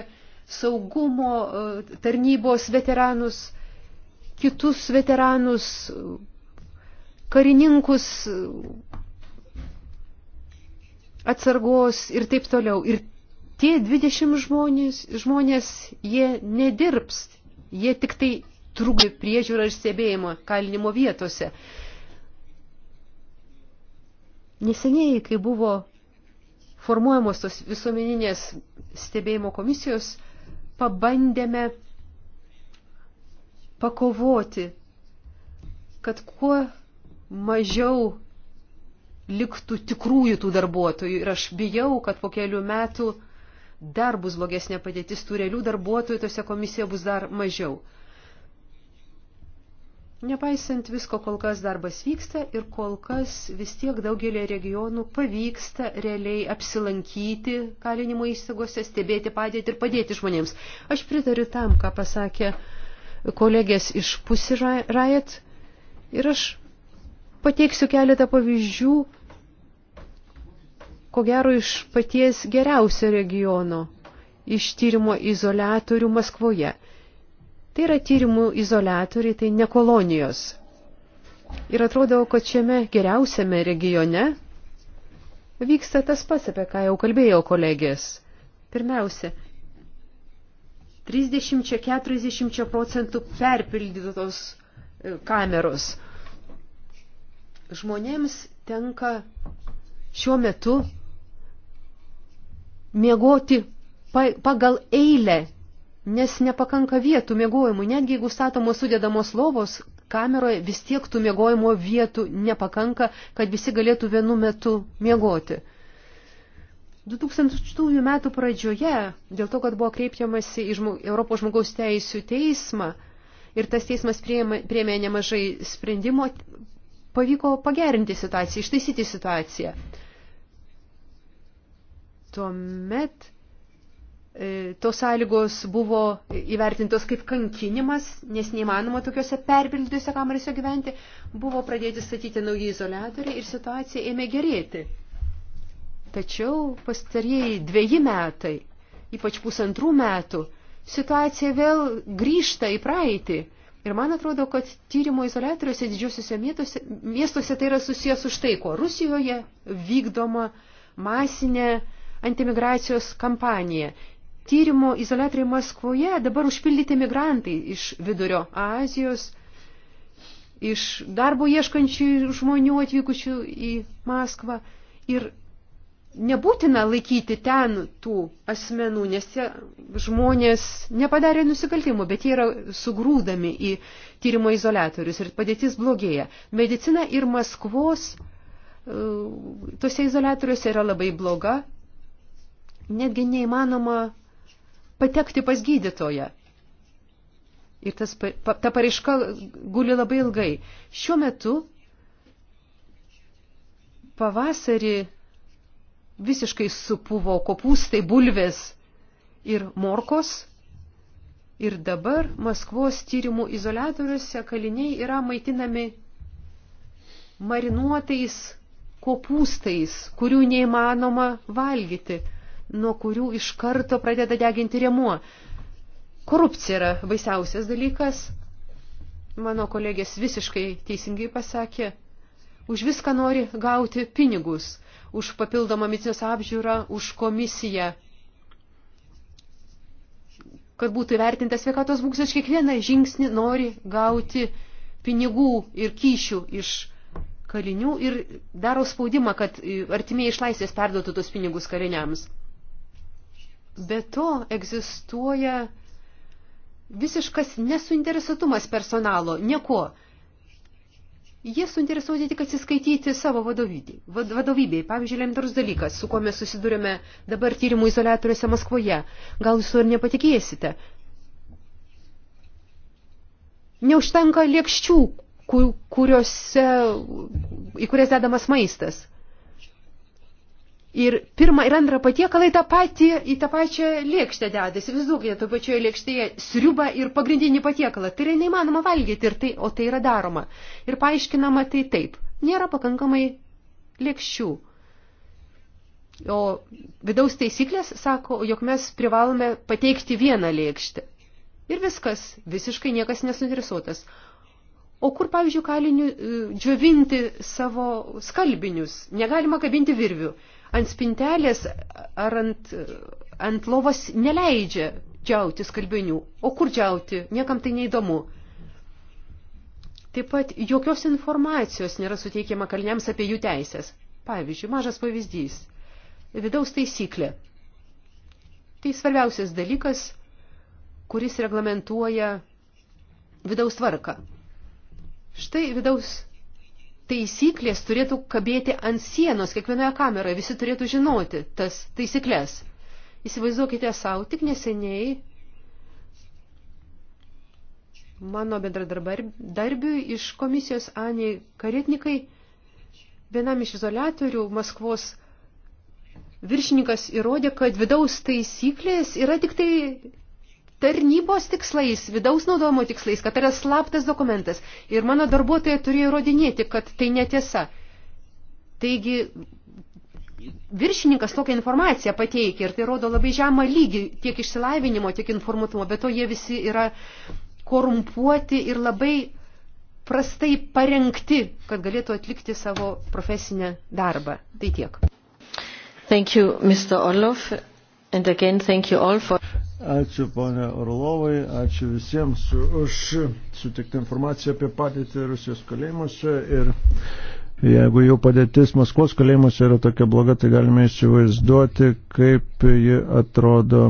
saugumo e, tarnybos veteranus, kitus veteranus, karininkus, atsargos ir taip toliau. Ir tie 20 žmonės, žmonės jie nedirbs, jie tik tai trukdė priežiūrą ir stebėjimą kalinimo vietose. Neseniai, kai buvo formuojamos tos visuomeninės stebėjimo komisijos, pabandėme pakovoti, kad kuo mažiau liktų tikrųjų tų darbuotojų. Ir aš bijau, kad po kelių metų dar bus blogesnė padėtis, tų realių darbuotojų tose komisijoje bus dar mažiau. Nepaisant visko, kol kas darbas vyksta ir kol kas vis tiek daugelį regionų pavyksta realiai apsilankyti kalinimo įstaigose, stebėti padėti ir padėti žmonėms. Aš pritariu tam, ką pasakė kolegės iš Pussy Riot ir aš pateiksiu keletą pavyzdžių, ko gero iš paties geriausio regiono, iš tyrimo izolatorių Maskvoje – Tai yra tyrimų izolatoriai, tai ne kolonijos. Ir atrodo, kad šiame geriausiame regione vyksta tas pats, apie ką jau kalbėjau kolegės. Pirmiausia, 30-40 procentų perpildytos e, kameros. Žmonėms tenka šiuo metu miegoti pagal eilę nes nepakanka vietų mėgojimui, netgi jeigu statomos sudėdamos lovos, kameroje vis tiek tų mėgojimo vietų nepakanka, kad visi galėtų vienu metu mėgoti. 2000 metų pradžioje, dėl to, kad buvo kreipiamasi į žmog, Europos žmogaus teisų teismą ir tas teismas priėmė nemažai sprendimo, pavyko pagerinti situaciją, ištaisyti situaciją. Tuomet E, tos sąlygos buvo įvertintos kaip kankinimas, nes neįmanoma tokiuose perpildytose kamerose gyventi, buvo pradėti statyti nauji izolatoriai ir situacija ėmė gerėti. Tačiau pastarieji dviejį metai, ypač pusantrų metų, situacija vėl grįžta į praeitį. Ir man atrodo, kad tyrimo izolatoriuose didžiosiuose miestuose, miestuose tai yra susijęs už tai, ko Rusijoje vykdoma masinė antimigracijos kampanija tyrimo izolatoriai Maskvoje dabar užpildyti migrantai iš vidurio Azijos, iš darbo ieškančių žmonių atvykusių į Maskvą. Ir nebūtina laikyti ten tų asmenų, nes tie žmonės nepadarė nusikaltimų, bet jie yra sugrūdami į tyrimo izolatorius ir padėtis blogėja. Medicina ir Maskvos e, tose izolatoriuose yra labai bloga, netgi neįmanoma patekti pas gydytoją. Ir tas, ta pareiška guli labai ilgai. Šiuo metu pavasarį visiškai supuvo kopūstai, bulvės ir morkos. Ir dabar Maskvos tyrimų izolatoriuose kaliniai yra maitinami marinuotais kopūstais, kurių neįmanoma valgyti nuo kurių iš karto pradeda deginti rėmuo. Korupcija yra baisiausias dalykas. Mano kolegės visiškai teisingai pasakė. Už viską nori gauti pinigus, už papildomą medicinos apžiūrą, už komisiją, kad būtų įvertintas sveikatos būksas, kiekvieną žingsnį nori gauti pinigų ir kyšių iš kalinių ir daro spaudimą, kad artimiai iš laisvės perduotų tos pinigus kaliniams. Be to egzistuoja visiškas nesuinteresuotumas personalo, nieko. Jie suinteresuoti tik atsiskaityti savo vadovybei. Pavyzdžiui, lemtarus dalykas, su kuo mes susidurėme dabar tyrimų izolatoriuose Maskvoje. Gal jūs ir nepatikėsite. Neužtenka lėkščių, kuriuose, į kurias dedamas maistas. Ir pirmą ir antrą patiekalą į tą, patį, į tą pačią lėkštę deda. Įsivaizduokite, to pačioje lėkštėje sriubą ir pagrindinį patiekalą. Tai yra neįmanoma valgyti, ir tai, o tai yra daroma. Ir paaiškinama tai taip. Nėra pakankamai lėkščių. O vidaus taisyklės sako, jog mes privalome pateikti vieną lėkštę. Ir viskas, visiškai niekas nesuinteresuotas. O kur, pavyzdžiui, kalinių e, džiovinti savo skalbinius? Negalima kabinti virvių ant spintelės ar ant, ant lovos neleidžia džiauti skalbinių. O kur džiauti? Niekam tai neįdomu. Taip pat jokios informacijos nėra suteikiama kaliniams apie jų teisės. Pavyzdžiui, mažas pavyzdys. Vidaus taisyklė. Tai svarbiausias dalykas, kuris reglamentuoja vidaus tvarką. Štai vidaus taisyklės turėtų kabėti ant sienos kiekvienoje kameroje, visi turėtų žinoti tas taisyklės. Įsivaizduokite savo, tik neseniai mano bendradarbiui iš komisijos Anį Karetnikai vienam iš izolatorių Maskvos viršininkas įrodė, kad vidaus taisyklės yra tik tai tarnybos tikslais, vidaus naudojimo tikslais, kad tai yra slaptas dokumentas. Ir mano darbuotojai turėjo įrodinėti, kad tai netiesa. Taigi viršininkas tokią informaciją pateikia ir tai rodo labai žemą lygį tiek išsilavinimo, tiek informuotumo, bet to jie visi yra korumpuoti ir labai prastai parengti, kad galėtų atlikti savo profesinę darbą. Tai tiek. Thank you, Mr. Orlov. And again, thank you all for... Ačiū ponė Orlovai, ačiū visiems už sutiktą informaciją apie padėtį Rusijos kalėjimuose ir Jeigu jų padėtis Maskvos kalėjimuose yra tokia bloga, tai galime įsivaizduoti, kaip ji atrodo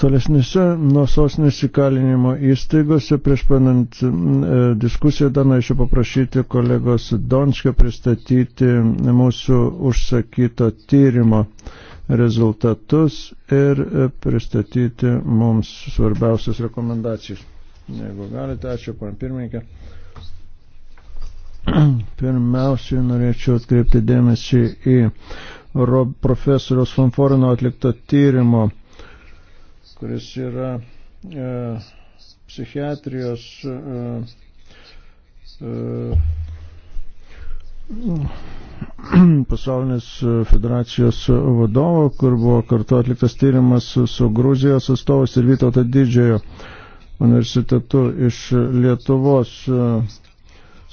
Tolesnėse nuo sostinės įkalinimo įstaigose prieš panant e, diskusiją dar norėčiau paprašyti kolegos Donskio pristatyti mūsų užsakyto tyrimo rezultatus ir e, pristatyti mums svarbiausias rekomendacijas. Jeigu galite, ačiū, pan pirmininkė. Pirmiausiai norėčiau atkreipti dėmesį į profesoriaus Fanforino atlikto tyrimo kuris yra e, psichiatrijos e, e, pasaulinės federacijos vadovo, kur buvo kartu atliktas tyrimas su, su Gruzijos atstovas ir Vytauto didžiojo universitetu iš Lietuvos.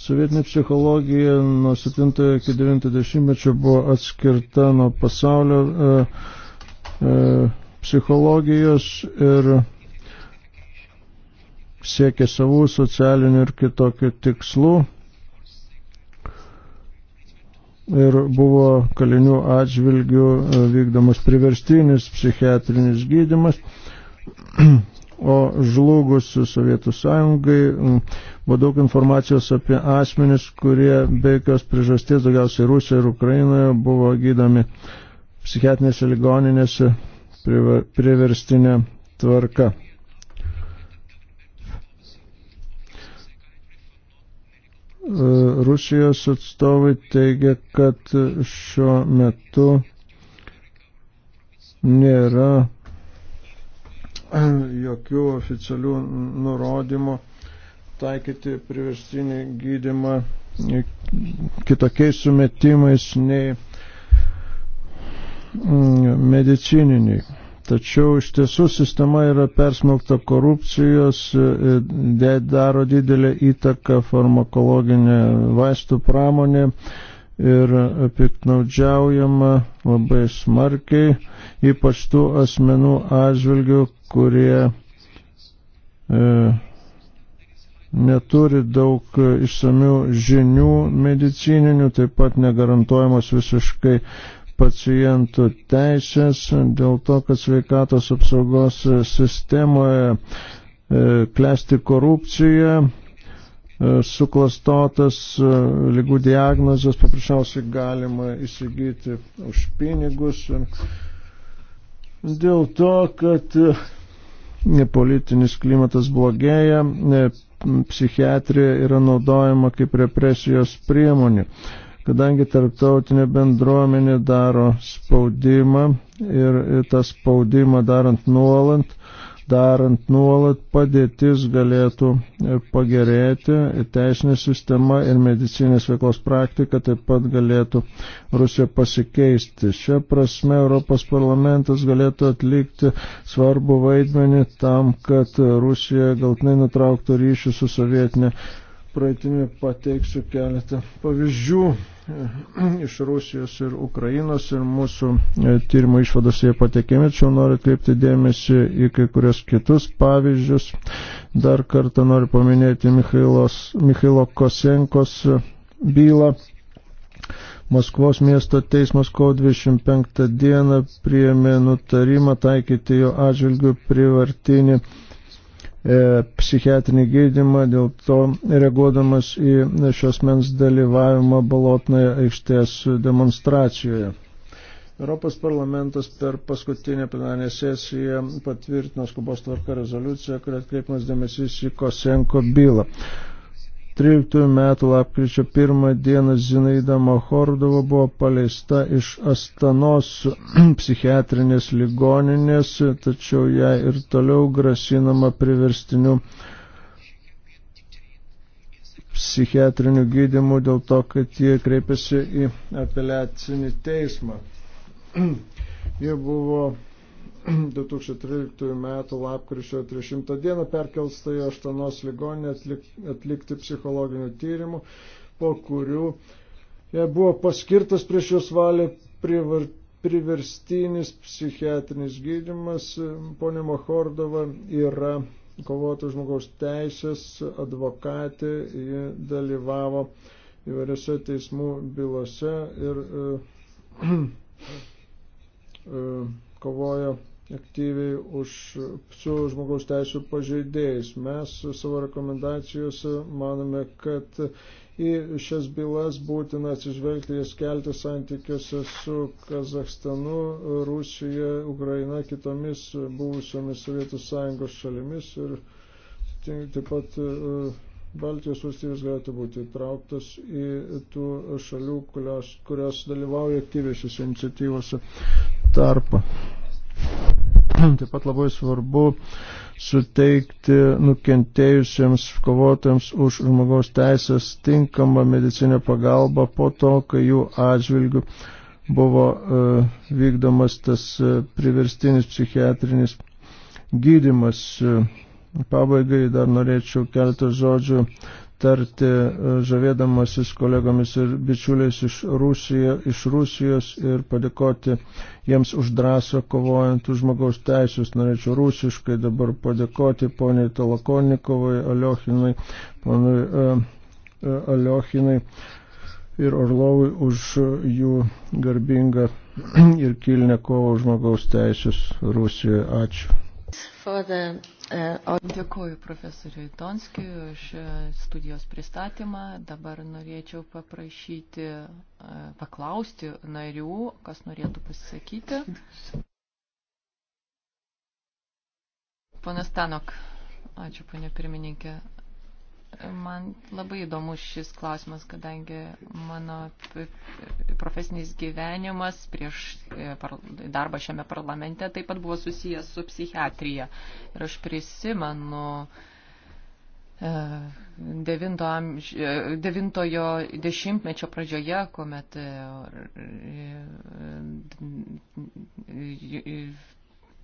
Sovietinė psichologija nuo 7 iki 90 buvo atskirta nuo pasaulio. E, e, psichologijos ir siekia savų socialinių ir kitokių tikslų ir buvo kalinių atžvilgių e, vykdomas priverstinis psichiatrinis gydimas, o žlugus Sovietų sąjungai buvo daug informacijos apie asmenis, kurie be jokios priežasties, daugiausiai Rusijoje ir Ukrainoje, buvo gydomi psichiatrinėse ligoninėse priverstinė tvarka. E, Rusijos atstovai teigia, kad šiuo metu nėra jokių oficialių nurodymų taikyti priverstinį gydimą kitokiais sumetimais nei Mm, medicininiai. Tačiau iš tiesų sistema yra persmelkta korupcijos, e, e, daro didelę įtaką farmakologinė vaistų pramonė ir piknaudžiaujama labai smarkiai, ypač tų asmenų atžvilgių, kurie e, neturi daug išsamių žinių medicininių, taip pat negarantuojamos visiškai pacientų teisės dėl to, kad sveikatos apsaugos sistemoje e, klesti korupcija, e, suklastotas e, lygų diagnozes paprasčiausiai galima įsigyti už pinigus. Dėl to, kad politinis klimatas blogėja, psichiatrija yra naudojama kaip represijos priemonė kadangi tarptautinė bendruomenė daro spaudimą ir tą spaudimą darant nuolant, darant nuolat padėtis galėtų e, pagerėti, teisinė sistema ir medicinės veiklos praktika taip pat galėtų Rusija pasikeisti. Šią prasme Europos parlamentas galėtų atlikti svarbu vaidmenį tam, kad Rusija galtinai nutrauktų ryšių su sovietinė praeitimi. Pateiksiu keletą pavyzdžių. iš Rusijos ir Ukrainos ir mūsų e, tyrimo išvados jie patekėmė, čia noriu atkreipti dėmesį į kai kurios kitus pavyzdžius. Dar kartą noriu paminėti Mikhailos, Mikhailo Kosenkos e, bylą. Maskvos miesto teismas kovo 25 dieną priėmė nutarimą taikyti jo atžvilgių privartinį E, psichiatrinį gydimą, dėl to reaguodamas į šios mens dalyvavimą balotnoje aikštės demonstracijoje. Europos parlamentas per paskutinę plenarinę sesiją patvirtino skubos tvarka rezoliuciją, kuria atkreipimas dėmesys į Kosenko bylą. 13 metų lapkričio 1 dieną Zinaida Mohordova buvo paleista iš Astanos psichiatrinės ligoninės, tačiau ją ir toliau grasinama priverstiniu psichiatriniu gydimu dėl to, kad jie kreipėsi į apeliacinį teismą. jie buvo 2013 m. lapkričio 30 d. perkelsta į Aštanos ligoninę atlikti psichologinių tyrimų, po kurių jai e, buvo paskirtas prieš jos valią privar, priverstinis psichiatrinis gydimas. Pone Mohordova yra kovotų žmogaus teisės advokatė, ji dalyvavo įvairiose teismų bylose ir uh, uh, kovojo aktyviai už, su žmogaus teisų pažeidėjais. Mes savo rekomendacijose manome, kad į šias bylas būtina atsižvelgti ir skelti santykiuose su Kazakstanu, Rusija, Ukraina, kitomis buvusiomis Sovietų sąjungos šalimis ir taip pat e, Baltijos valstybės galėtų būti įtrauktas į tų šalių, kurios, kurios dalyvauja aktyviai šiuose iniciatyvose tarpą. Taip pat labai svarbu suteikti nukentėjusiems kovotojams už žmogaus teisės tinkamą medicinę pagalbą po to, kai jų atžvilgių buvo e, vykdomas tas e, priverstinis psichiatrinis gydimas. E, pabaigai dar norėčiau keletą žodžių tarti, e, žavėdamasis kolegomis ir bičiuliais iš, Rusijo, iš Rusijos ir padėkoti jiems už drąsą kovojant už žmogaus teisės. Norėčiau rusiškai dabar padėkoti poniai Talakonikovai, Aliochinai, ponui e, e, Aliochinai ir Orlovui už jų garbingą ir kilnę kovą už žmogaus teisės Rusijoje. Ačiū. The, uh, Dėkuoju profesoriui Tonskijui už uh, studijos pristatymą. Dabar norėčiau paprašyti, uh, paklausti narių, kas norėtų pasisakyti. Ponas Tanok, ačiū, ponė pirmininkė. Man labai įdomus šis klausimas, kadangi mano profesinis gyvenimas prieš e, darbą šiame parlamente taip pat buvo susijęs su psichiatrija. Ir aš prisimenu e, e, devintojo dešimtmečio pradžioje, kuomet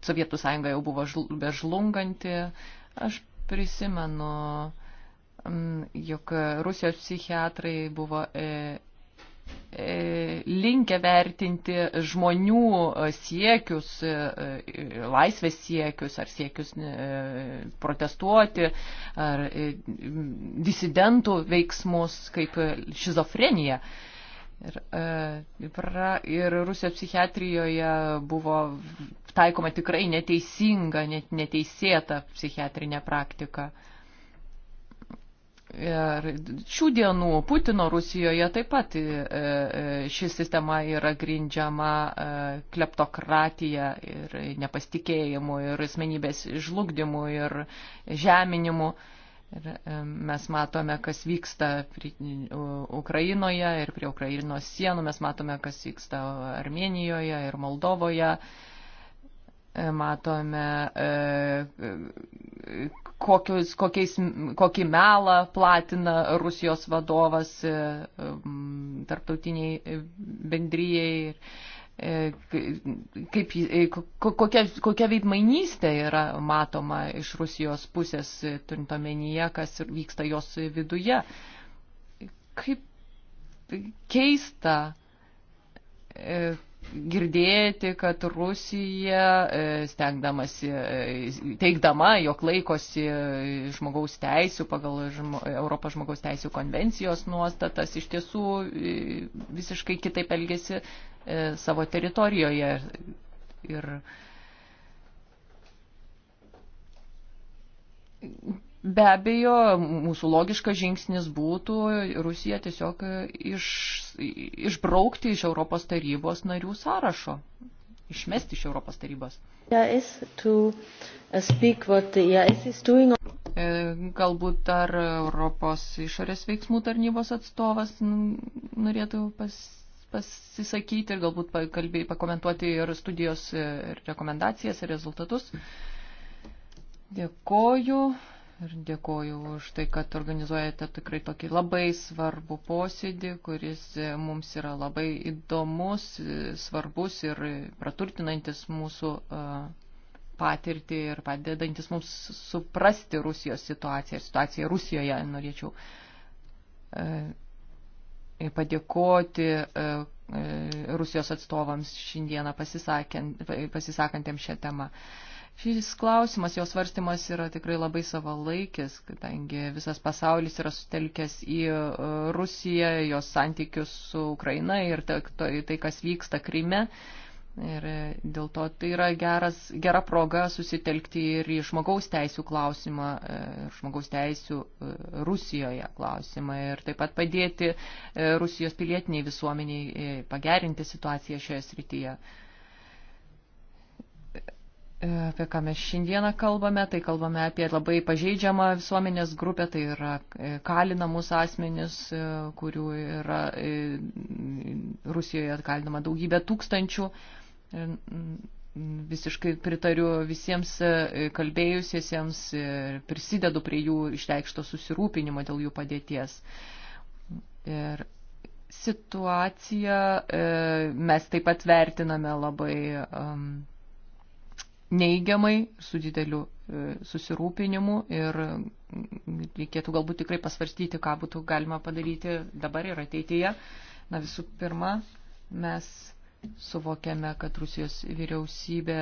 Sovietų sąjunga jau buvo bežlunganti, aš prisimenu Mm, jog Rusijos psichiatrai buvo e, e, linkę vertinti žmonių e, siekius, laisvės siekius ar siekius protestuoti, ar disidentų veiksmus kaip šizofreniją. Ir, pra, ir Rusijos psichiatrijoje buvo taikoma tikrai neteisinga, net neteisėta psichiatrinė praktika. Uh, Ir šių dienų Putino Rusijoje taip pat e, e, ši sistema yra grindžiama e, kleptokratija ir nepastikėjimu ir asmenybės žlugdymu ir žeminimu. Ir mes matome, kas vyksta Ukrainoje ir prie Ukrainos sienų, mes matome, kas vyksta Armenijoje ir Moldovoje matome, kokius, kokiais, kokį melą platina Rusijos vadovas e, tarptautiniai e, bendryjei, e, kaip, kokia, kokia veidmainystė yra matoma iš Rusijos pusės, turint omenyje, kas vyksta jos viduje. Kaip keista girdėti, kad Rusija, e, stengdamasi, e, teikdama, jog laikosi žmogaus teisų pagal žmo, Europos žmogaus teisų konvencijos nuostatas, iš tiesų e, visiškai kitaip elgesi savo teritorijoje. Ir, ir Be abejo, mūsų logiškas žingsnis būtų Rusiją tiesiog iš, išbraukti iš Europos tarybos narių sąrašo, išmesti iš Europos tarybos. E, e, e galbūt ar Europos išorės veiksmų tarnybos atstovas norėtų pas, pasisakyti ir galbūt pakalbėj, pakomentuoti ir studijos rekomendacijas ir rezultatus. Dėkoju ir dėkoju už tai, kad organizuojate tikrai tokį labai svarbų posėdį, kuris e, mums yra labai įdomus, e, svarbus ir praturtinantis mūsų e, patirtį ir padedantis mums suprasti Rusijos situaciją ir situaciją Rusijoje. Norėčiau padėkoti Rusijos atstovams šiandieną pasisakantiems šią temą. Šis klausimas, jos svarstymas yra tikrai labai savalaikis, kadangi visas pasaulis yra sutelkęs į e, Rusiją, jos santykius su Ukraina ir tai, tai kas vyksta Kryme. Ir e, dėl to tai yra geras, gera proga susitelkti ir į žmogaus teisų klausimą, e, žmogaus teisų Rusijoje klausimą ir taip pat padėti Rusijos pilietiniai visuomeniai pagerinti situaciją šioje srityje apie ką mes šiandieną kalbame, tai kalbame apie labai pažeidžiamą visuomenės grupę, tai yra e, kalinamus asmenis, e, kurių yra e, Rusijoje atkalinama daugybė tūkstančių. Visiškai pritariu visiems kalbėjusiesiems ir prisidedu prie jų išreikšto susirūpinimo dėl jų padėties. Ir situaciją mes taip pat vertiname labai neigiamai, su dideliu e, susirūpinimu ir reikėtų galbūt tikrai pasvarstyti, ką būtų galima padaryti dabar ir ateityje. Na visų pirma, mes suvokiame, kad Rusijos vyriausybė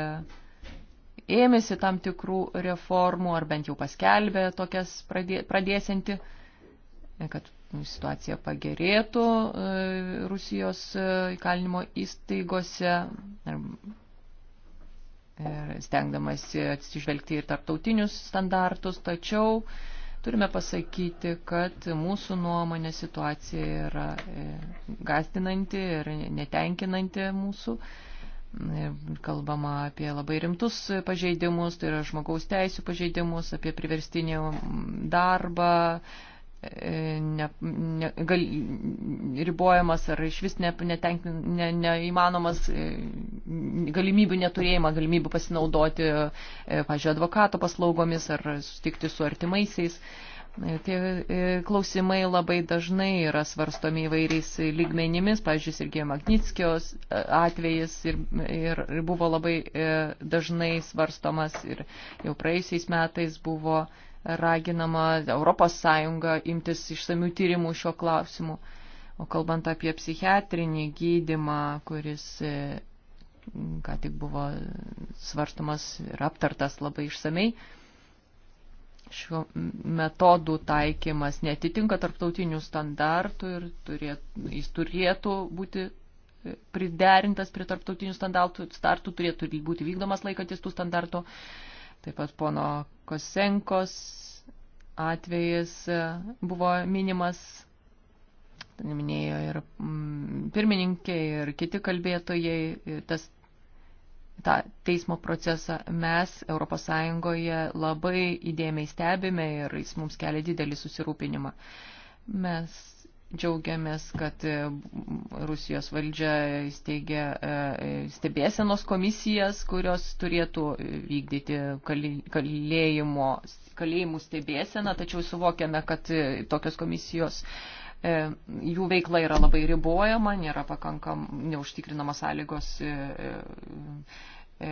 ėmėsi tam tikrų reformų, ar bent jau paskelbė tokias pradė, pradėsinti, kad situacija pagerėtų e, Rusijos e, įkalinimo įstaigose, stengdamasi atsižvelgti ir tarptautinius standartus, tačiau turime pasakyti, kad mūsų nuomonė situacija yra e, gazdinanti ir netenkinanti mūsų. E, kalbama apie labai rimtus pažeidimus, tai yra žmogaus teisų pažeidimus, apie priverstinį darbą, E, ne, ne, gal, ribojamas ar iš vis ne, netenk, ne, neįmanomas e, galimybių neturėjimą, galimybių pasinaudoti, e, pažiūrėjau, advokato paslaugomis ar sustikti su artimaisiais. Tie klausimai labai dažnai yra svarstomi įvairiais lygmenimis, pavyzdžiui, Sergėjo Magnitskijos atvejis ir, ir, ir buvo labai dažnai svarstomas ir jau praėjusiais metais buvo uh, raginama ES imtis išsamių tyrimų šio klausimu. O kalbant apie psichiatrinį gydimą, kuris e, ką tik buvo svarstamas ir aptartas labai išsamei, šių metodų taikymas netitinka tarptautinių standartų ir turėtų, jis turėtų būti e, priderintas prie tarptautinių standartų, startų turėtų būti vykdomas laikantis tų standartų. Taip pat pono Kosenkos atvejis e, buvo minimas, minėjo ir mm, pirmininkė, ir kiti kalbėtojai, e, tas tą teismo procesą mes ES labai įdėmiai stebime ir jis mums kelia didelį susirūpinimą. Mes Džiaugiamės, kad e, Rusijos valdžia įsteigė e, stebėsenos komisijas, kurios turėtų e, vykdyti kalėjimo, kalėjimų stebėseną, tačiau suvokiame, kad tokios komisijos jų veikla yra labai ribojama, nėra pakankam neužtikrinama sąlygos E,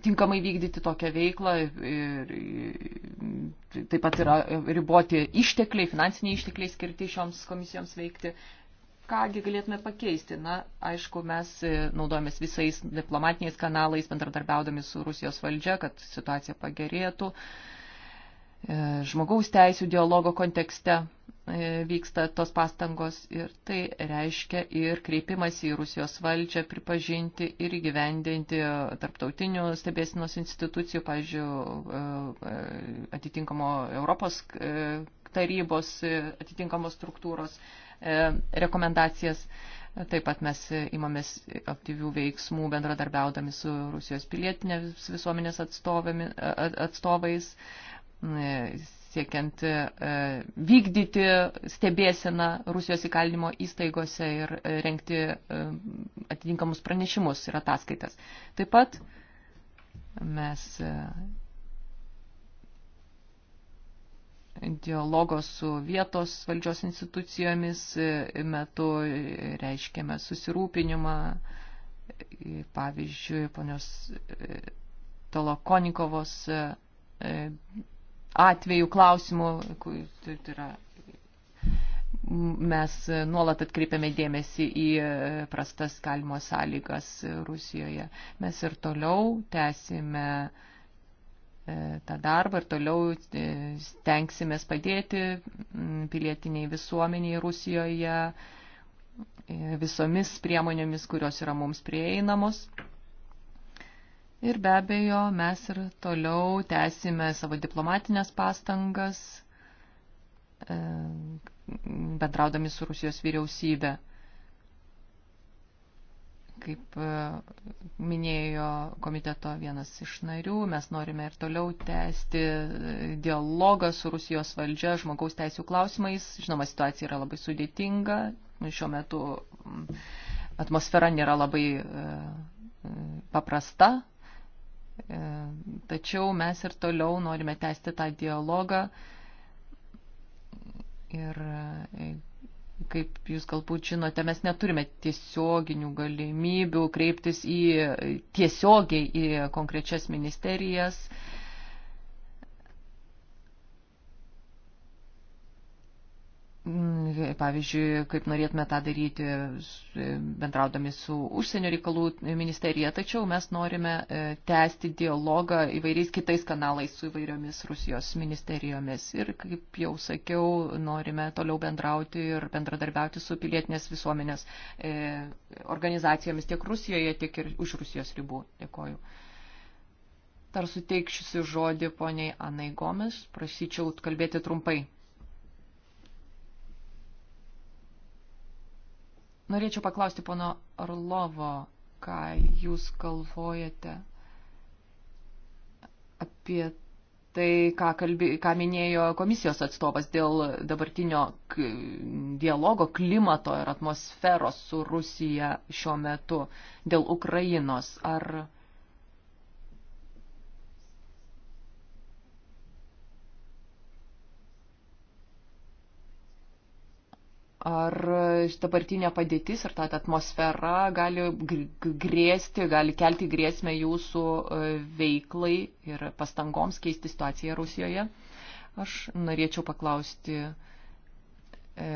tinkamai vykdyti tokią veiklą ir taip pat yra riboti ištekliai, finansiniai ištekliai skirti šioms komisijoms veikti. Kągi galėtume pakeisti? Na, aišku, mes e, naudojamės visais diplomatiniais kanalais, bendradarbiaudami su Rusijos valdžia, kad situacija pagerėtų. E, žmogaus teisų dialogo kontekste E, vyksta tos pastangos ir tai reiškia ir kreipimas į Rusijos valdžią pripažinti ir įgyvendinti tarptautinių stebėsinos institucijų, pavyzdžiui, e, e, atitinkamo Europos tarybos atitinkamos struktūros rekomendacijas. Taip pat mes imamės aktyvių veiksmų bendradarbiaudami su Rusijos pilietinės visuomenės atstovais, siekiant e, vykdyti stebėseną Rusijos įkalinimo įstaigose ir e, renkti e, atitinkamus pranešimus ir ataskaitas. Taip pat mes dialogo su vietos valdžios institucijomis metu reiškėme susirūpinimą, pavyzdžiui, ponios Tolokonikovos atvejų klausimų. Tai, tai yra, mes nuolat atkreipiame dėmesį į e, prastas kalimo sąlygas Rusijoje. Mes ir toliau tęsime e, tą darbą ir toliau e, stengsimės padėti pilietiniai visuomeniai Rusijoje visomis priemonėmis, kurios yra mums prieinamos. Ir be abejo, mes ir toliau tęsime savo diplomatinės pastangas, e, bendraudami su Rusijos vyriausybė. Kaip e, minėjo komiteto vienas iš narių, mes norime ir toliau tęsti e, dialogą su Rusijos valdžia žmogaus teisų klausimais. Žinoma, situacija yra labai sudėtinga. Šiuo metu atmosfera nėra labai paprasta, E, tačiau mes ir toliau norime tęsti tą dialogą ir e, kaip jūs galbūt žinote, mes neturime tiesioginių galimybių kreiptis į tiesiogiai į konkrečias ministerijas. E, pavyzdžiui, kaip norėtume tą daryti bendraudami su užsienio reikalų ministerija, tačiau mes norime e, tęsti dialogą įvairiais kitais kanalais su įvairiomis Rusijos ministerijomis. Ir, kaip jau sakiau, norime toliau bendrauti ir bendradarbiauti su pilietinės visuomenės e, organizacijomis tiek Rusijoje, tiek ir už Rusijos ribų. Dėkoju. Dar suteiksiu žodį poniai Anai Gomes, prašyčiau kalbėti trumpai. Norėčiau paklausti pono Orlovo, ką jūs galvojate apie tai, ką, kalbė, ką minėjo komisijos atstovas dėl dabartinio dialogo klimato ir atmosferos su Rusija šiuo metu, dėl Ukrainos. Ar Ar dabartinė padėtis ir ta atmosfera gali grėsti, gali kelti grėsmę jūsų e, veiklai ir pastangoms keisti situaciją Rusijoje? Aš norėčiau paklausti, e,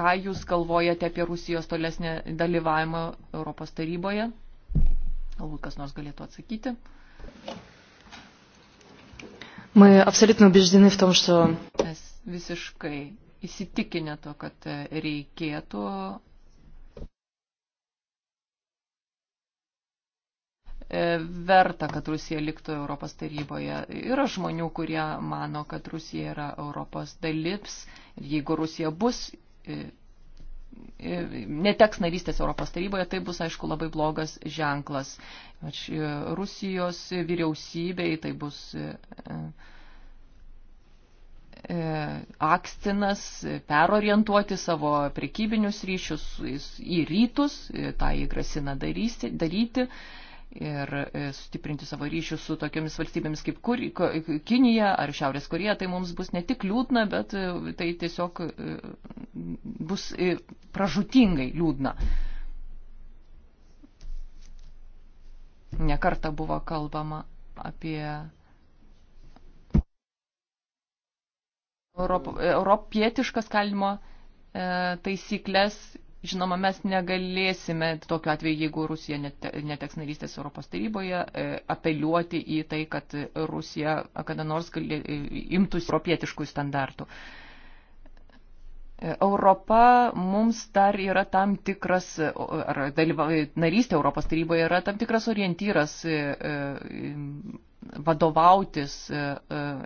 ką Jūs galvojate apie Rusijos tolesnį dalyvavimą Europos taryboje? Galbūt kas nors galėtų atsakyti. Мы абсолютно убеждены в том, что... Mes visiškai įsitikinę to, kad e, reikėtų e, verta, kad Rusija liktų Europos taryboje. Yra žmonių, kurie mano, kad Rusija yra Europos dalis ir jeigu Rusija bus, e, neteks narystės Europos taryboje, tai bus, aišku, labai blogas ženklas. Rusijos vyriausybei tai bus E, akstinas e, perorientuoti savo prekybinius ryšius į rytus, e, tą įgrasina darysti, daryti ir sustiprinti savo ryšius su tokiamis valstybėmis kaip Kur, Kinija ar Šiaurės Korija, tai mums bus ne tik liūdna, bet tai tiesiog bus pražutingai liūdna. Nekarta buvo kalbama apie Europ, europietiškas kalinimo e, taisyklės. Žinoma, mes negalėsime tokiu atveju, jeigu Rusija neteks narystės Europos taryboje, e, apeliuoti į tai, kad Rusija kada nors gali, e, imtųsi europietiškų standartų. Europa mums dar yra tam tikras, ar dalyva, narystė Europos taryboje yra tam tikras orientyras e, e, vadovautis e, e,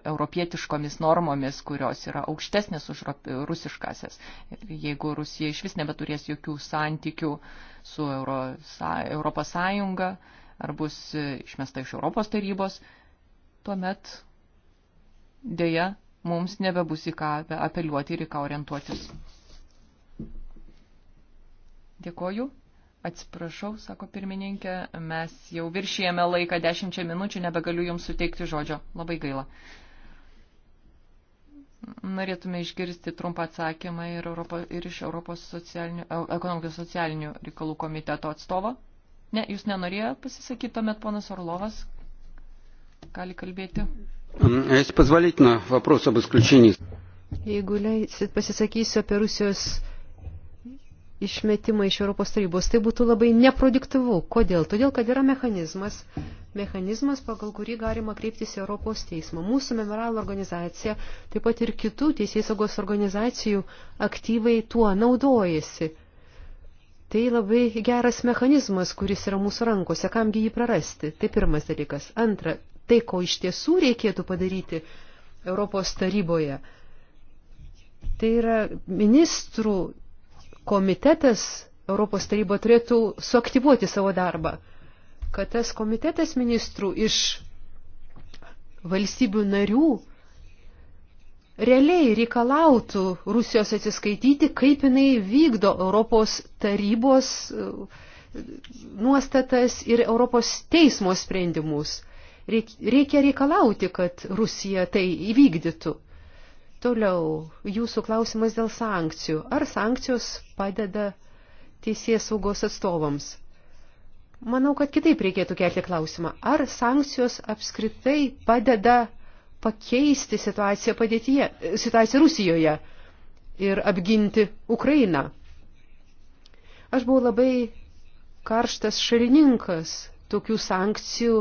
europietiškomis normomis, kurios yra aukštesnės už rusiškasias. Jeigu Rusija iš vis nebeturės jokių santykių su Euro, Europos Sąjunga ar bus e, išmesta iš Europos tarybos, tuomet dėja mums nebebus į ką apeliuoti ir į ką orientuotis. Dėkoju. Atsiprašau, sako pirmininkė, mes jau viršijame laiką dešimčia minučių, nebegaliu jums suteikti žodžio. Labai gaila. Norėtume išgirsti trumpą atsakymą ir, Europo, ir iš Europos socialinių, e, ekonomikos socialinių reikalų komiteto atstovo. Ne, jūs nenorėjot pasisakyti, tuomet ponas Orlovas gali kalbėti. Jeigu leisit, pasisakysiu apie Rusijos išmetimą iš Europos tarybos. Tai būtų labai neproduktyvu. Kodėl? Todėl, kad yra mechanizmas, mechanizmas, pagal kurį galima kreiptis į Europos teismą. Mūsų memorialo organizacija, taip pat ir kitų teisėsaugos organizacijų aktyvai tuo naudojasi. Tai labai geras mechanizmas, kuris yra mūsų rankose, kamgi jį prarasti. Tai pirmas dalykas. Antra, tai, ko iš tiesų reikėtų padaryti Europos taryboje, tai yra ministrų komitetas Europos taryba turėtų suaktyvuoti savo darbą, kad tas komitetas ministrų iš valstybių narių realiai reikalautų Rusijos atsiskaityti, kaip jinai vykdo Europos tarybos uh, nuostatas ir Europos teismo sprendimus. Reikia reikalauti, kad Rusija tai įvykdytų. Toliau, jūsų klausimas dėl sankcijų. Ar sankcijos padeda teisės saugos atstovams? Manau, kad kitaip reikėtų kelti klausimą. Ar sankcijos apskritai padeda pakeisti situaciją, padėtyje, situaciją Rusijoje ir apginti Ukrainą? Aš buvau labai karštas šalininkas tokių sankcijų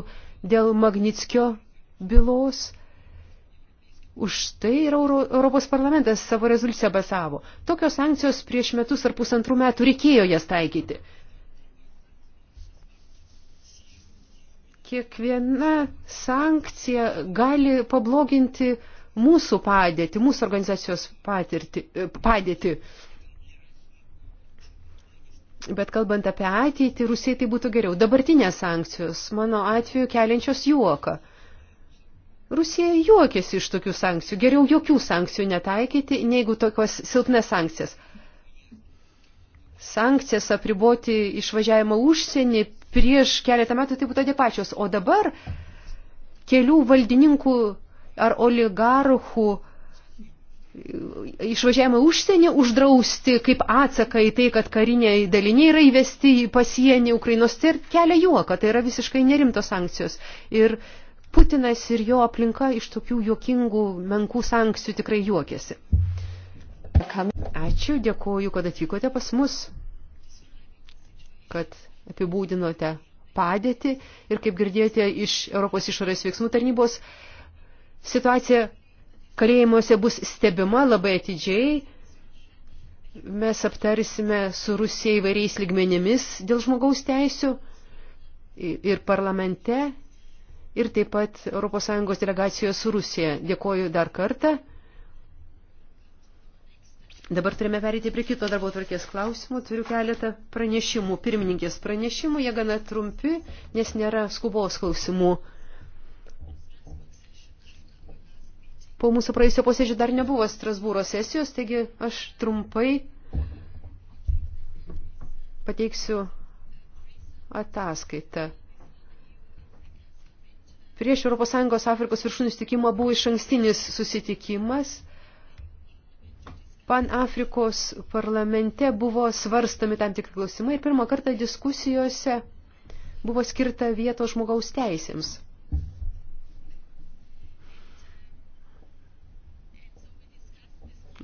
dėl Magnitskio bylos Už tai ir Euro, Europos parlamentas savo rezoliuciją basavo. Tokios sankcijos prieš metus ar pusantrų metų reikėjo jas taikyti. Kiekviena sankcija gali pabloginti mūsų padėtį, mūsų organizacijos patirti, e, padėtį. Bet kalbant apie ateitį, Rusijai tai būtų geriau. Dabartinės sankcijos, mano atveju, keliančios juoką. Rusija juokiasi iš tokių sankcijų. Geriau jokių sankcijų netaikyti, negu tokios silpnas sankcijas. Sankcijas apriboti išvažiavimą užsienį prieš keletą metų tai būtų pačios, o dabar kelių valdininkų ar oligarchų išvažiavimą užsienį uždrausti kaip atsaką į tai, kad kariniai daliniai yra įvesti į pasienį Ukrainos, tai ir kelia juoką, tai yra visiškai nerimtos sankcijos. Ir Putinas ir jo aplinka iš tokių juokingų, menkų sankcijų tikrai juokėsi. Ačiū, dėkuoju, kad atvykote pas mus, kad apibūdinote padėtį ir kaip girdėjote iš Europos išorės veiksmų tarnybos, situacija kalėjimuose bus stebima labai atidžiai. Mes aptarsime su Rusija įvairiais lygmenėmis dėl žmogaus teisių ir parlamente, ir taip pat ES delegacijos su Rusija. Dėkoju dar kartą. Dabar turime perėti prie kito darbo tvarkės klausimų. Turiu keletą pranešimų, pirmininkės pranešimų, jie gana trumpi, nes nėra skubos klausimų. Po mūsų praėjusio posėdžio dar nebuvo Strasbūro sesijos, taigi aš trumpai pateiksiu ataskaitą Prieš ES Afrikos viršūnį susitikimą buvo iš ankstinis susitikimas. Pan Afrikos parlamente buvo svarstami tam tikri klausimai ir pirmą kartą diskusijose buvo skirta vietos žmogaus teisėms.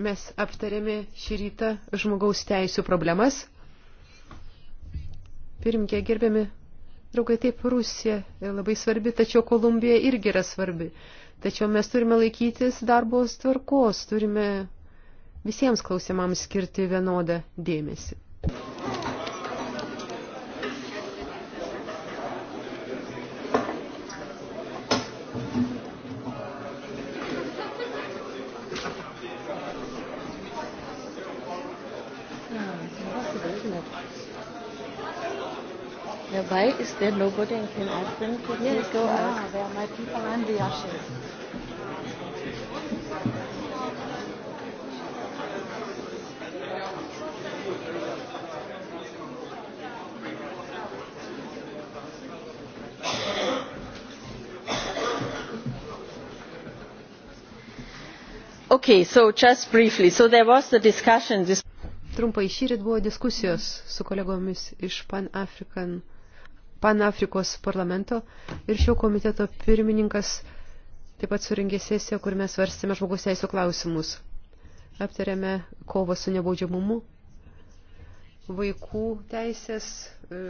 Mes aptarėme šį rytą žmogaus teisų problemas. Pirmkė, gerbiami Draugai, taip, Rusija labai svarbi, tačiau Kolumbija irgi yra svarbi. Tačiau mes turime laikytis darbos tvarkos, turime visiems klausimams skirti vienodą dėmesį. Yeah, why is there nobody and can ask them to yes, go yeah, out? There are my people and the ushers. Okay, so just briefly, so there was the discussion. This... Trumpai šįryt buvo diskusijos su kolegomis iš Pan African Panafrikos parlamento ir šio komiteto pirmininkas taip pat suringė sesiją, kur mes svarstėme žmogus teisų klausimus. Aptarėme kovą su nebaudžiamumu, vaikų teisės, e,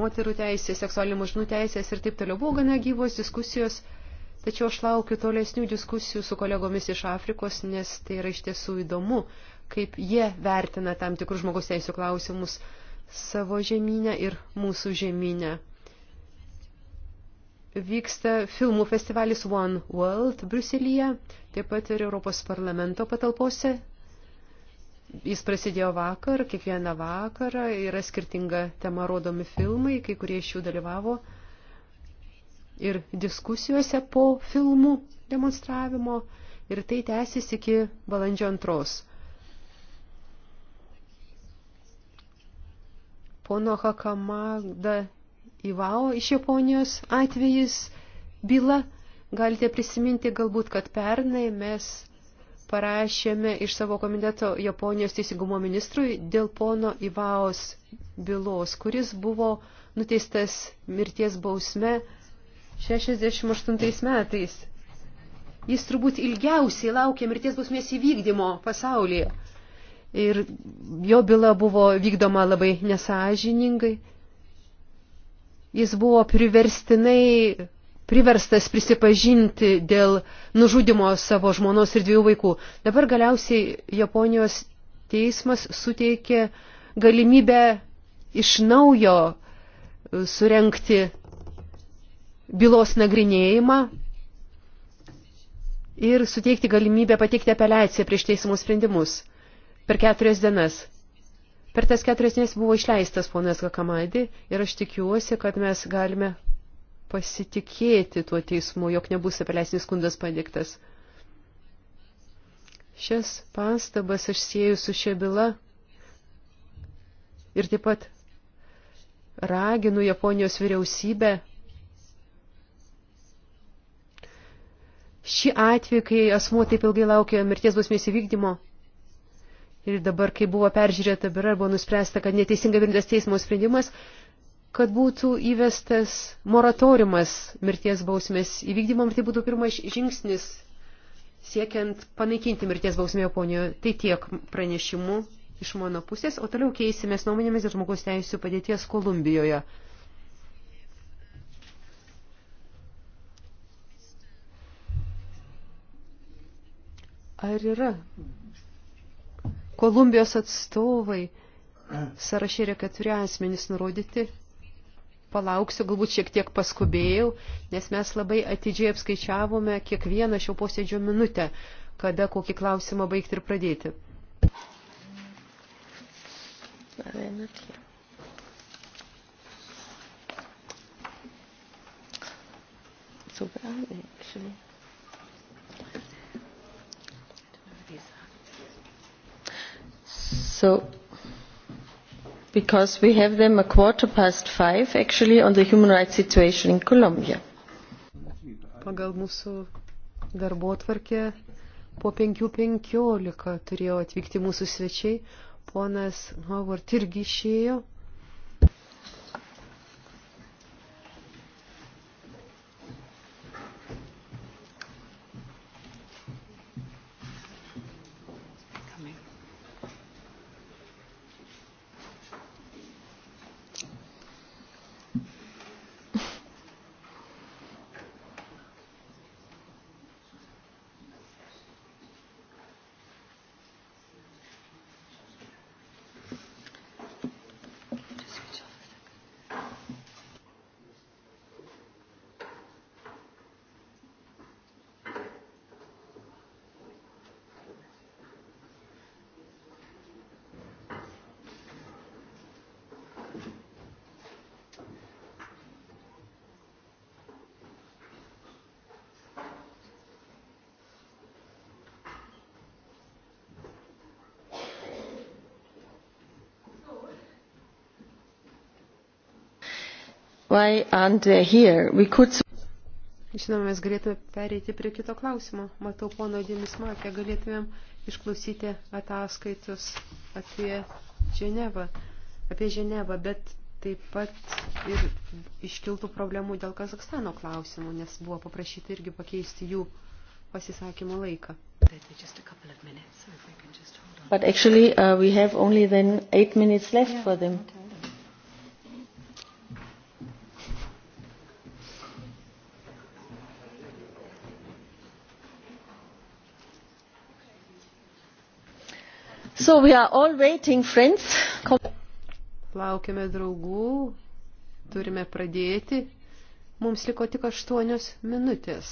moterų teisės, seksualinių mažinų teisės ir taip toliau. Buvo gana gyvos diskusijos, tačiau aš laukiu tolesnių diskusijų su kolegomis iš Afrikos, nes tai yra iš tiesų įdomu, kaip jie vertina tam tikrus žmogus teisų klausimus savo žemynę ir mūsų žemynę. Vyksta filmų festivalis One World Bruselėje, taip pat ir Europos parlamento patalpose. Jis prasidėjo vakar, kiekvieną vakarą yra skirtinga tema rodomi filmai, kai kurie iš jų dalyvavo ir diskusijose po filmų demonstravimo ir tai tęsis iki balandžio antros. pono Hakamada Ivao iš Japonijos atvejis byla. Galite prisiminti galbūt, kad pernai mes parašėme iš savo komiteto Japonijos teisingumo ministrui dėl pono Ivaos bylos, kuris buvo nuteistas mirties bausme 68 metais. Jis turbūt ilgiausiai laukė mirties bausmės įvykdymo pasaulyje ir jo byla buvo vykdoma labai nesažiningai. Jis buvo priverstinai priverstas prisipažinti dėl nužudimo savo žmonos ir dviejų vaikų. Dabar galiausiai Japonijos teismas suteikė galimybę iš naujo surenkti bylos nagrinėjimą ir suteikti galimybę pateikti apeliaciją prieš teismo sprendimus per keturias dienas. Per tas keturias dienas buvo išleistas ponas Gakamadį ir aš tikiuosi, kad mes galime pasitikėti tuo teismu, jog nebus apeliacinis skundas padiktas. Šias pastabas aš sieju su šia byla ir taip pat raginu Japonijos vyriausybę šį atvejį, kai asmuo taip ilgai laukia mirties bausmės įvykdymo, ir dabar, kai buvo peržiūrėta bira ir buvo nuspręsta, kad neteisinga virintas teismo sprendimas, kad būtų įvestas moratoriumas mirties bausmės įvykdymam, tai būtų pirmas žingsnis siekiant panaikinti mirties bausmę Japonijoje. Tai tiek pranešimų iš mano pusės, o toliau keisimės nuomonėmis ir žmogaus teisų padėties Kolumbijoje. Ar yra Kolumbijos atstovai. Sarašė yra keturi asmenys nurodyti. Palauksiu, galbūt šiek tiek paskubėjau, nes mes labai atidžiai apskaičiavome kiekvieną šio posėdžio minutę, kada kokį klausimą baigti ir pradėti. Sogar, actually. So, because we have them a quarter past five, actually, on the human rights situation in Colombia. Pagal mūsų darbo tvarkė po 5.15 turėjo atvykti mūsų svečiai. Ponas Howard irgi išėjo. Why aren't they here? We could... Žinoma, mes galėtume pereiti prie kito klausimo. Matau, pono Dėmis Makė, galėtumėm išklausyti ataskaitus apie Ženevą, apie Ženevą, bet taip pat ir iškiltų problemų dėl Kazakstano klausimų, nes buvo paprašyta irgi pakeisti jų pasisakymų laiką. But actually uh, we have only then eight minutes left yeah, for them. Okay. So we are all waiting, friends. Laukiame draugų, turime pradėti. Mums liko tik aštuonios minutės.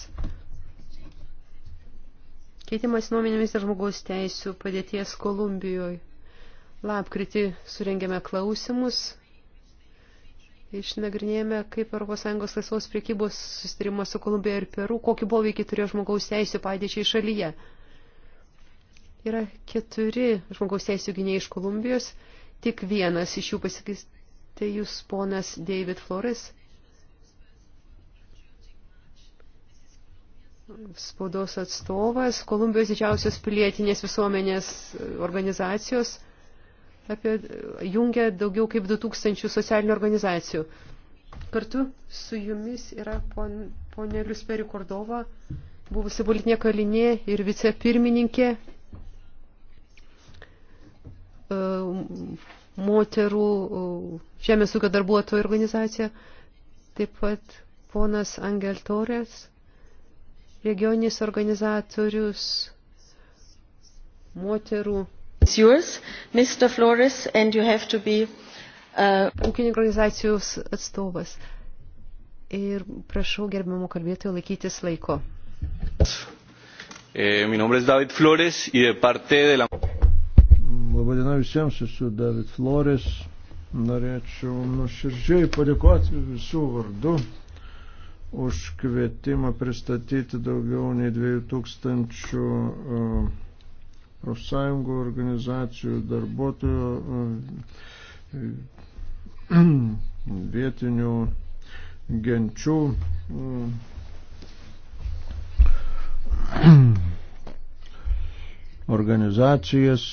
Keitimas nuomenėmis ir žmogaus teisų padėties Kolumbijoje. Lapkritį surengėme klausimus, išnagrinėjame, kaip ES laisvos priekybos sustarimas su Kolumbija ir Peru, kokį poveikį turėjo žmogaus teisų padėčiai šalyje. Yra keturi žmogaus teisų gyniai iš Kolumbijos, tik vienas iš jų pasakys, tai jūs ponas David Flores. Spaudos atstovas, Kolumbijos didžiausios pilietinės visuomenės e, organizacijos apie, jungia daugiau kaip 2000 socialinių organizacijų. Kartu su jumis yra ponė pon Liusperi Kordova, buvusi politinė kalinė ir vicepirmininkė E, moterų e, žemės ūkio darbuotojų organizacija, taip pat ponas Angel Torres, regioninis organizatorius moterų. It's yours, Mr. Flores, and you have to be uh... ūkininkų organizacijos atstovas. Ir prašau gerbiamų kalbėtojų laikytis laiko. Eh, mi nombre es David Flores y de parte de la diena visiems, esu David Flores. Norėčiau nuoširdžiai padėkoti visų vardu už kvietimą pristatyti daugiau nei 2000 e, profsąjungų organizacijų darbuotojų e, vietinių genčių e, organizacijas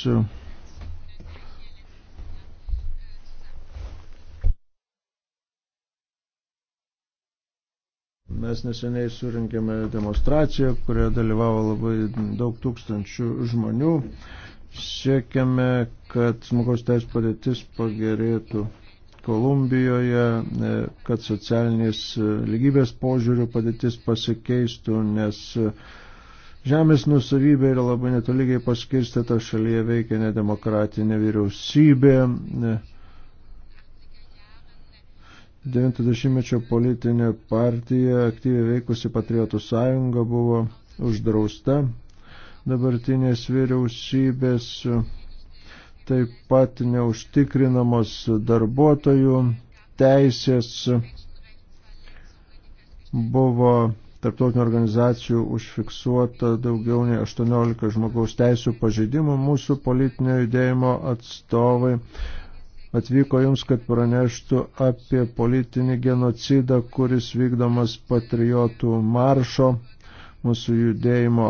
Mes neseniai surinkėme demonstraciją, kurioje dalyvavo labai daug tūkstančių žmonių. Siekiame, kad žmogaus teisų padėtis pagerėtų Kolumbijoje, e, kad socialinės e, lygybės požiūrių padėtis pasikeistų, nes e, Žemės nusavybė yra labai netolygiai paskirstyta, šalyje veikia nedemokratinė vyriausybė, ne, 90-mečio politinė partija, aktyviai veikusi Patriotų sąjunga, buvo uždrausta dabartinės vyriausybės, taip pat neužtikrinamos darbuotojų teisės buvo tarptautinių organizacijų užfiksuota daugiau nei 18 žmogaus teisų pažeidimų. Mūsų politinio judėjimo atstovai atvyko jums, kad praneštų apie politinį genocidą, kuris vykdomas patriotų maršo mūsų judėjimo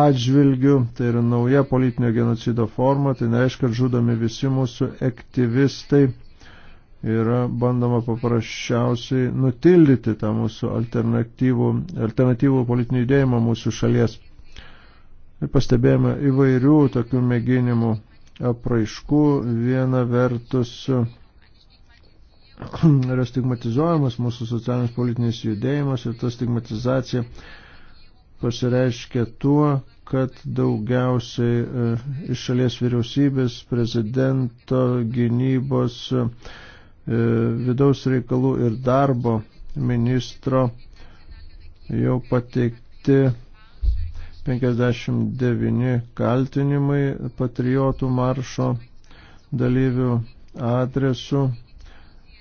atžvilgių. Tai yra nauja politinio genocido forma, tai nereiškia, kad žudomi visi mūsų aktyvistai. Yra bandoma paprasčiausiai nutildyti tą mūsų alternatyvų, alternatyvų politinį judėjimą mūsų šalies. Ir pastebėjome įvairių tokių mėginimų apraiškų. Viena vertus yra stigmatizuojamas mūsų socialinis politinis judėjimas ir ta stigmatizacija pasireiškia tuo, kad daugiausiai e, iš šalies vyriausybės, prezidento, gynybos, e, vidaus reikalų ir darbo ministro jau pateikti 59 kaltinimai patriotų maršo dalyvių adresu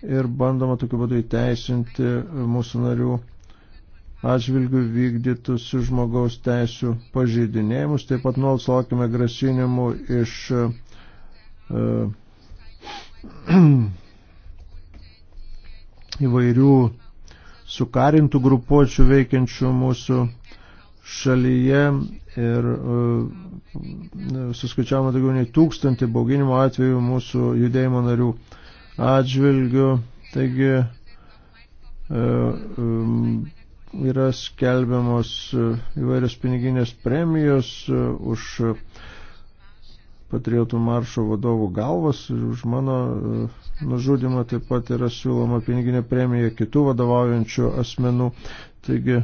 ir bandoma tokiu būdu įteisinti mūsų narių atžvilgių vykdytus žmogaus teisų pažeidinėjimus. Taip pat nuolat sulaukime grasinimų iš uh, įvairių sukarintų grupuočių veikiančių mūsų šalyje ir e, suskaičiavome daugiau nei tūkstantį bauginimo atvejų mūsų judėjimo narių atžvilgių. Taigi e, e, yra skelbiamos įvairios piniginės premijos už patriotų maršo vadovų galvas ir už mano nužudimą taip pat yra siūloma piniginė premija kitų vadovaujančių asmenų. Taigi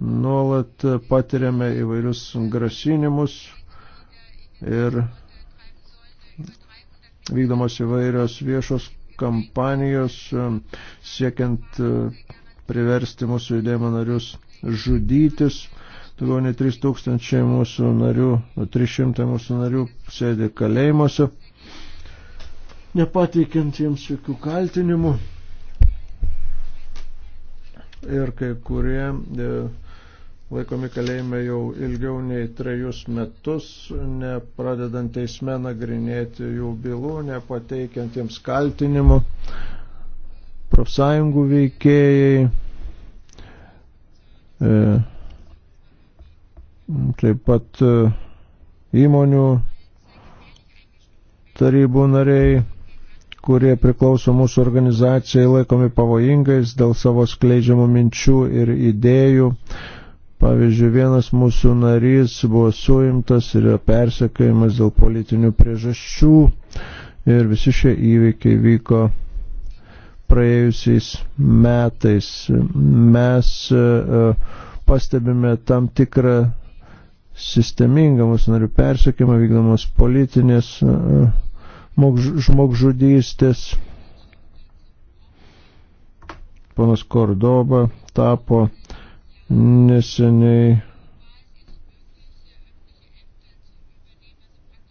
nuolat patiriame įvairius grasinimus ir vykdomos įvairios viešos kampanijos e, siekiant e, priversti mūsų judėjimo narius žudytis. Daugiau nei 3000 mūsų narių, 300 nu, mūsų narių sėdi kalėjimuose, nepateikiant jiems jokių kaltinimų. Ir kai kurie e, laikomi kalėjime jau ilgiau nei trejus metus, nepradedant teisme nagrinėti jų bylų, nepateikiant jiems kaltinimų. Profsąjungų veikėjai e, taip pat e, įmonių tarybų nariai kurie priklauso mūsų organizacijai, laikomi pavojingais dėl savo skleidžiamų minčių ir idėjų. E, Pavyzdžiui, vienas mūsų narys buvo suimtas ir persekiojimas dėl politinių priežasčių ir visi šie įvykiai vyko praėjusiais metais. Mes e, e, pastebime tam tikrą sistemingą mūsų narių persekiojimą vykdomos politinės e, žmogžudystės. Ponas Kordoba tapo uh, neseniai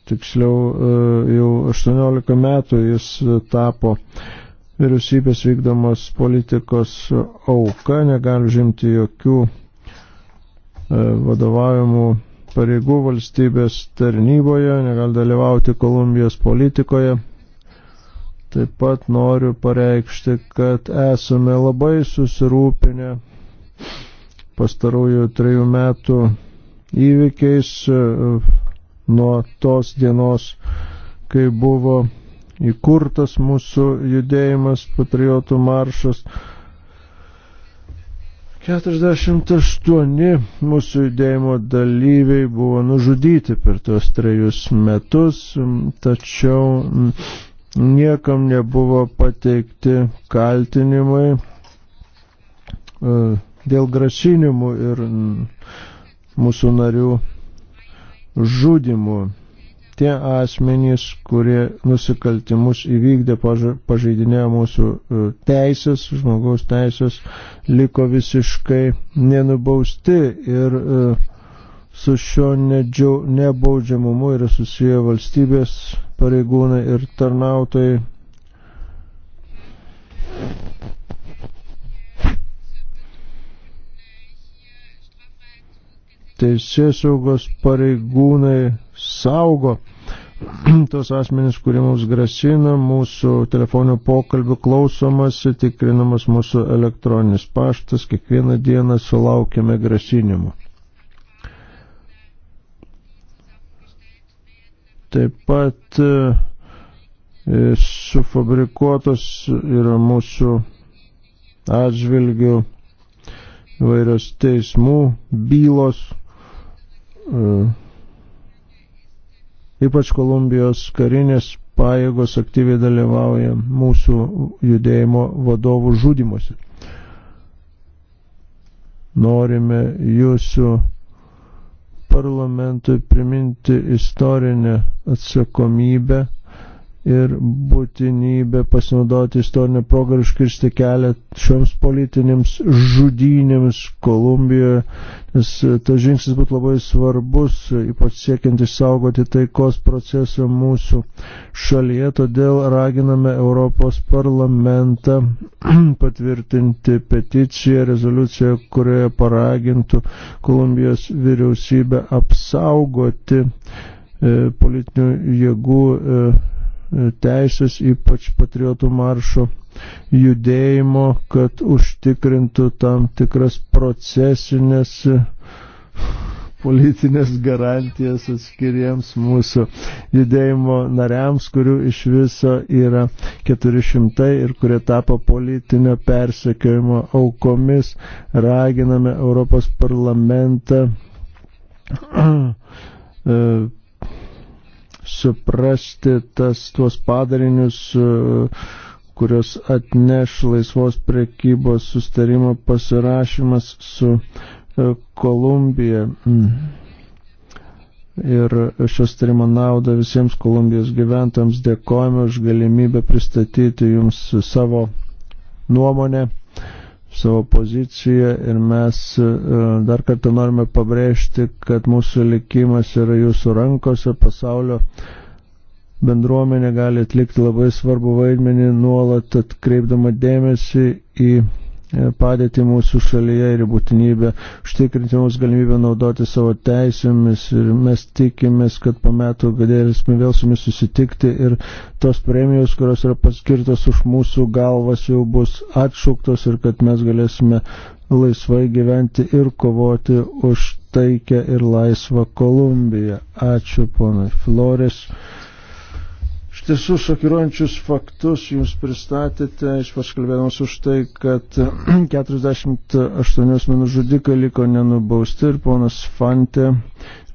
tiksliau e, jau 18 metų jis tapo vyriausybės vykdomos politikos auka, negali žimti jokių e, vadovavimų pareigų valstybės tarnyboje, negali dalyvauti Kolumbijos politikoje. Taip pat noriu pareikšti, kad esame labai susirūpinę pastarųjų trejų metų įvykiais e, nuo tos dienos, kai buvo įkurtas mūsų judėjimas patriotų maršas. 48 mūsų judėjimo dalyviai buvo nužudyti per tuos trejus metus, tačiau niekam nebuvo pateikti kaltinimai e, dėl grasinimų ir mūsų narių žudimų. Tie asmenys, kurie nusikaltimus įvykdė, pažeidinėjo mūsų e, teisės, žmogaus teisės, liko visiškai nenubausti ir e, su šio nedžiau, nebaudžiamumu yra susiję valstybės pareigūnai ir tarnautojai teisės saugos pareigūnai saugo tos asmenys, kurie mums grasina, mūsų telefonio pokalbių klausomasi, tikrinamas mūsų elektroninis paštas, kiekvieną dieną sulaukiame grasinimų. Taip pat e, sufabrikuotos yra mūsų atžvilgių vairios teismų bylos, E, ypač Kolumbijos karinės pajėgos aktyviai dalyvauja mūsų judėjimo vadovų žudimuose. Norime jūsų parlamentui priminti istorinę atsakomybę ir būtinybė pasinaudoti istorinę progą ir užkirsti kelią šioms politinėms žudynėms Kolumbijoje, nes e, tas žingsnis būtų labai svarbus, ypač siekiant išsaugoti taikos procesą mūsų šalyje, todėl raginame Europos parlamentą patvirtinti peticiją, rezoliuciją, kurioje paragintų Kolumbijos vyriausybę apsaugoti e, politinių jėgų e, E, teisės, ypač patriotų maršo judėjimo, kad užtikrintų tam tikras procesinės e, politinės garantijas atskiriems mūsų judėjimo nariams, kurių iš viso yra 400 ir kurie tapo politinio persekiojimo aukomis. Raginame Europos parlamentą e, suprasti tas tuos padarinius, e, kurios atneš laisvos prekybos sustarimo pasirašymas su e, Kolumbija. Mm. Ir šios tarimo naudą visiems Kolumbijos gyventams dėkojame už galimybę pristatyti jums savo nuomonę savo poziciją ir mes e, dar kartą norime pabrėžti, kad mūsų likimas yra jūsų rankose, pasaulio bendruomenė gali atlikti labai svarbu vaidmenį nuolat atkreipdama dėmesį į E, padėti mūsų šalyje ir būtinybę užtikrinti mums galimybę naudoti savo teisėmis ir mes tikimės, kad po metų galėsime vėl su jumis susitikti ir tos premijos, kurios yra paskirtos už mūsų galvas, jau bus atšauktos ir kad mes galėsime laisvai gyventi ir kovoti už taikę ir laisvą Kolumbiją. Ačiū ponui Flores tiesų šokiruojančius faktus jūs pristatėte, iš paskalbėdamas už tai, kad 48 asmenų žudikai liko nenubausti ir ponas Fante,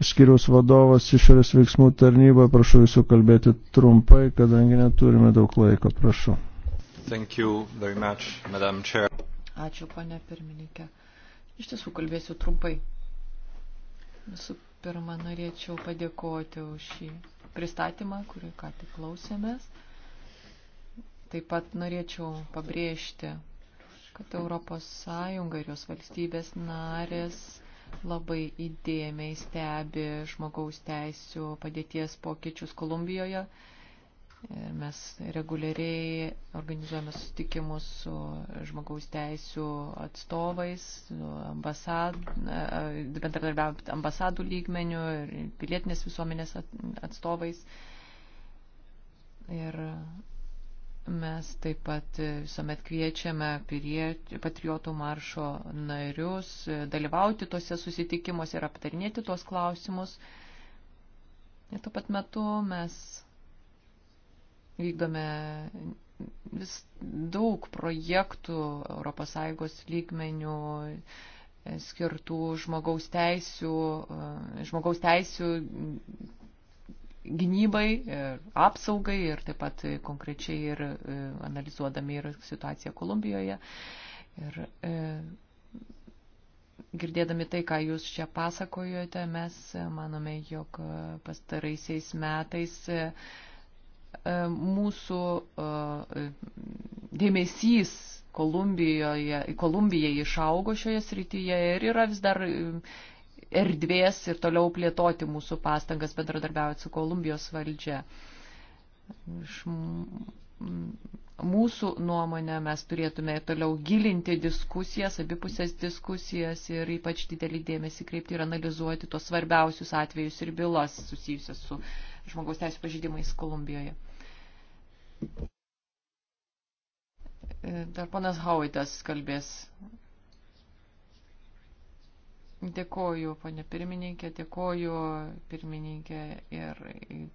skiriaus vadovas išorės veiksmų tarnyboje, prašau jūsų kalbėti trumpai, kadangi neturime daug laiko, prašau. Thank you very much, Madam Chair. Ačiū, ponė pirmininkė. Iš tiesų kalbėsiu trumpai. Visų pirma, norėčiau padėkoti už šį pristatymą, kurį ką tik klausėmės. Taip pat norėčiau pabrėžti, kad Europos Sąjunga ir jos valstybės narės labai įdėmiai stebi žmogaus teisų padėties pokyčius Kolumbijoje. Ir mes reguliariai organizuojame susitikimus su žmogaus teisų atstovais, ambasad, bendradarbiavame ambasadų lygmenių ir pilietinės visuomenės atstovais. Ir mes taip pat visuomet kviečiame patriotų maršo narius dalyvauti tose susitikimuose ir aptarinėti tuos klausimus. Ir tuo pat metu mes vykdome vis daug projektų ES lygmenių e, skirtų žmogaus teisių, e, žmogaus teisių gynybai ir apsaugai ir taip pat konkrečiai ir e, analizuodami ir situaciją Kolumbijoje. Ir e, girdėdami tai, ką jūs čia pasakojote, mes manome, jog pastaraisiais metais e, E, mūsų e, dėmesys Kolumbijoje, Kolumbijai išaugo šioje srityje ir yra vis dar e, erdvės ir toliau plėtoti mūsų pastangas bendradarbiaujant su Kolumbijos valdžia. Iš mūsų nuomonę mes turėtume toliau gilinti diskusijas, abipusės diskusijas ir ypač didelį dėmesį kreipti ir analizuoti tos svarbiausius atvejus ir bylas susijusias su uh, žmogaus teisų pažydimais Kolumbijoje. Dar ponas Hauitas kalbės. Dėkoju, ponė pirmininkė, dėkoju pirmininkė ir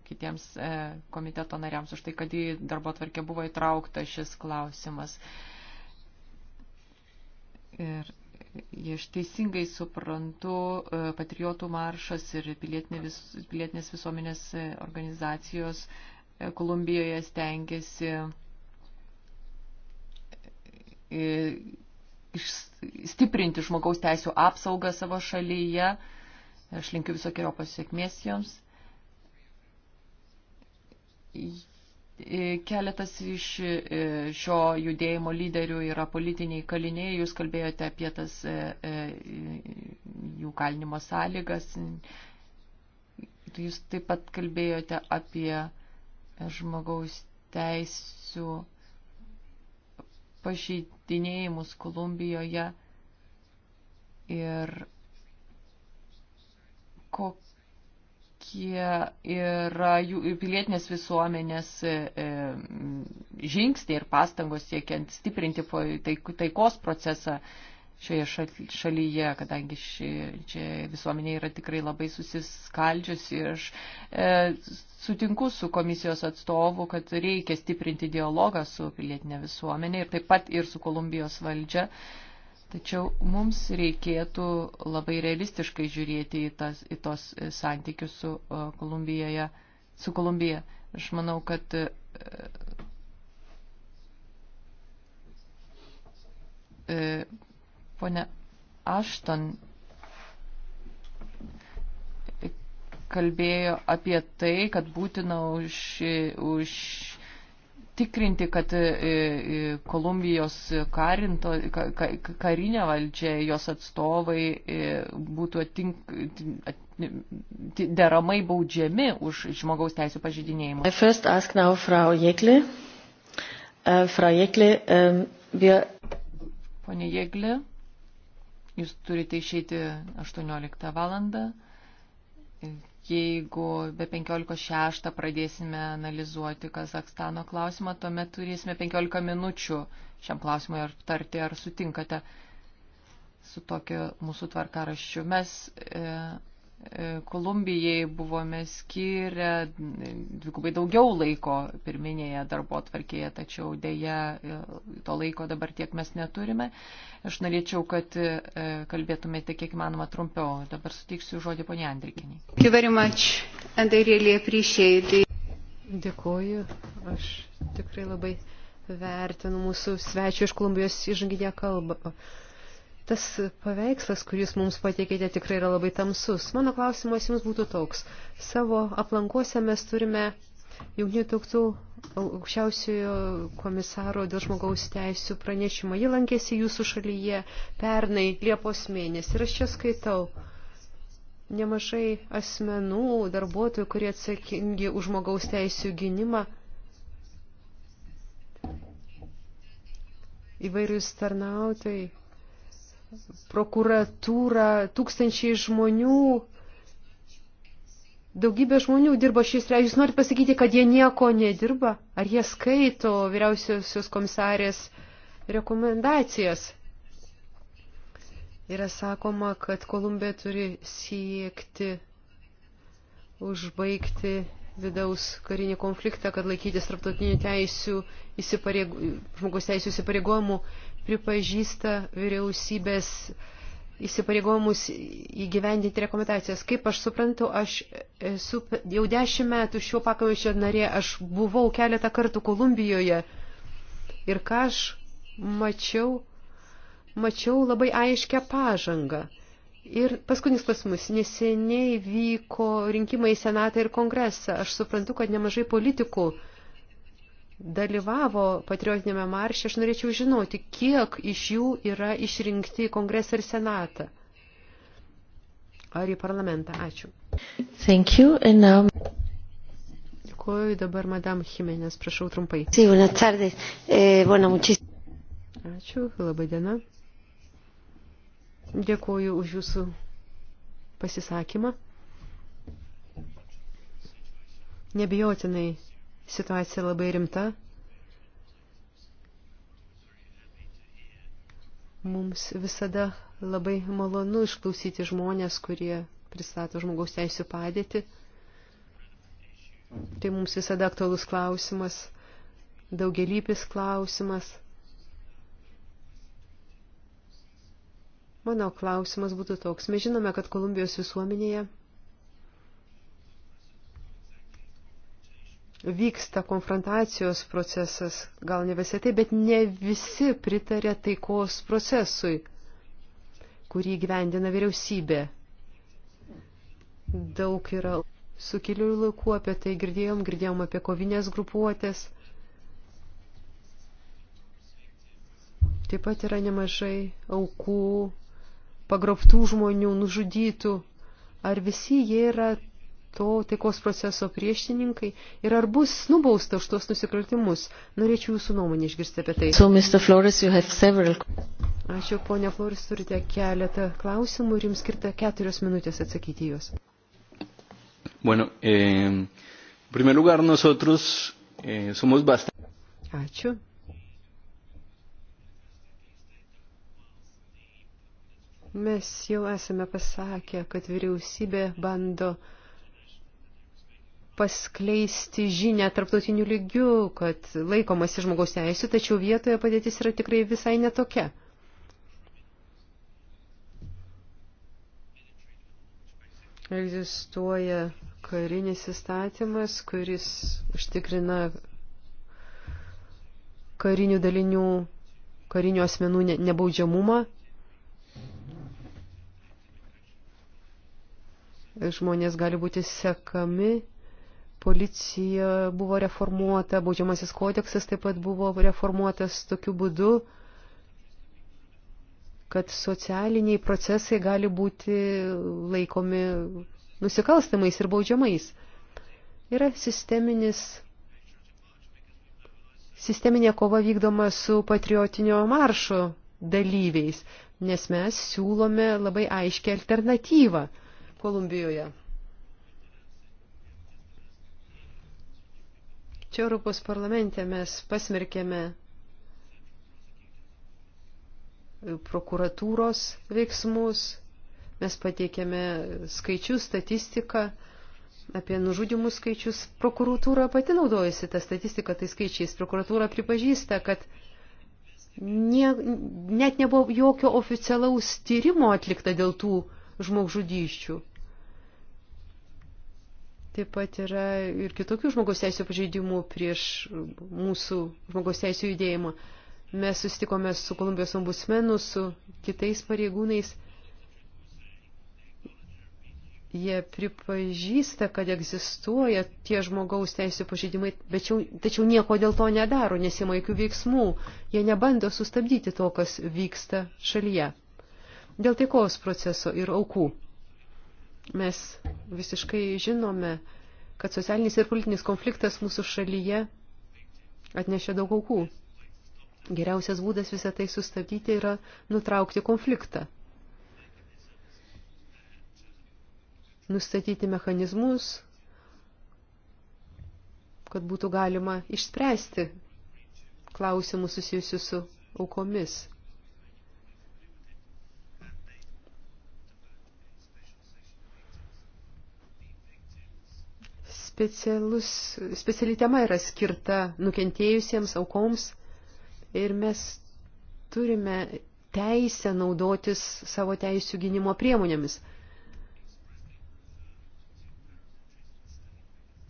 kitiems e, komiteto nariams už tai, kad į darbo tvarkę buvo įtraukta šis klausimas. Ir Iš teisingai suprantu, e, patriotų maršas ir pilietinė vis, pilietinės visuomenės e, organizacijos e, Kolumbijoje stengiasi stiprinti žmogaus teisų apsaugą savo šalyje. Aš linkiu visokiojo pasiekmės joms E, keletas iš e, šio judėjimo lyderių yra politiniai kaliniai, jūs kalbėjote apie tas e, jų kalinimo sąlygas, jūs taip pat kalbėjote apie žmogaus teisų pažeidinėjimus Kolumbijoje ir kokią kokie yra jų pilietinės visuomenės e, žingsniai ir pastangos siekiant stiprinti taikos procesą šioje šalyje, kadangi ši, čia visuomenė yra tikrai labai susiskaldžiusi ir aš e, sutinku su komisijos atstovu, kad reikia stiprinti dialogą su pilietinė visuomenė ir taip pat ir su Kolumbijos valdžia. E, Tačiau mums reikėtų labai realistiškai žiūrėti į, tas, į tos e, santykius su, e, Kolumbijoje, su Kolumbija. Aš manau, kad e, e ponia Ašton kalbėjo apie tai, kad būtina už, už užtikrinti, kad e, e, Kolumbijos karinto, karinė valdžia, jos atstovai e, būtų atink, deramai baudžiami už žmogaus teisų pažydinėjimą. Frau Jekli, uh, um, wir. Pone Jekli, jūs turite išeiti 18 valandą jeigu be 15.6 pradėsime analizuoti Kazakstano klausimą, tuomet turėsime 15 minučių šiam klausimui aptarti, ar sutinkate su tokiu mūsų tvarkaraščiu. Mes e, Kolumbijai buvome skirę dvigubai daugiau laiko pirminėje darbo atvarkėje, tačiau dėja e, to laiko dabar tiek mes neturime. Aš norėčiau, kad e, kalbėtumėte kiek manoma trumpiau. Dabar suteiksiu žodį ponia Andrikiniai. Dėkuoju. Aš tikrai labai vertinu mūsų svečio iš Kolumbijos įžanginę kalbą. Uh, Tas paveikslas, kuris mums pateikėte, tikrai yra labai tamsus. Mano klausimas jums būtų toks. Savo aplankuose mes turime Jungtinių tautų aukščiausiojo komisaro dėl žmogaus teisų pranešimą. Ji lankėsi jūsų šalyje pernai Liepos mėnesį. Ir aš čia skaitau nemažai asmenų, darbuotojų, kurie atsakingi už žmogaus teisų gynimą. Įvairius tarnautojai prokuratūrą, tūkstančiai žmonių, daugybė žmonių dirba šiais režimis. Jūs norite pasakyti, kad jie nieko nedirba? Ar jie skaito vyriausiosios komisarės rekomendacijas? Yra sakoma, kad Kolumbija turi siekti užbaigti vidaus karinį konfliktą, kad laikytis tarptautinių teisių, žmogus teisių įsipareigojimų pripažįsta vyriausybės įsipareigojimus įgyvendinti rekomendacijas. Kaip aš suprantu, aš esu jau dešimt metų šio pakaučio narė, aš buvau keletą kartų Kolumbijoje ir ką aš mačiau, mačiau labai aiškę pažangą. Ir paskutinis klausimus. Neseniai vyko rinkimai į Senatą ir Kongresą. Aš suprantu, kad nemažai politikų uh, dalyvavo patriotinėme marše, aš norėčiau žinoti, kiek iš jų yra išrinkti į kongresą ir senatą. Ar į parlamentą. Ačiū. Thank you. And now... Dėkuoju dabar Madam Jimenez, prašau trumpai. Sí, buenas tardes. Eh, bueno, muchis... Ačiū, labai diena. Dėkuoju už jūsų pasisakymą. Nebijotinai Situacija labai rimta. Mums visada labai malonu išklausyti žmonės, kurie pristato žmogaus teisų padėtį. Tai mums visada aktualus klausimas, daugelypis klausimas. Mano klausimas būtų toks. Mes žinome, kad Kolumbijos visuomenėje vyksta konfrontacijos procesas, gal ne visai tai, bet ne visi pritarė taikos procesui, kurį gyvendina vyriausybė. Daug yra sukiliųjų laikų, apie tai girdėjom, girdėjom apie kovinės grupuotės. Taip pat yra nemažai aukų, pagrobtų žmonių, nužudytų. Ar visi jie yra to taikos proceso priešininkai ir ar bus nubausta už tos nusikaltimus. Norėčiau jūsų nuomonę išgirsti apie tai. So, Mr. Flores, you have several... Ačiū, ponia Flores, turite keletą klausimų ir jums skirta keturios minutės atsakyti juos. Bueno, eh, en primer lugar, nosotros eh, somos bastante. Ačiū. Mes jau esame pasakę, kad vyriausybė bando uh, paskleisti žinę tarptautiniu lygiu, kad laikomasi žmogaus teisų, tačiau vietoje padėtis yra tikrai visai netokia. Egzistuoja karinis įstatymas, kuris užtikrina karinių dalinių, karinių asmenų nebaudžiamumą. Žmonės gali būti sekami policija buvo reformuota, baudžiamasis kodeksas taip pat buvo reformuotas tokiu būdu, kad socialiniai procesai gali būti laikomi nusikalstamais ir baudžiamais. Yra sisteminis, sisteminė kova vykdoma su patriotinio maršo dalyviais, nes mes siūlome labai aiškę alternatyvą Kolumbijoje. Čia Europos parlamente mes pasmerkėme prokuratūros veiksmus, mes pateikėme skaičius, statistiką apie nužudimų skaičius. Prokuratūra pati naudojasi tą statistiką, tai skaičiais. Prokuratūra pripažįsta, kad nie, net nebuvo jokio oficialaus tyrimo atlikta dėl tų žmogžudyščių. Taip pat yra ir kitokių žmogaus teisų pažeidimų prieš mūsų žmogaus teisų judėjimą. Mes susitikome su Kolumbijos ombudsmenu, su kitais pareigūnais. Jie pripažįsta, kad egzistuoja tie žmogaus teisų pažeidimai, tačiau, tačiau nieko dėl to nedaro, nesima jokių veiksmų. Jie nebando sustabdyti to, kas vyksta šalyje. Dėl taikos proceso ir aukų. Mes visiškai žinome, kad socialinis ir politinis konfliktas mūsų šalyje atnešė daug aukų. Geriausias būdas visą tai sustabdyti yra nutraukti konfliktą. Nustatyti mechanizmus, kad būtų galima išspręsti klausimus susijusius su aukomis. specialus, speciali tema yra skirta nukentėjusiems aukoms ir mes turime teisę naudotis savo teisų gynimo priemonėmis.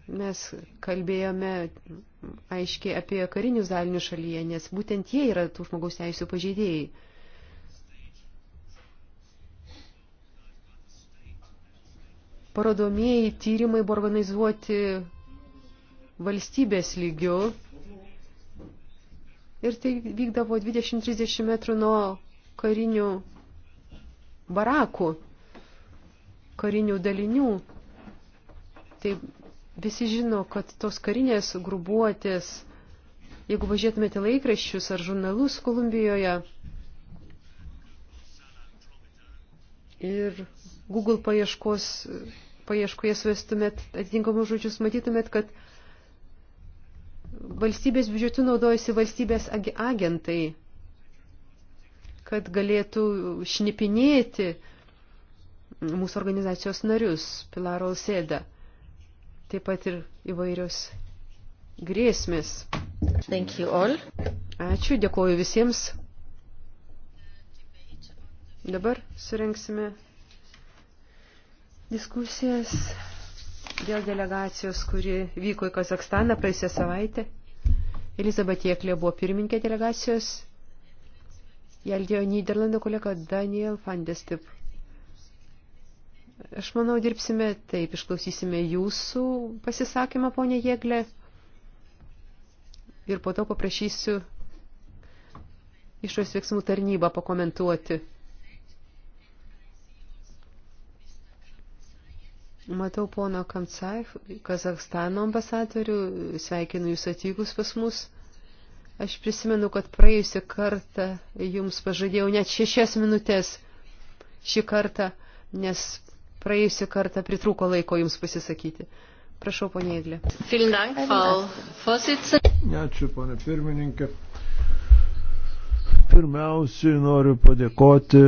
Mes kalbėjome aiškiai apie karinius dalinius šalyje, nes būtent jie yra tų žmogaus teisų pažeidėjai. Parodomieji tyrimai buvo organizuoti valstybės lygiu ir tai vykdavo 20-30 metrų nuo karinių barakų, karinių dalinių. Tai visi žino, kad tos karinės grubuotės, jeigu važiuotumėte laikraščius ar žurnalus Kolumbijoje ir Google paieškos paieškoje svestumėt atitinkamus žodžius, matytumėt, kad valstybės biudžetu naudojasi valstybės agentai, kad galėtų šnipinėti mūsų organizacijos narius, Pilaro Alsėda, taip pat ir įvairios grėsmės. Thank you all. Ačiū, dėkoju visiems. Dabar surinksime diskusijas dėl delegacijos, kuri vyko į Kazakstaną praėjusią savaitę. Elizabeth Jeklė buvo pirmininkė delegacijos. Jeldėjo Niderlandų kolega Daniel Fandestip. Aš manau, dirbsime taip, išklausysime jūsų pasisakymą, ponė Jeglė. Ir po to paprašysiu išorės veiksmų tarnybą pakomentuoti. Matau pono Kamcai, Kazakstano ambasadorių, sveikinu jūs atvykus pas mus. Aš prisimenu, kad praėjusią kartą jums pažadėjau net šešias minutės šį kartą, nes praėjusią kartą pritruko laiko jums pasisakyti. Prašau, ponė Eglė. Ačiū, ponė pirmininkė. Pirmiausiai noriu padėkoti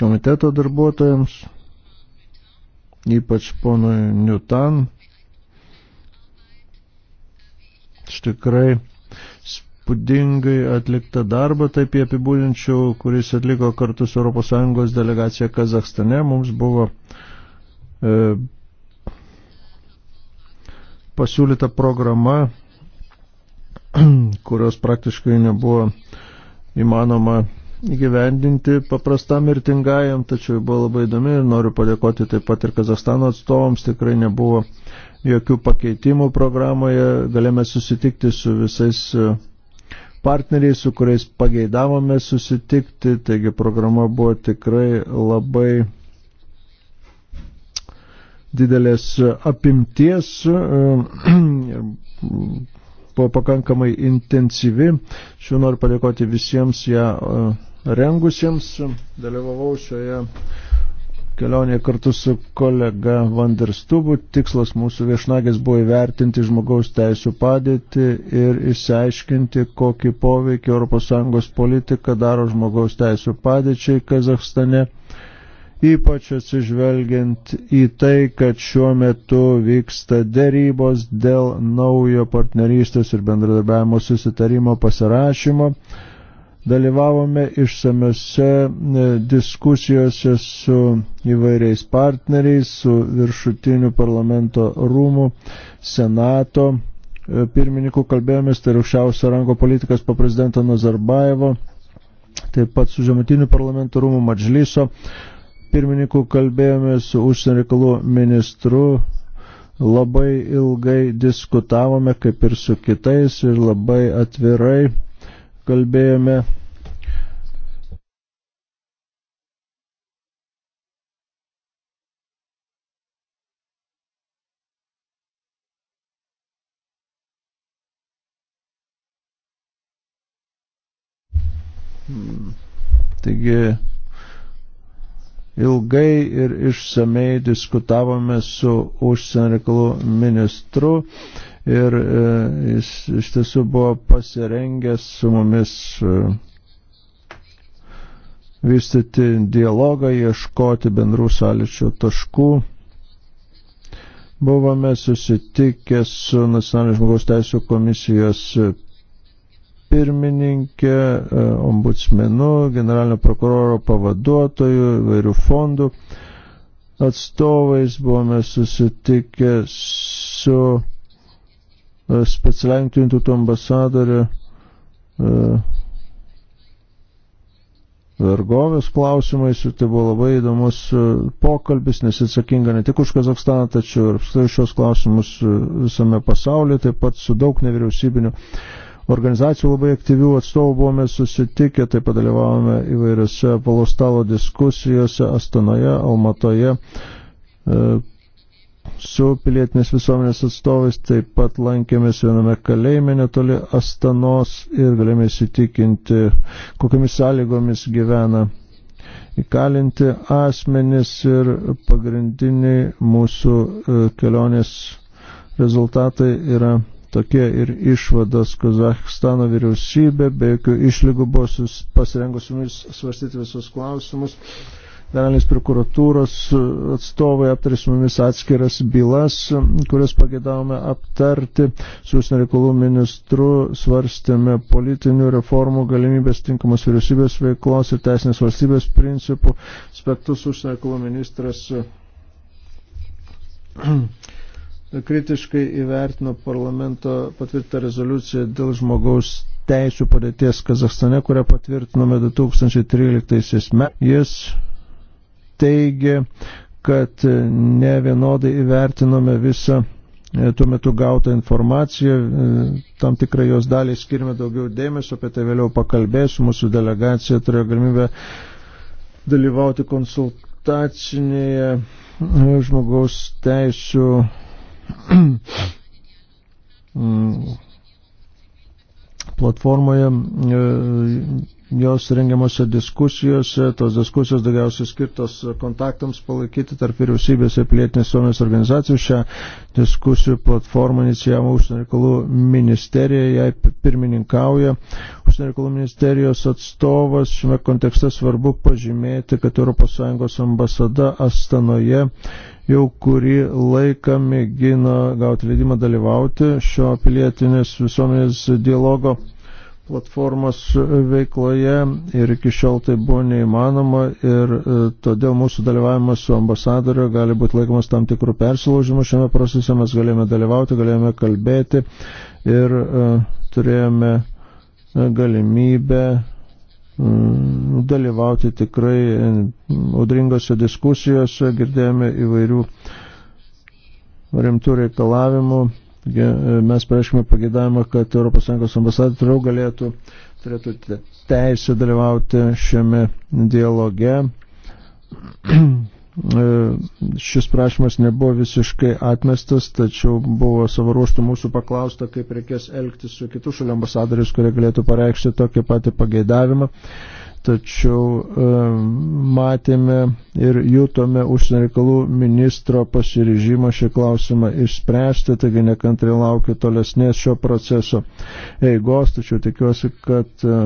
komiteto darbuotojams, ypač ponui Newton. Štikrai spūdingai atlikta darba, taip jie apibūdinčiau, kuris atliko kartu su ES delegacija Kazakstane. Mums buvo e, pasiūlyta programa, kurios praktiškai nebuvo įmanoma įgyvendinti paprastam ir tingajam, tačiau buvo labai įdomi ir noriu padėkoti taip pat ir Kazastano atstovams, tikrai nebuvo jokių pakeitimų programoje, galėjome susitikti su visais e, partneriai, su kuriais pageidavome susitikti, taigi programa buvo tikrai labai didelės apimties e, ir buvo pakankamai intensyvi. Šiuo noriu padėkoti visiems ją e, rengusiems. Dalyvavau šioje kelionėje kartu su kolega Vanderstubu. Tikslas mūsų viešnagės buvo įvertinti žmogaus teisų padėtį ir išsiaiškinti, kokį poveikį ES politika daro žmogaus teisų padėčiai Kazahstane. Ypač atsižvelgiant į tai, kad šiuo metu vyksta dėrybos dėl naujo partnerystės ir bendradarbiavimo susitarimo pasirašymo dalyvavome išsamiose e, diskusijose su įvairiais partneriais, su viršutiniu parlamento rūmų, senato e, pirmininku kalbėjomės, tai aukščiausio rango politikas po prezidento Nazarbaevo, taip pat su žematiniu parlamento rūmų Madžlyso pirmininku kalbėjomės, su užsienio reikalų ministru labai ilgai diskutavome, kaip ir su kitais, ir labai atvirai kalbėjome. Hmm. Taigi ilgai ir išsamei diskutavome su užsienio reikalų ministru ir e, jis iš tiesų buvo pasirengęs su mumis e, vystyti dialogą, ieškoti bendrų sąlyčio taškų. Buvome susitikę su Nacionalinės žmogaus teisų komisijos pirmininkė, e, ombudsmenu, generalinio prokuroro pavaduotoju, vairių fondų atstovais. Buvome susitikę su E, specialiai jungtinių tautų ambasadorė e, vergovės klausimais ir tai buvo labai įdomus e, pokalbis, nes atsakinga ne tik už Kazakstaną, tačiau ir apskritai šios klausimus visame pasaulyje, taip pat su daug nevyriausybinių organizacijų labai aktyvių atstovų buvome susitikę, taip pat dalyvavome įvairiose palostalo diskusijose Astanoje, Almatoje, su pilietinės visuomenės atstovais, taip pat lankėmės viename kalėjime netoli Astanos ir galėjome įsitikinti, kokiamis sąlygomis gyvena įkalinti asmenis ir pagrindiniai mūsų e, kelionės rezultatai yra tokie ir išvados Kazakstano vyriausybė, be jokių išlygų buvo pasirengusimis svarstyti visus klausimus generalinės prokuratūros atstovai aptarė su mumis atskiras bylas, kurias pagėdavome aptarti su užsienio reikalų ministru, svarstėme politinių reformų galimybės tinkamos vyriausybės veiklos ir teisinės valstybės principų. Aspektus užsienio reikalų ministras kritiškai įvertino parlamento patvirtą rezoliuciją dėl žmogaus teisų padėties Kazakstane, kurią patvirtinome 2013 metais. Jis teigia, kad e, ne vienodai įvertinome visą e, tuo metu gautą informaciją, e, tam tikrai jos daliai skirime daugiau dėmesio, apie tai vėliau pakalbėsiu, mūsų delegacija turėjo galimybę dalyvauti konsultacinėje žmogaus teisų platformoje jos rengiamose diskusijose, tos diskusijos daugiausiai skirtos kontaktams palaikyti tarp vyriausybės ir pilietinės suomės organizacijų. Šią diskusijų platformą inicijavo užsienio reikalų ministerija, jai pirmininkauja užsienio reikalų ministerijos atstovas. Šiame kontekste svarbu pažymėti, kad ES ambasada Astanoje jau kurį laiką mėgina gauti leidimą dalyvauti šio pilietinės visuomenės dialogo platformos veikloje ir iki šiol tai buvo neįmanoma ir e, todėl mūsų dalyvavimas su ambasadoriu gali būti laikomas tam tikrų persilaužimų šiame procese, mes galėjome dalyvauti, galėjome kalbėti ir e, turėjome e, galimybę dalyvauti tikrai audringose diskusijose, girdėjome įvairių rimtų reikalavimų E, mes prašome pagėdavimą, kad ES ambasada toliau galėtų, turėtų teisę dalyvauti šiame dialoge. E, šis prašymas nebuvo visiškai atmestas, tačiau buvo savo ruoštų mūsų paklausta, kaip reikės elgtis su kitų šalių ambasadoriais, kurie galėtų pareikšti tokį patį pageidavimą tačiau e, matėme ir jutome užsienio reikalų ministro pasiryžimą šį klausimą išspręsti, taigi nekantrai laukiu tolesnės šio proceso eigos, tačiau tikiuosi, kad e,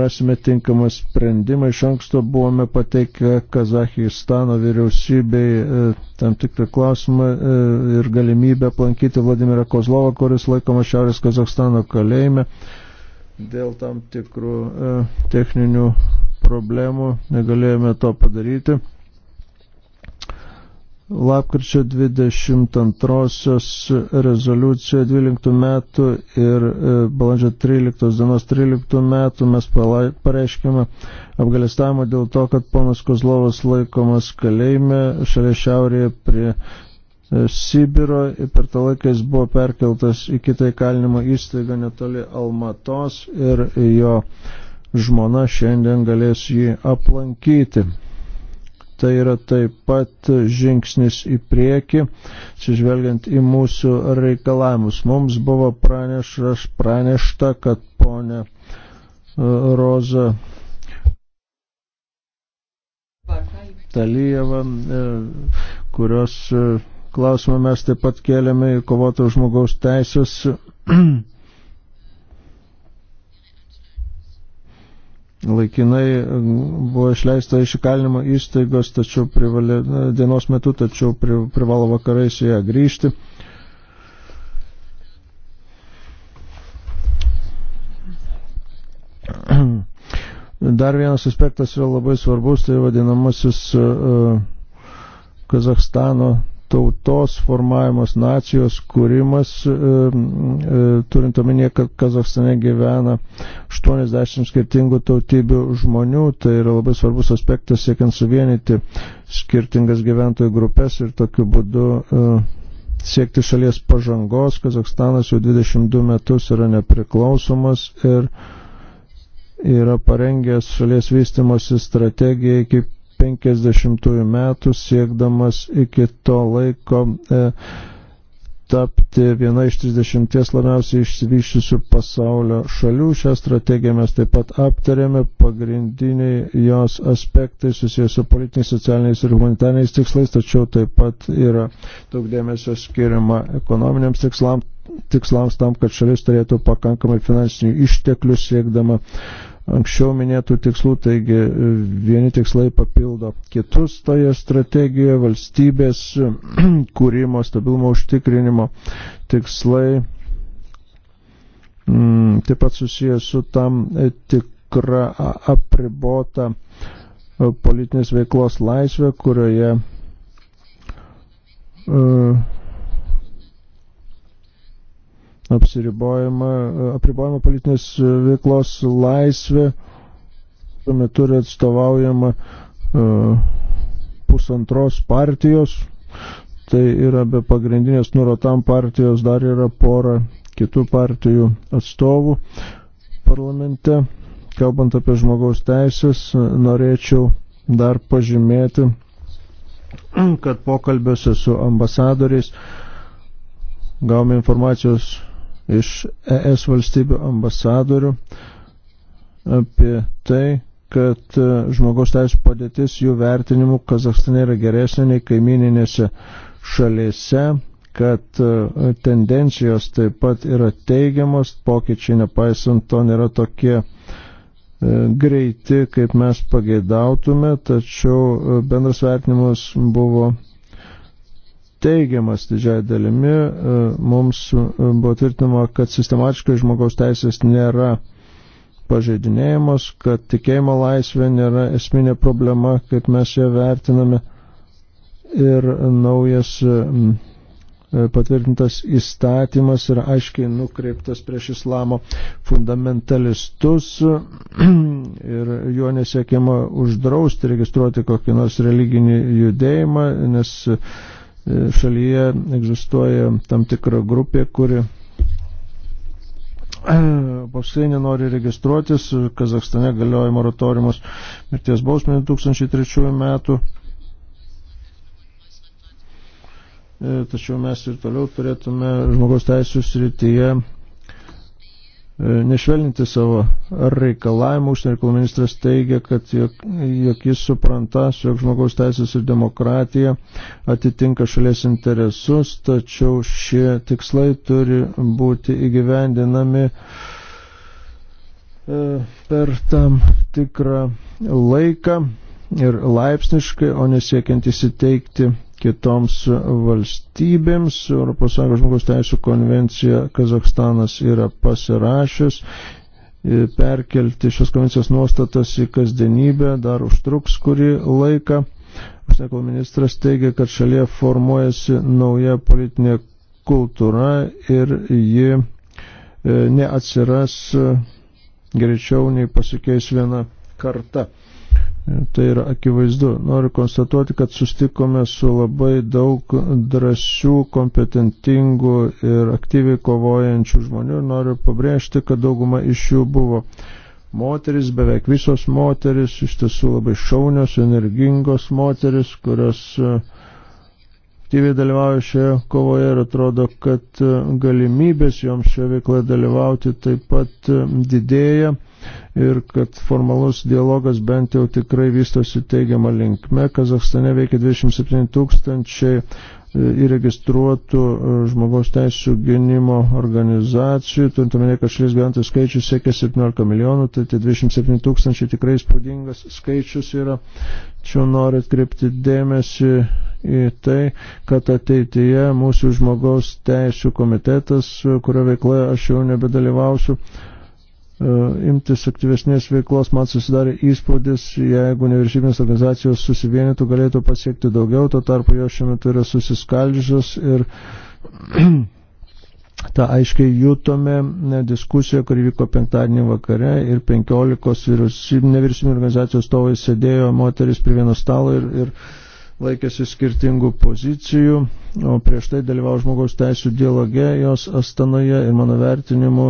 rasime tinkamą sprendimą. Iš anksto buvome pateikę Kazahistano vyriausybei e, tam tikrą klausimą ir galimybę aplankyti Vladimirą Kozlovą, kuris laikomas Šiaurės Kazahstano kalėjime dėl tam tikrų e, techninių problemų negalėjome to padaryti. Lapkričio 22 rezoliucijoje 12 metų ir e, balandžio 13 dienos 13 metų mes pareiškime apgalestavimą dėl to, kad ponas Kozlovas laikomas kalėjime šalia šiaurėje prie E, Sibiro ir per tą laiką jis buvo perkeltas į kitą įkalinimo įstaigą netoli Almatos ir jo žmona šiandien galės jį aplankyti. Tai yra taip pat žingsnis į priekį, atsižvelgiant į mūsų reikalavimus. Mums buvo praneš, pranešta, kad ponė e, Roza Talijeva, e, kurios klausimą mes taip pat kėlėme į kovotojų žmogaus teisės. Laikinai mm, buvo išleista iš įkalinimo įstaigos tačiau privalė, dienos metu, tačiau pri, privalo vakarais į ją grįžti. Dar vienas aspektas yra labai svarbus, tai vadinamasis uh, e, e, Kazakstano tautos formavimas, nacijos kūrimas, e, e, turint omenyje, kad Kazakstane gyvena 80 skirtingų tautybių žmonių, tai yra labai svarbus aspektas siekiant suvienyti skirtingas gyventojų grupės ir tokiu būdu e, siekti šalies pažangos. Kazakstanas jau 22 metus yra nepriklausomas ir yra parengęs šalies vystimosi strategiją iki 50 metų, siekdamas iki to laiko e, tapti viena iš 30 labiausiai išsivyščiusių pasaulio šalių. Šią strategiją mes taip pat aptarėme. Pagrindiniai jos aspektai susijęs su politiniais, socialiniais ir humanitariniais tikslais, tačiau taip pat yra daug dėmesio skiriama ekonominiams tikslams, tikslams tam, kad šalis turėtų pakankamai finansinių išteklių siekdama anksčiau minėtų tikslų, taigi e, vieni tikslai papildo kitus toje strategijoje, valstybės kūrimo, stabilumo užtikrinimo tikslai mm, taip pat susijęs su tam e, tikra apribota e, politinės veiklos laisvė, kurioje uh, apribojama politinės veiklos laisvė. Tuo metu yra atstovaujama e, pusantros partijos, tai yra be pagrindinės nurotam partijos dar yra pora kitų partijų atstovų parlamente. Kalbant apie žmogaus teisės, norėčiau dar pažymėti, kad pokalbiuose su ambasadoriais gavome informacijos iš ES valstybių ambasadorių apie tai, kad e, žmogaus teisų padėtis jų vertinimų Kazakstane yra geresnė nei kaimininėse šalyse, kad e, tendencijos taip pat yra teigiamos, pokyčiai nepaisant to nėra tokie e, greiti, kaip mes pageidautume, tačiau bendras vertinimas buvo teigiamas didžiai dalimi. E, mums e, buvo tvirtinama, kad sistematiškai žmogaus teisės nėra pažeidinėjimas, kad tikėjimo laisvė nėra esminė problema, kaip mes ją vertiname. Ir naujas e, patvirtintas įstatymas yra aiškiai nukreiptas prieš islamo fundamentalistus ir juo nesiekiama uždrausti registruoti kokį nors religinį judėjimą, nes uh, šalyje egzistuoja tam tikra grupė, kuri paprastai nenori registruotis, Kazakstane galioja moratoriumas mirties bausmė 2003 metų. E, tačiau mes ir toliau turėtume žmogaus teisų srityje E, nešvelninti savo reikalavimų. Užsienio reikalų ministras teigia, kad jog, jog jis supranta, jog žmogaus teisės ir demokratija atitinka šalies interesus, tačiau šie tikslai turi būti įgyvendinami e, per tam tikrą laiką ir laipsniškai, o nesiekiant įsiteikti kitoms valstybėms. ES žmogaus teisų konvencija Kazakstanas yra pasirašęs. Perkelti šios konvencijos nuostatas į kasdienybę dar užtruks kurį laiką. Užsienio ministras teigia, kad šalyje formuojasi nauja politinė kultūra ir ji e, neatsiras e, greičiau nei pasikeis viena karta. Tai yra akivaizdu. Noriu konstatuoti, kad sustikome su labai daug drąsių, kompetentingų ir aktyviai kovojančių žmonių ir noriu pabrėžti, kad dauguma iš jų buvo moteris, beveik visos moteris, iš tiesų labai šaunios, energingos moteris, kurios e, aktyviai dalyvauja šioje kovoje ir atrodo, kad e, galimybės joms šioje veikloje dalyvauti taip pat e, didėja ir kad formalus dialogas bent jau tikrai vystosi teigiamą linkme. Kazakstane veikia 27 tūkstančiai e, įregistruotų e, žmogaus teisų gynimo organizacijų. Turint omenyje, kad šalies gyventojų skaičius siekia 17 milijonų, tai tie 27 tūkstančiai tikrai spūdingas skaičius yra. Čia noriu atkreipti dėmesį į tai, kad ateityje mūsų žmogaus teisų komitetas, kurio veikloje aš jau nebedalyvausiu, E, imtis aktyvesnės veiklos, man susidarė įspūdis, jeigu nevyriausybinės organizacijos susivienytų, galėtų pasiekti daugiau, to tarpu jos šiuo metu yra susiskaldžiusios ir tą aiškiai jūtome diskusiją, kuri vyko penktadienį vakare ir penkiolikos nevyriausybinės organizacijos stovai sėdėjo moteris prie vieno stalo ir, ir laikėsi skirtingų pozicijų, o prieš tai dalyvavo žmogaus teisų dialoge jos Astanoje ir mano vertinimu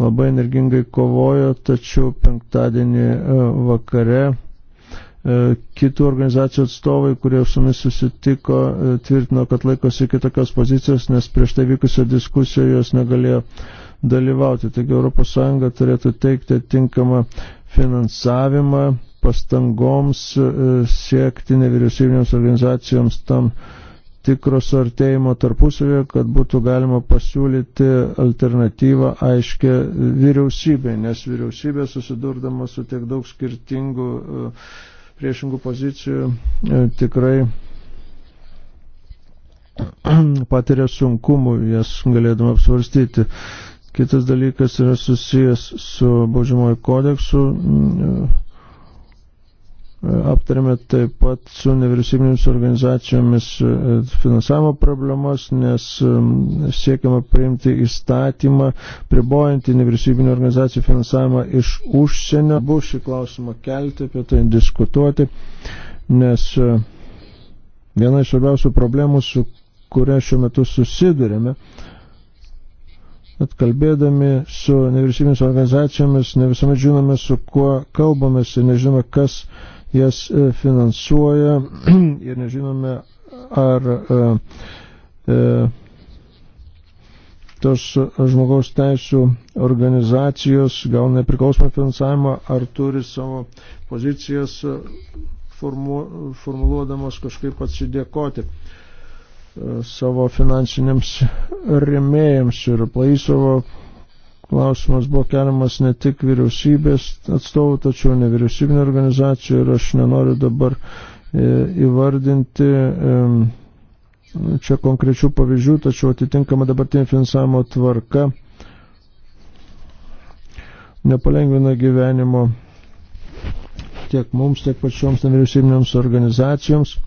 labai energingai kovojo, tačiau penktadienį e, vakare e, kitų organizacijų atstovai, kurie su mumis susitiko, e, tvirtino, kad laikosi kitokios pozicijos, nes prieš tai vykusio diskusijoje jos negalėjo dalyvauti. Taigi ES turėtų teikti tinkamą finansavimą pastangoms siekti nevyriausybinėms organizacijoms tam tikro suartėjimo tarpusavėje, kad būtų galima pasiūlyti alternatyvą aiškę vyriausybė, nes vyriausybė susidurdama su tiek daug skirtingų e, priešingų pozicijų e, tikrai patiria sunkumų, jas galėdama apsvarstyti. Kitas dalykas yra susijęs su baudžiamojo kodeksu E, aptarėme taip pat su nevyriausybinėmis organizacijomis e, finansavimo problemas, nes siekiama priimti įstatymą, pribojantį nevyriausybinio organizacijų finansavimą iš užsienio. Buvo šį klausimą kelti, apie tai diskutuoti, nes e, viena iš svarbiausių problemų, su kuria šiuo metu susidurėme, atkalbėdami su nevyriausybinėmis organizacijomis, ne visuomet žinome, su kuo kalbamės ir nežinome, kas jas e, finansuoja ir nežinome, ar e, e, tos žmogaus teisų organizacijos gauna nepriklausomą finansavimą, ar turi savo pozicijas formu, formuluodamos kažkaip atsidėkoti savo finansiniams remėjams ir Plaisovo klausimas buvo keliamas ne tik vyriausybės atstovų, tačiau ne vyriausybinio organizacijų ir aš nenoriu dabar e, įvardinti čia konkrečių pavyzdžių, tačiau atitinkama dabartinė finansavimo tvarka nepalengvina gyvenimo tiek mums, tiek pačioms nevyriausybinėms organizacijoms.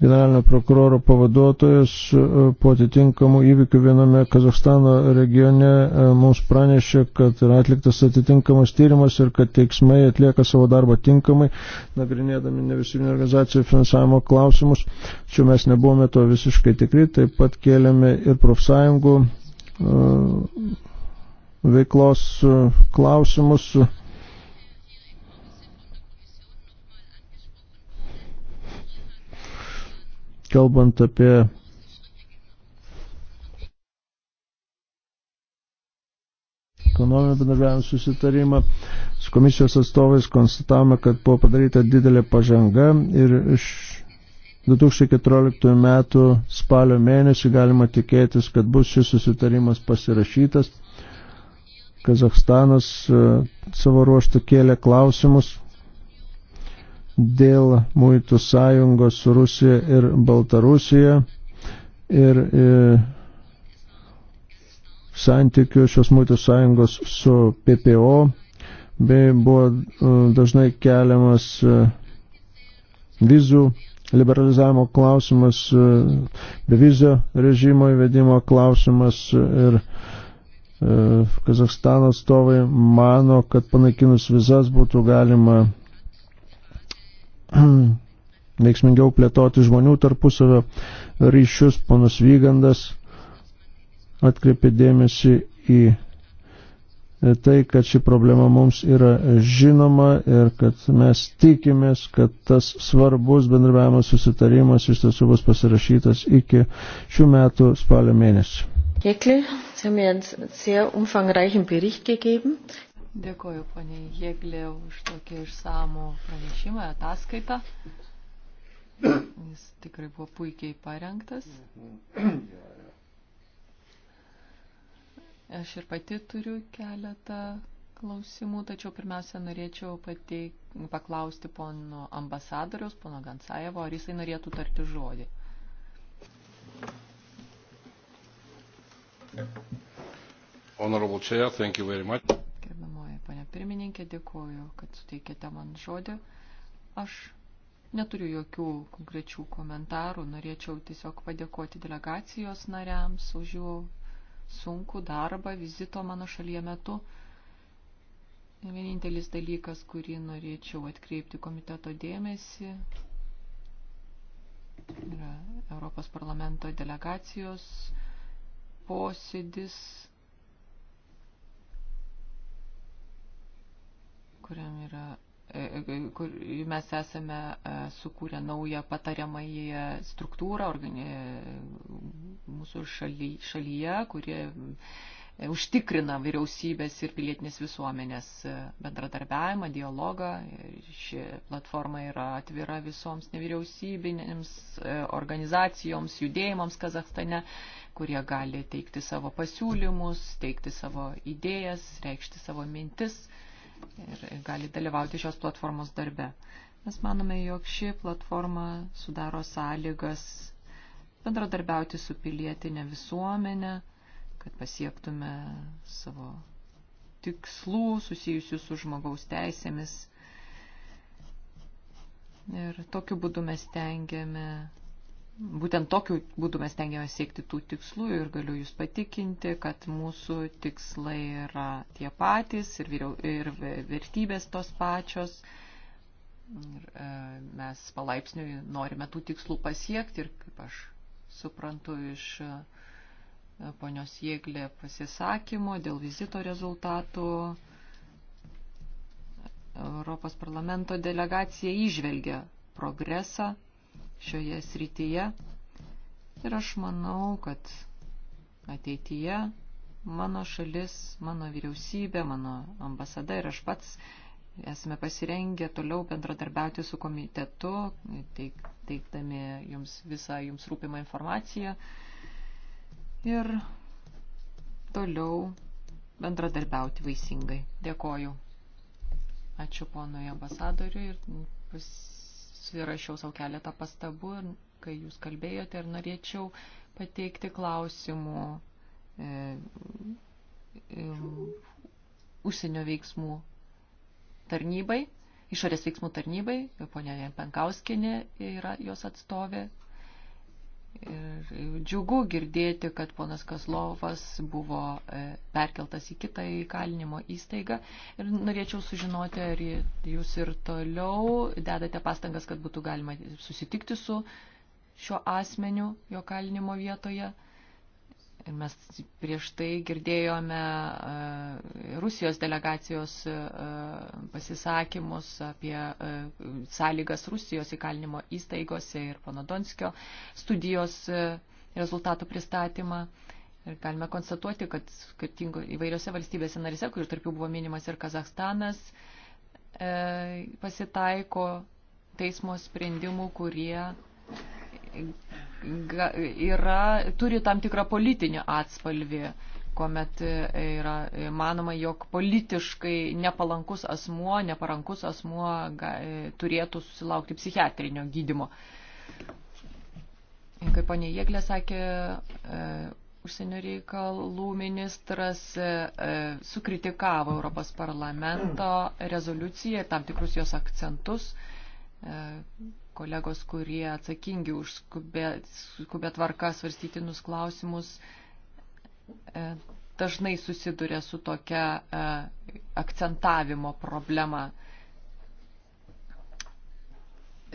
generalinio prokuroro pavaduotojas e, po atitinkamų įvykių viename Kazakstano regione e, mums pranešė, kad yra atliktas atitinkamas tyrimas ir kad teiksmai atlieka savo darbą tinkamai, nagrinėdami nevisybinio organizacijų finansavimo klausimus. Čia mes nebuvome to visiškai tikri, taip pat kėlėme ir profsąjungų e, veiklos klausimus. Uh, kalbant apie ekonominio bendradarbiavimo susitarimą. Su komisijos atstovais konstatavome, kad buvo padaryta didelė pažanga ir iš 2014 metų spalio mėnesį galima tikėtis, kad bus šis susitarimas pasirašytas. Kazakstanas e, savo ruoštų kėlė klausimus dėl muitų sąjungos su Rusija ir Baltarusija ir e, santykių šios muitų sąjungos su PPO, bei buvo e, dažnai keliamas e, vizų liberalizavimo klausimas, e, bevizio režimo įvedimo klausimas ir e, Kazakstano atstovai mano, kad panaikinus vizas būtų galima Mm. veiksmingiau plėtoti žmonių tarpusavio ryšius. Ponas Vygandas atkreipė dėmesį į tai, kad ši problema mums yra žinoma ir kad mes tikimės, kad tas svarbus bendravimo susitarimas iš tiesų bus pasirašytas iki šių metų spalio mėnesio. Kekli, Sie haben mir einen sehr umfangreichen Bericht gegeben. Dėkoju, ponė Jėglė, už tokį išsamų pranešimą, ataskaitą. Jis tikrai buvo puikiai parengtas. Aš ir pati turiu keletą klausimų, tačiau pirmiausia norėčiau pateik, paklausti pono ambasadoriaus, pono Gansajevo, ar jisai norėtų tarti žodį. Honorable Chair, thank you very much pirmininkė, dėkoju, kad suteikėte man žodį. Aš neturiu jokių konkrečių komentarų, norėčiau tiesiog padėkoti delegacijos nariams už jų sunkų darbą vizito mano šalyje metu. Vienintelis dalykas, kurį norėčiau atkreipti komiteto dėmesį, yra Europos parlamento delegacijos posėdis kuriam yra e, e, kur mes esame e, sukūrę naują patariamąją struktūrą organi, mūsų šaly, šalyje, kurie užtikrina vyriausybės ir pilietinės visuomenės bendradarbiavimą, dialogą. Ši platforma yra atvira visoms nevyriausybinėms organizacijoms, judėjimams Kazakstane, kurie gali teikti savo pasiūlymus, teikti savo idėjas, reikšti savo mintis ir gali dalyvauti šios platformos darbe. Mes manome, jog ši platforma sudaro sąlygas bendradarbiauti su pilietinė visuomenė, kad pasiektume savo tikslų susijusių su žmogaus teisėmis. Ir tokiu būdu mes tengiame Būtent tokiu būdu mes tengiamės siekti tų tikslų ir galiu Jūs patikinti, kad mūsų tikslai yra tie patys ir, vyriau, ir vertybės tos pačios. Ir, e, mes palaipsniui norime tų tikslų pasiekti ir, kaip aš suprantu iš e, ponios Jėglė pasisakymo dėl vizito rezultatų, Europos parlamento delegacija išvelgia progresą šioje srityje. Ir aš manau, kad ateityje mano šalis, mano vyriausybė, mano ambasada ir aš pats esame pasirengę toliau bendradarbiauti su komitetu, teik, teikdami jums visą jums rūpimą informaciją ir toliau bendradarbiauti vaisingai. Dėkoju. Ačiū ponui ambasadoriui ir pas susirašiau savo keletą pastabų, kai jūs kalbėjote ir norėčiau pateikti klausimų e, e, užsienio veiksmų tarnybai, išorės veiksmų tarnybai, ponia Penkauskinė yra jos atstovė, Ir džiugu girdėti, kad ponas Kaslovas buvo e, perkeltas į kitą įkalinimo įstaigą. Ir norėčiau sužinoti, ar jūs ir toliau dedate pastangas, kad būtų galima susitikti su šiuo asmeniu jo kalinimo vietoje. Ir mes prieš tai girdėjome e, Rusijos delegacijos e, pasisakymus apie e, sąlygas Rusijos įkalinimo įstaigose ir Panodonskio studijos rezultatų pristatymą. Ir galime konstatuoti, kad skirtingo, įvairiose valstybėse narise, kur tarp jų buvo minimas ir Kazahstanas, e, pasitaiko teismo sprendimų, kurie yra, turi tam tikrą politinį atspalvį, kuomet e, yra manoma, jog politiškai nepalankus asmuo, neparankus asmuo ga, e, turėtų susilaukti psichiatrinio gydimo. Kaip ponė Jėglė sakė, e, užsienio reikalų ministras e, e, sukritikavo Europos parlamento rezoliuciją ir tam tikrus jos akcentus. E, kolegos, kurie atsakingi už skubę, skubę tvarką svarstytinus klausimus, e, dažnai susiduria su tokia e, akcentavimo problema.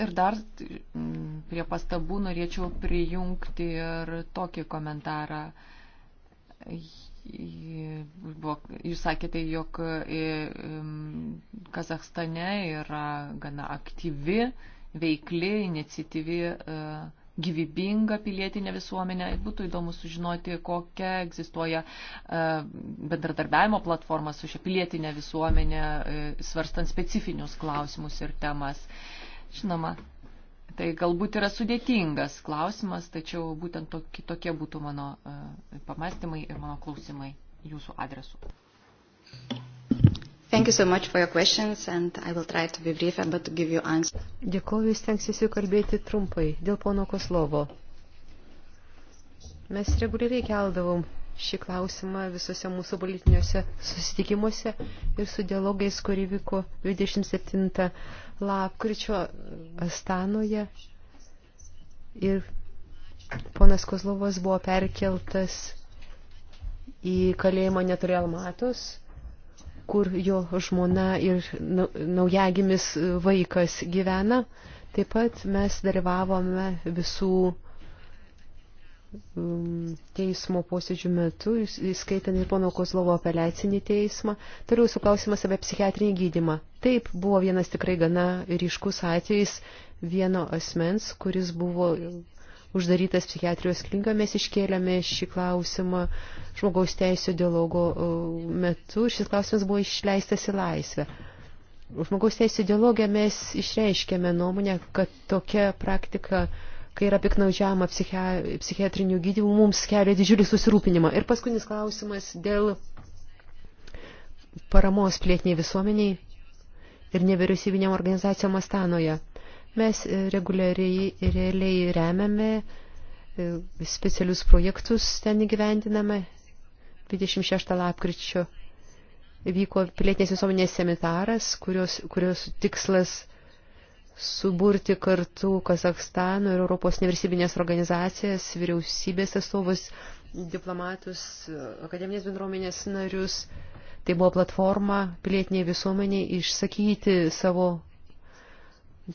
Ir dar prie pastabų norėčiau prijungti ir tokį komentarą. Jūs sakėte, jog e, Kazakstane yra gana aktyvi veikli, iniciatyvi, e, gyvybinga pilietinė visuomenė. Būtų įdomu sužinoti, kokia egzistuoja e, bendradarbiavimo platforma su šia pilietinė visuomenė, e, svarstant specifinius klausimus ir temas. Žinoma, tai galbūt yra sudėtingas klausimas, tačiau būtent tokie būtų mano pamastymai ir mano klausimai jūsų adresu. Thank you so much for your questions and I will try to be brief but to give you answer. Dėkoju, stengsiuosi kalbėti trumpai dėl pono Koslovo. Mes reguliariai keldavom šį klausimą visose mūsų politiniuose susitikimuose ir su dialogais, kurį vyko 27 lapkričio Astanoje. Ir ponas Kozlovas buvo perkeltas į kalėjimą neturėl matus kur jo žmona ir naujagimis vaikas gyvena. Taip pat mes dalyvavome visų um, teismo posėdžių metu, įskaitant ir pono Kozlovo apeliacinį teismą. Toliau jūsų klausimas apie psichiatrinį gydimą. Taip, buvo vienas tikrai gana ryškus atvejis vieno asmens, kuris buvo uždarytas psichiatrijos klinga, mes iškėlėme šį klausimą žmogaus teisų dialogo e, metu. Šis klausimas buvo išleistas į laisvę. Žmogaus teisų dialogę mes išreiškėme nuomonę, kad tokia praktika, kai yra piknaudžiama psichiatrinių gydymų, mums kelia didžiulį susirūpinimą. Ir paskutinis klausimas dėl paramos plėtiniai visuomeniai ir nevyriausybinėm organizacijom Astanoje. Mes e, reguliariai realiai remiame e, specialius projektus ten įgyvendiname. 26 lapkričio vyko pilietinės visuomenės seminaras, kurios, kurios tikslas suburti kartu Kazakstano ir Europos nevyriausybinės organizacijas, vyriausybės atstovus, diplomatus, e, akademinės bendruomenės narius. Tai buvo platforma pilietiniai visuomeniai išsakyti savo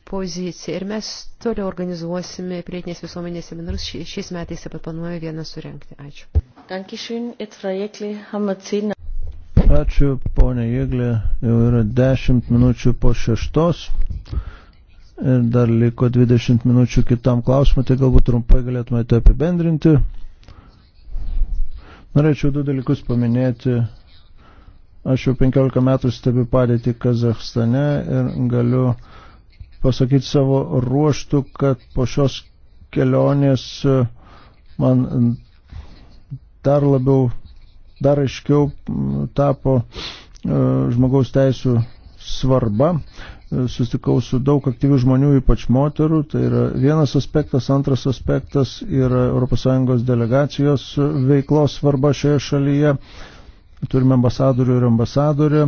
poziciją. Ir mes toliau organizuosime pilietinės visuomenės seminarus. Šiais metais taip pat planuoju vieną surenkti. Ačiū. Ačiū, ponė Jėglė. Jau yra 10 minučių po šeštos. Ir dar liko 20 minučių kitam klausimui, tai galbūt trumpai galėtumėte apibendrinti. Norėčiau du dalykus paminėti. Aš jau 15 metų stebiu padėtį Kazahstane ir galiu uh, pasakyti savo ruoštų, kad po šios kelionės e, man dar labiau, dar aiškiau tapo e, žmogaus teisų svarba. E, Sustikau su daug aktyvių žmonių, ypač moterų. Tai yra vienas aspektas, antras aspektas yra ES delegacijos veiklos svarba šioje šalyje. Turime ambasadorių ir ambasadorę,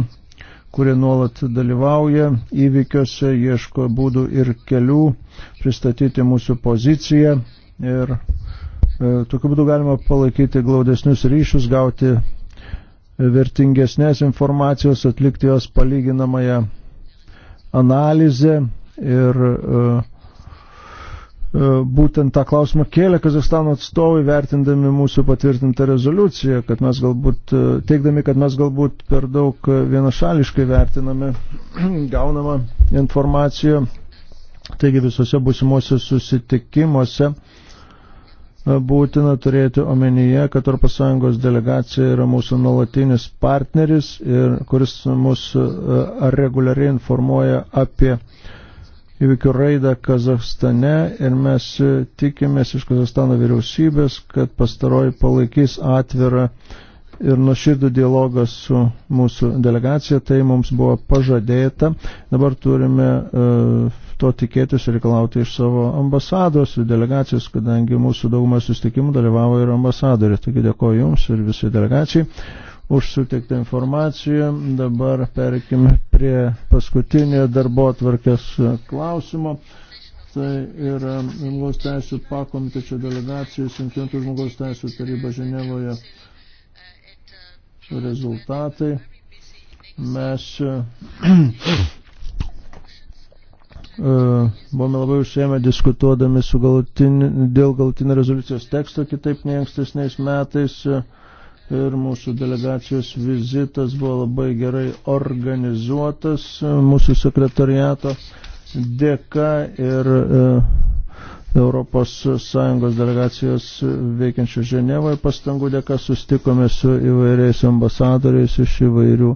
kurie nuolat dalyvauja įvykiuose, ieško būdų ir kelių pristatyti mūsų poziciją ir e, tokiu būdu galima palaikyti glaudesnius ryšius, gauti e, vertingesnės informacijos, atlikti jos palyginamąją analizę ir e, E, būtent tą klausimą kėlė Kazastano atstovai, vertindami mūsų patvirtintą rezoliuciją, kad mes galbūt, e, teikdami, kad mes galbūt per daug e, vienašališkai vertiname gaunamą informaciją. Taigi visose būsimuose susitikimuose būtina turėti omenyje, kad ES delegacija yra mūsų nuolatinis partneris, ir, kuris mus reguliariai informuoja apie uh, įvykių raidą Kazahstane ir mes tikimės iš Kazahstano vyriausybės, kad pastaroji palaikys atvirą ir nuoširdų dialogą su mūsų delegacija. Tai mums buvo pažadėta. Dabar turime uh, to tikėtis ir reikalauti iš savo ambasados ir delegacijos, kadangi mūsų daugumą sustikimų dalyvavo ir ambasadorė. Taigi dėkoju Jums ir visai delegacijai už sutiktą informaciją. Dabar perikime prie paskutinio darbo atvarkės klausimo. Tai yra žmogaus teisų pakomitečio delegacijos Junktintų žmogaus teisų taryba Ženevoje rezultatai. Mes e, buvome labai užsiemę diskutuodami su galutin, dėl galutinio rezoliucijos teksto, kitaip nei ankstesniais metais. Uh, ir mūsų delegacijos vizitas buvo labai gerai organizuotas e, mūsų sekretariato dėka ir ES delegacijos veikiančių Ženevoje pastangų dėka sustikome su įvairiais ambasadoriais iš įvairių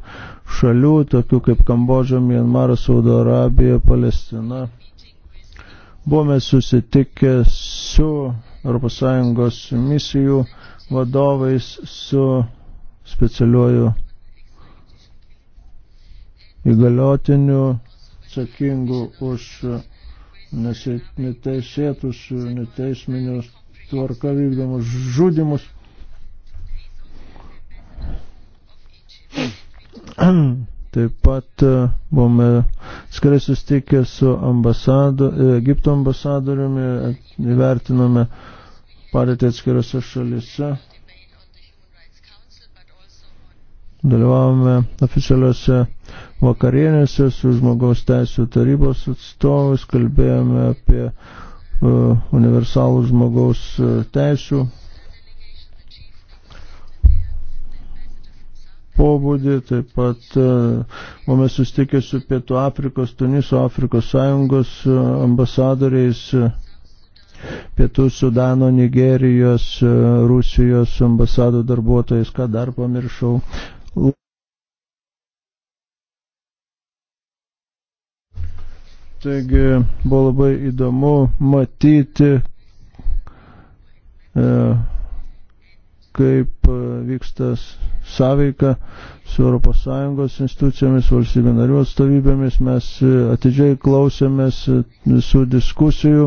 šalių, tokių kaip Kambodža, Mianmaras, Saudo Arabija, Palestina. Buvome susitikę su ES misijų vadovais, su specialiuoju įgaliotiniu, atsakingu už neteisėtus, neteisminius tvarka vykdomus žudimus. Taip pat e, buvome skrai susitikę su ambasado, Egipto ambasadoriumi, e, įvertinome uh, padėtį atskirose šalise. Dalyvavome oficialiuose vakarienėse su žmogaus teisų tarybos atstovais, kalbėjome apie uh, universalų žmogaus e, teisų pobūdį, taip pat e, buvome susitikę su Pietų Afrikos, Tuniso Afrikos sąjungos ambasadoriais Pietų Sudano, Nigerijos, e, Rusijos ambasadų darbuotojais, ką dar pamiršau. Taigi buvo labai įdomu matyti, e, kaip e, vyksta sąveika su ES institucijomis, valstybių narių atstovybėmis. Mes atidžiai klausėmės visų diskusijų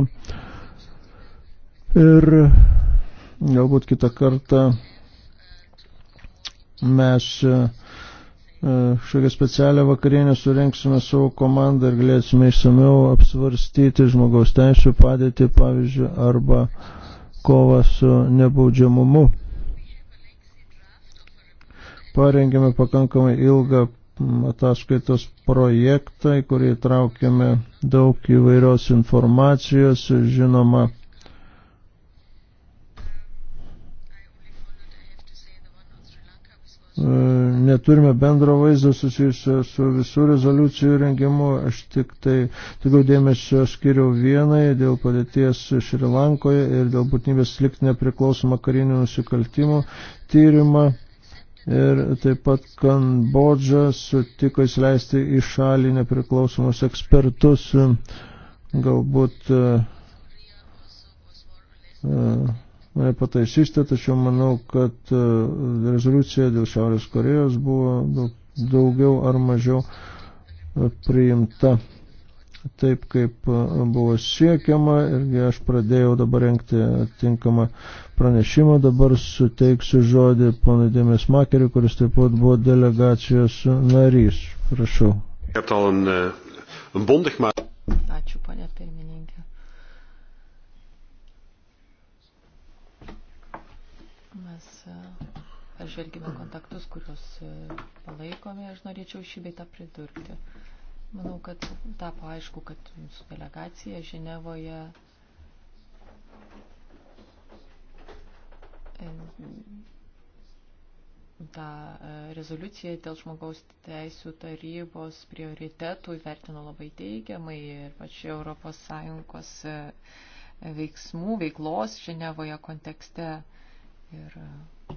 Ir galbūt kitą kartą mes kažkokią e, e, specialią vakarienę surenksime savo komandą ir galėsime išsamiau apsvarstyti žmogaus teisų padėtį, pavyzdžiui, arba kovą su nebaudžiamumu. Parengėme pakankamai ilgą ataskaitos projektą, į kurį traukėme daug įvairios informacijos, žinoma, E, neturime bendro vaizdo susijusio su visų rezoliucijų rengimu. Aš tik tai tikrai dėmesio skiriau vienai dėl padėties Šri Lankoje ir dėl būtinybės likti nepriklausomą karinių nusikaltimų tyrimą. Ir taip pat Kambodža sutiko įsileisti į šalį nepriklausomus ekspertus, galbūt uh, uh, mane pataisysite, tačiau manau, kad e, rezoliucija dėl Šiaurės Korejos buvo daugiau ar mažiau e, priimta taip, kaip e, buvo siekiama irgi aš pradėjau dabar renkti tinkamą pranešimą, dabar suteiksiu žodį ponui Dėmės Makeriu, kuris taip pat buvo delegacijos narys. Prašau. Ačiū, ponė pirmininkė. Mes apžvelgime e, kontaktus, kuriuos e, palaikome, aš norėčiau šį beitą pridurti. Manau, kad tapo aišku, kad mūsų delegacija Ženevoje e, tą rezoliuciją dėl žmogaus teisų tarybos prioritetų įvertino labai teigiamai ir pačiu Europos Sąjungos veiksmų, veiklos Ženevoje kontekste. Ir e,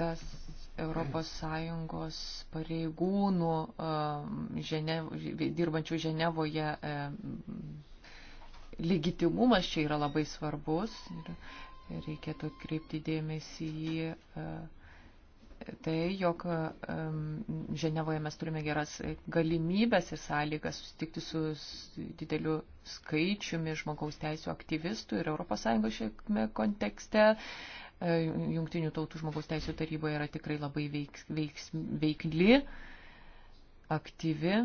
tas ES pareigūnų e, ženev, dirbančių Ženevoje e, legitimumas čia yra labai svarbus ir reikėtų kreipti dėmesį į tai, jog Ženevoje mes turime geras galimybės ir sąlygas susitikti su dideliu skaičiumi žmogaus teisų aktyvistų ir ES šiame kontekste. E, Jungtinių tautų žmogaus teisų taryboje yra tikrai labai veiks, veiks, veikli, aktyvi.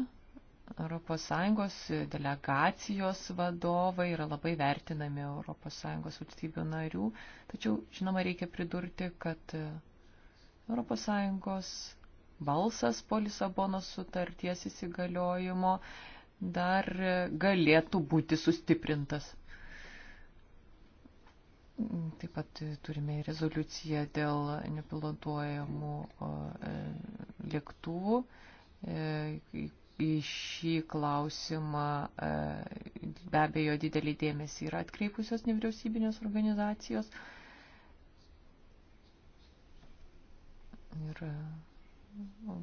ES delegacijos vadovai yra labai vertinami ES valstybių narių. Tačiau, žinoma, reikia pridurti, kad ES balsas po Lisabonos sutarties įsigaliojimo dar galėtų būti sustiprintas. Taip pat turime rezoliuciją dėl nepilotuojamų e, lėktuvų. E, į šį klausimą e, be abejo didelį dėmesį yra atkreipusios nevyriausybinės organizacijos. Ir nu,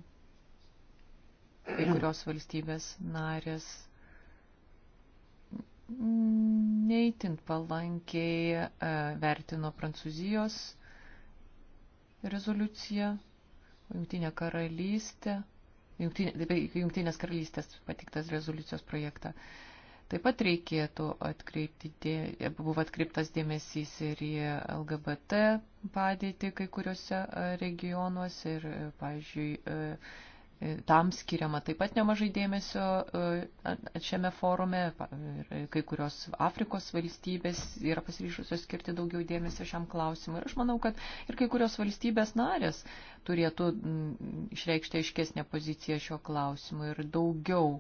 kai kurios valstybės narės neįtint palankiai e, vertino Prancūzijos rezoliuciją, Jungtinė karalystė, Jungtinė, Jungtinės karalystės patiktas rezoliucijos projektą. Uh, Taip pat reikėtų atkreipti, buvo atkreiptas dėmesys ir į LGBT padėtį kai kuriuose e, regionuose ir, e, pavyzdžiui, e, tam skiriama taip pat nemažai dėmesio šiame forume. Kai kurios Afrikos valstybės yra pasiryšusios skirti daugiau dėmesio šiam klausimui. Ir aš manau, kad ir kai kurios valstybės narės turėtų išreikšti aiškesnę poziciją šio klausimu ir daugiau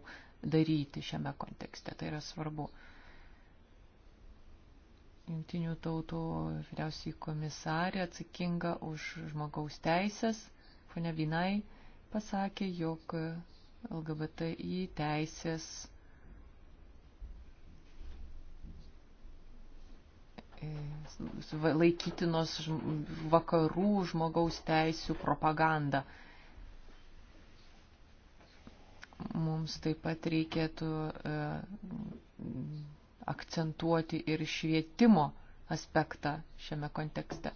daryti šiame kontekste. Tai yra svarbu. Jungtinių tautų vyriausiai komisarė atsakinga už žmogaus teisės, ponia Vinai, pasakė, jog LGBTI teisės e, laikytinos vakarų žmogaus teisų propaganda mums taip pat reikėtų e, akcentuoti ir švietimo aspektą šiame kontekste.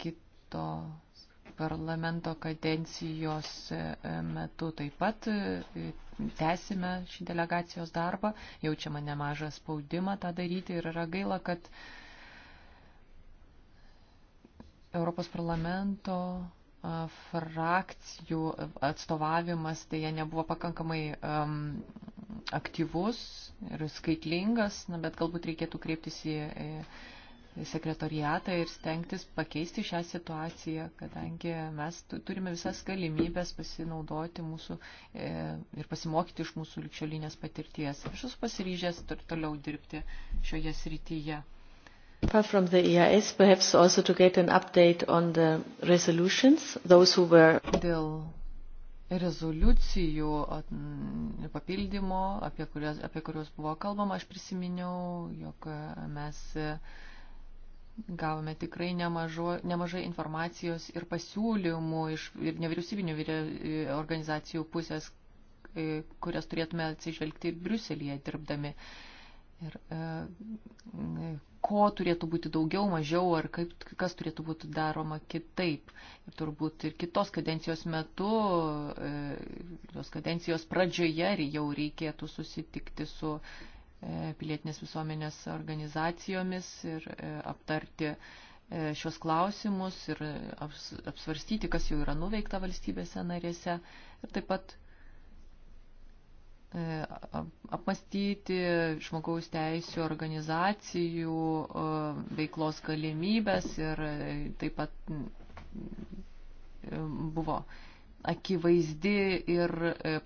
Kito parlamento kadencijos e, metu taip pat e, tęsime šį delegacijos darbą, jaučiama nemažą spaudimą tą daryti ir yra gaila, kad Europos parlamento frakcijų atstovavimas tai jie nebuvo pakankamai um, aktyvus ir skaitlingas, na, bet galbūt reikėtų kreiptis į, į sekretoriatą ir stengtis pakeisti šią situaciją, kadangi mes turime visas galimybės pasinaudoti mūsų e, ir pasimokyti iš mūsų likščiolinės patirties. Aš esu pasiryžęs toliau dirbti šioje srityje. Apart from the EIS, perhaps also to get an update on the resolutions, those who were... Dėl rezoliucijų papildymo, apie kurios, apie kurios buvo kalbama, aš prisiminiau, jog mes gavome tikrai nemažo, nemažai informacijos ir pasiūlymų iš ir nevyriausybinių e, organizacijų pusės, e, kurias turėtume atsižvelgti Briuselėje dirbdami. Ir e, ko turėtų būti daugiau, mažiau ar kaip, kas turėtų būti daroma kitaip. Ir turbūt ir kitos kadencijos metu, e, tos kadencijos pradžioje jau reikėtų susitikti su e, pilietinės visuomenės organizacijomis ir e, aptarti šios klausimus ir apsvarstyti, kas jau yra nuveikta valstybėse narėse ir taip pat E, apmastyti žmogaus teisų organizacijų e, veiklos galimybės ir e, taip pat buvo akivaizdi ir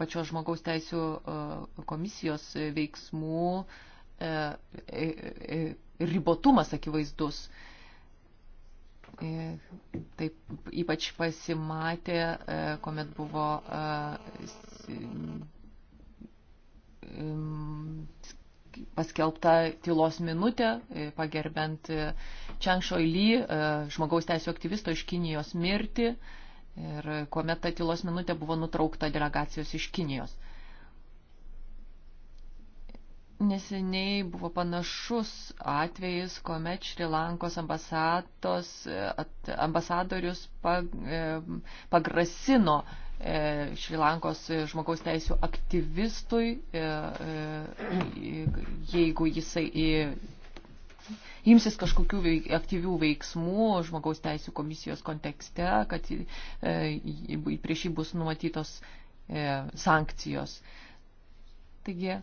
pačios žmogaus teisų komisijos veiksmų ribotumas akivaizdus taip ypač pasimatė, kuomet buvo paskelbta tylos minutė, e, pagerbent Čiang e, Šoily, e, žmogaus teisų aktyvisto iš Kinijos mirti. Ir kuomet ta tylos minutė buvo nutraukta delegacijos iš Kinijos. Neseniai buvo panašus atvejis, kuomet Šrilankos ambasadorius pagrasino E, Šrilankos žmogaus teisų aktyvistui, e, e, jeigu jisai imsis kažkokių veik, aktyvių veiksmų žmogaus teisų komisijos kontekste, kad prieš jį bus numatytos sankcijos. Taigi.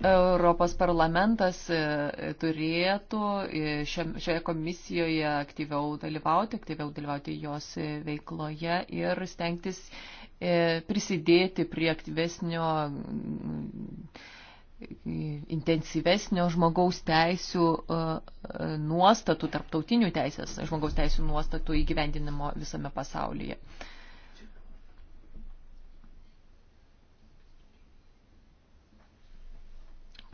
Europos parlamentas e, e, turėtų e, šioje komisijoje aktyviau dalyvauti, aktyviau dalyvauti jos veikloje ir stengtis prisidėti prie aktyvesnio, intensyvesnio žmogaus teisų nuostatų, tarptautinių teisės, žmogaus teisų nuostatų įgyvendinimo visame pasaulyje.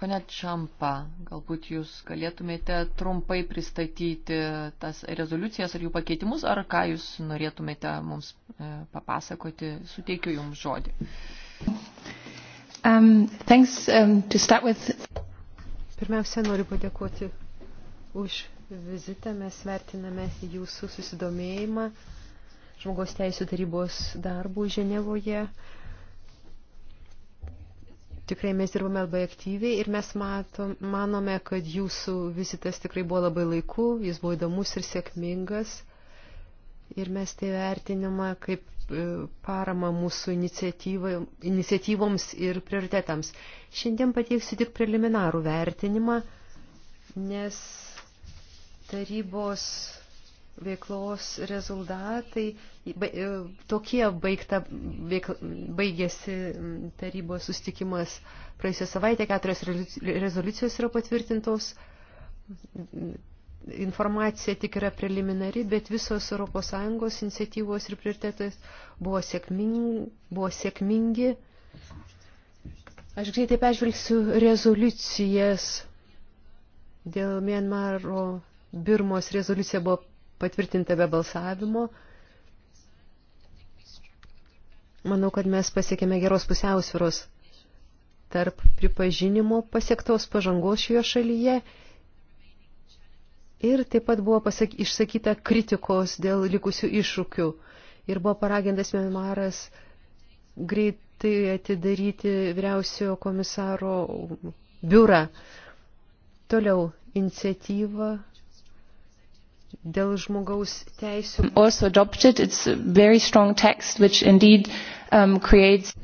Pane Čampa, galbūt jūs galėtumėte trumpai pristatyti tas rezoliucijas ar jų pakeitimus, ar ką jūs norėtumėte mums e, papasakoti, suteikiu jums žodį. Um, thanks, um, to start with... Pirmiausia, noriu padėkoti už vizitą. Mes vertiname jūsų susidomėjimą žmogaus teisų tarybos darbų Ženevoje. Uh, Tikrai mes dirbame labai aktyviai ir mes matom, manome, kad jūsų vizitas tikrai buvo labai laiku, jis buvo įdomus ir sėkmingas. Ir mes tai vertinama kaip e, parama mūsų iniciatyvoms ir prioritetams. Šiandien pateiksiu tik preliminarų vertinimą, nes tarybos veiklos rezultatai e, tokie baigta, veik, baigėsi tarybos sustikimas praėjusią savaitę, keturios rezoliucijos yra patvirtintos. Informacija tik yra preliminari, bet visos ES iniciatyvos ir prioritetas buvo, sėkming, buvo sėkmingi. Aš greitai peržvelgsiu rezoliucijas. Dėl Mienmaro Birmos rezoliucija buvo patvirtinta be balsavimo. Manau, kad mes pasiekėme geros pusiausviros tarp pripažinimo pasiektos pažangos šioje šalyje ir taip pat buvo pasak, išsakyta kritikos dėl likusių iššūkių ir buvo paragintas Mianmaras greitai atidaryti vyriausiojo komisaro biurą. Toliau iniciatyva dėl žmogaus teisų. Um, also adopted, it's a very strong text which indeed um, creates.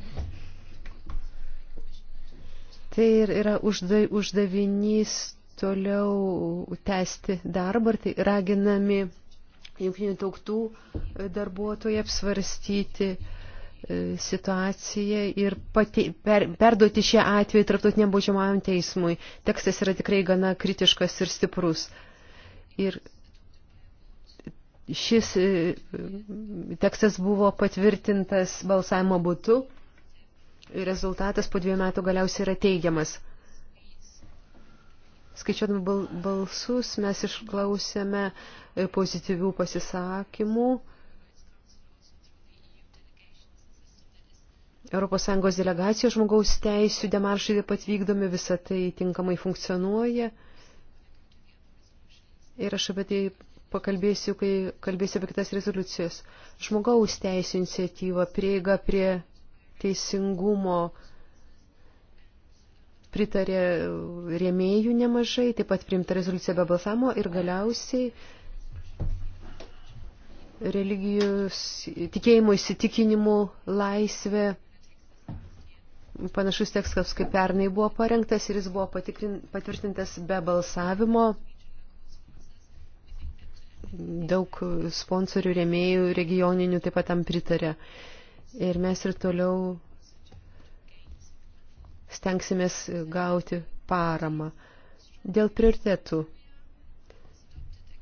Tai yra užda, uždavinys toliau tęsti darbą, tai raginami jungtinių tautų darbuotojai apsvarstyti e, situaciją ir pati, per, perduoti šią atvejį tarptautiniam baudžiamajam teismui. Tekstas yra tikrai gana kritiškas ir stiprus. Ir Šis e, tekstas buvo patvirtintas balsavimo būtu ir rezultatas po dviejų metų galiausiai yra teigiamas. Skaičiuodami bal balsus mes išklausėme e, pozityvių pasisakymų. ES delegacijos žmogaus teisų demaršai taip pat vykdomi, visa tai tinkamai funkcionuoja. Ir aš apie tai pakalbėsiu, kai kalbėsiu apie kitas rezoliucijas. Žmogaus teisų iniciatyva, prieiga prie teisingumo pritarė rėmėjų nemažai, taip pat priimta rezoliucija be balsamo ir galiausiai religijos tikėjimo įsitikinimų laisvė. Panašus tekstas kaip pernai buvo parengtas ir jis buvo patikrin, patvirtintas be balsavimo daug sponsorių, rėmėjų, regioninių taip pat tam pritarė. Ir mes ir toliau stengsimės gauti paramą. Dėl prioritetų.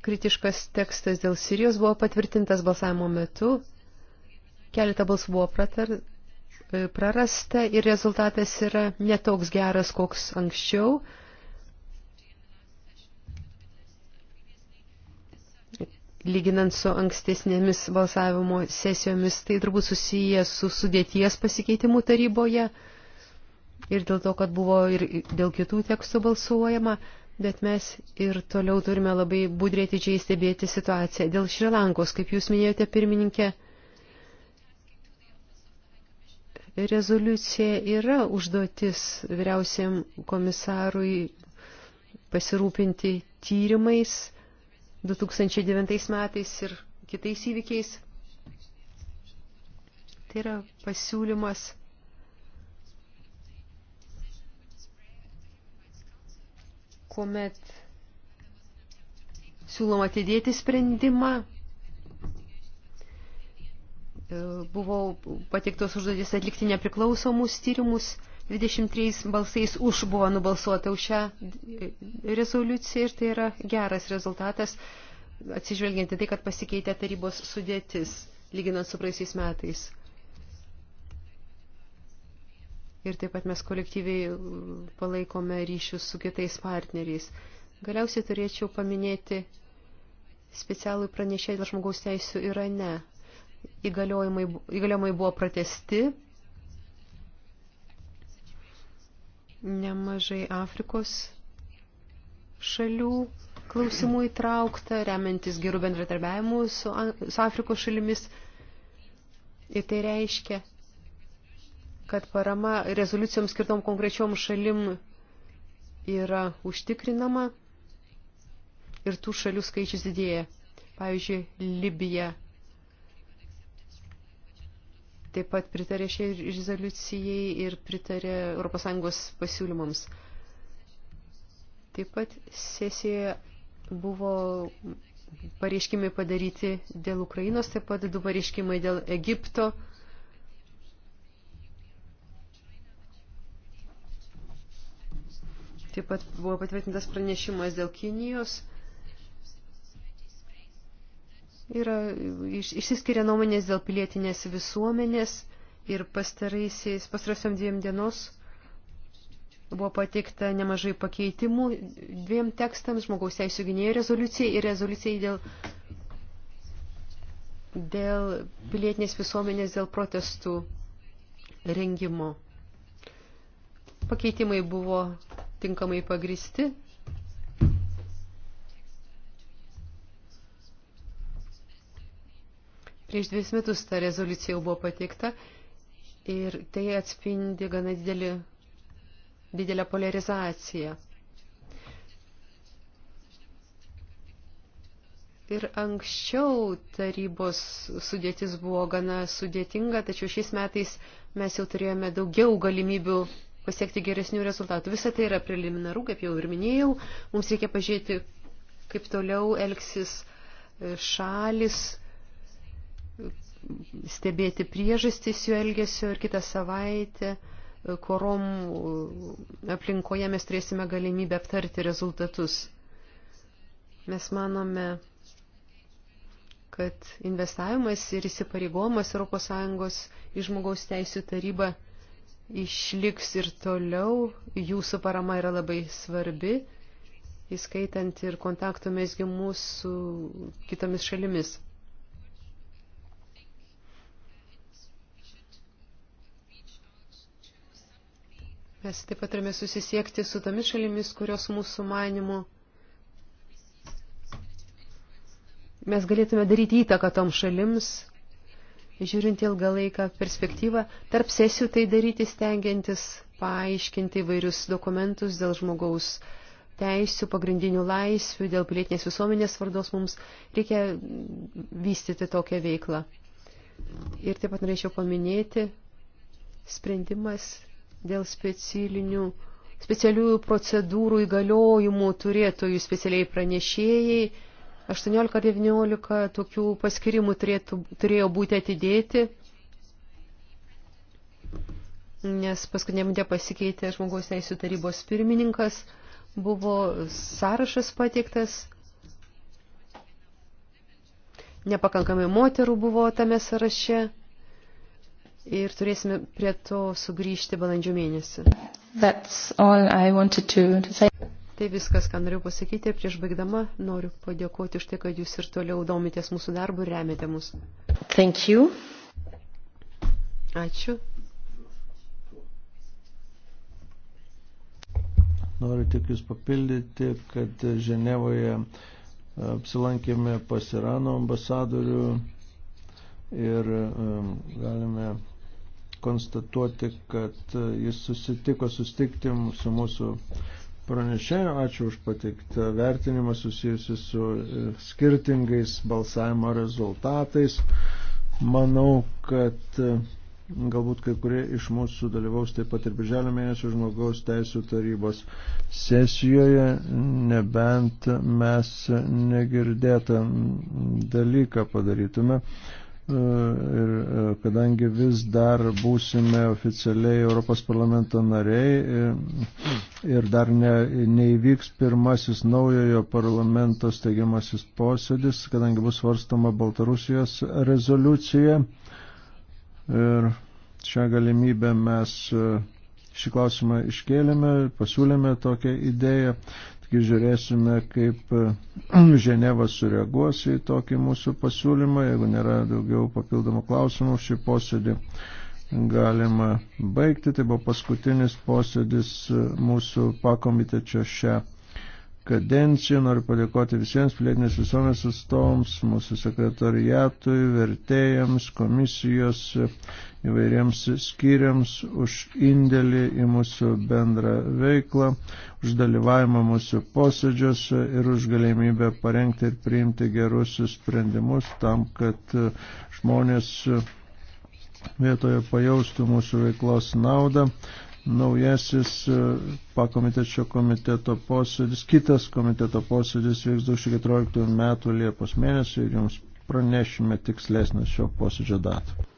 Kritiškas tekstas dėl Sirijos buvo patvirtintas balsavimo metu. Keletą balsų buvo pratar, prarasta ir rezultatas yra netoks geras, koks anksčiau. lyginant su ankstesnėmis balsavimo sesijomis, tai turbūt susiję su sudėties pasikeitimu taryboje ir dėl to, kad buvo ir dėl kitų tekstų balsuojama, bet mes ir toliau turime labai budrėti didžiai stebėti situaciją. Dėl Šrilankos, kaip jūs minėjote, pirmininkė, rezoliucija yra užduotis vyriausiam komisarui pasirūpinti tyrimais 2009 metais ir kitais įvykiais. Tai yra pasiūlymas kuomet siūloma atidėti sprendimą. Buvo pateiktos užduotis atlikti nepriklausomus tyrimus 23 balsais už buvo nubalsuota už šią rezoliuciją ir tai yra geras rezultatas, atsižvelgiant į tai, kad pasikeitė tarybos sudėtis, lyginant su praeisiais metais. Ir taip pat mes kolektyviai palaikome ryšius su kitais partneriais. Galiausiai turėčiau paminėti specialų pranešėją dėl žmogaus teisų Irane. Įgaliojimai, įgaliojimai buvo pratesti nemažai Afrikos šalių klausimų įtraukta, remiantis gerų bendradarbiavimų su, su Afrikos šalimis. Ir tai reiškia, kad parama rezoliucijoms skirtom konkrečiom šalim yra užtikrinama ir tų šalių skaičius didėja. Pavyzdžiui, Libija taip pat pritarė šiai rezoliucijai ir pritarė ES pasiūlymams. Taip pat sesijoje buvo pareiškimai padaryti dėl Ukrainos, taip pat du pareiškimai dėl Egipto. Taip pat buvo patvirtintas pranešimas dėl Kinijos yra, iš, išsiskiria nuomonės dėl pilietinės visuomenės ir pastarasiam dviem dienos buvo pateikta nemažai pakeitimų dviem tekstams, žmogaus teisų gynėjų rezoliucijai ir rezoliucijai dėl, dėl pilietinės visuomenės, dėl protestų rengimo. Pakeitimai buvo tinkamai pagristi Prieš dvies metus ta rezoliucija jau buvo pateikta ir tai atspindi gana didelį, didelę polarizaciją. Ir anksčiau tarybos sudėtis buvo gana sudėtinga, tačiau šiais metais mes jau turėjome daugiau galimybių pasiekti geresnių rezultatų. Visą tai yra preliminarų, kaip jau ir minėjau. Mums reikia pažiūrėti, kaip toliau elgsis šalis stebėti priežastis jų elgesio ir kitą savaitę e, korom e, aplinkoje mes turėsime galimybę aptarti rezultatus. Mes manome, kad investavimas ir įsipareigomas ES į žmogaus teisų tarybą išliks ir toliau. Jūsų parama yra labai svarbi, įskaitant ir kontaktų mesgimus su kitomis šalimis. Mes taip pat turime susisiekti su tomis šalimis, kurios mūsų manimu. Mes galėtume daryti įtaką tom šalims, žiūrint ilgą laiką perspektyvą, tarp sesijų tai daryti stengiantis paaiškinti įvairius dokumentus dėl žmogaus teisių, pagrindinių laisvių, dėl pilietinės visuomenės vardos mums reikia vystyti tokią veiklą. Ir taip pat norėčiau paminėti sprendimas dėl specialinių, specialiųjų procedūrų įgaliojimų turėtojų specialiai pranešėjai. 18 ar 19 tokių paskirimų turėtų, turėjo būti atidėti, nes paskutiniam dė pasikeitė žmogaus teisų tarybos pirmininkas, buvo sąrašas pateiktas, nepakankamai moterų buvo tame sąraše ir turėsime prie to sugrįžti balandžio mėnesį. Tai viskas, ką noriu pasakyti. Prieš baigdama noriu padėkoti už tai, kad jūs ir toliau domitės mūsų darbu ir remiate mus. Thank you. Ačiū. Noriu tik jūs papildyti, kad Ženevoje apsilankėme pas Irano ambasadorių ir um, galime konstatuoti, kad uh, jis susitiko sustikti su mūsų pranešėjo. Ačiū už pateiktą vertinimą susijusi su uh, skirtingais balsavimo rezultatais. Manau, kad uh, galbūt kai kurie iš mūsų dalyvaus taip pat ir birželio mėnesio žmogaus teisų tarybos sesijoje, nebent mes negirdėtą dalyką padarytume. E, ir e, kadangi vis dar būsime oficialiai Europos parlamento nariai e, ir dar ne, neįvyks pirmasis naujojo parlamento steigiamasis posėdis, kadangi bus svarstama Baltarusijos rezoliucija ir šią galimybę mes šį klausimą iškėlėme, pasiūlėme tokią idėją, Taigi žiūrėsime, kaip e, Ženeva sureaguos į tokį mūsų pasiūlymą. Jeigu nėra daugiau papildomų klausimų, šį posėdį galima baigti. Tai buvo paskutinis posėdis e, mūsų pakomitečio šią kadenciją. Noriu padėkoti visiems pilietinės visuomenės atstovams, mūsų sekretariatui, vertėjams, komisijos, įvairiems skyriams už indėlį į mūsų bendrą veiklą, už dalyvavimą mūsų posėdžiuose ir už galimybę parengti ir priimti gerus sprendimus tam, kad žmonės vietoje pajaustų mūsų veiklos naudą naujasis e, pakomitečio komiteto posėdis, kitas komiteto posėdis vyks 2014 metų Liepos mėnesį ir jums pranešime tikslesnę šio posėdžio datą.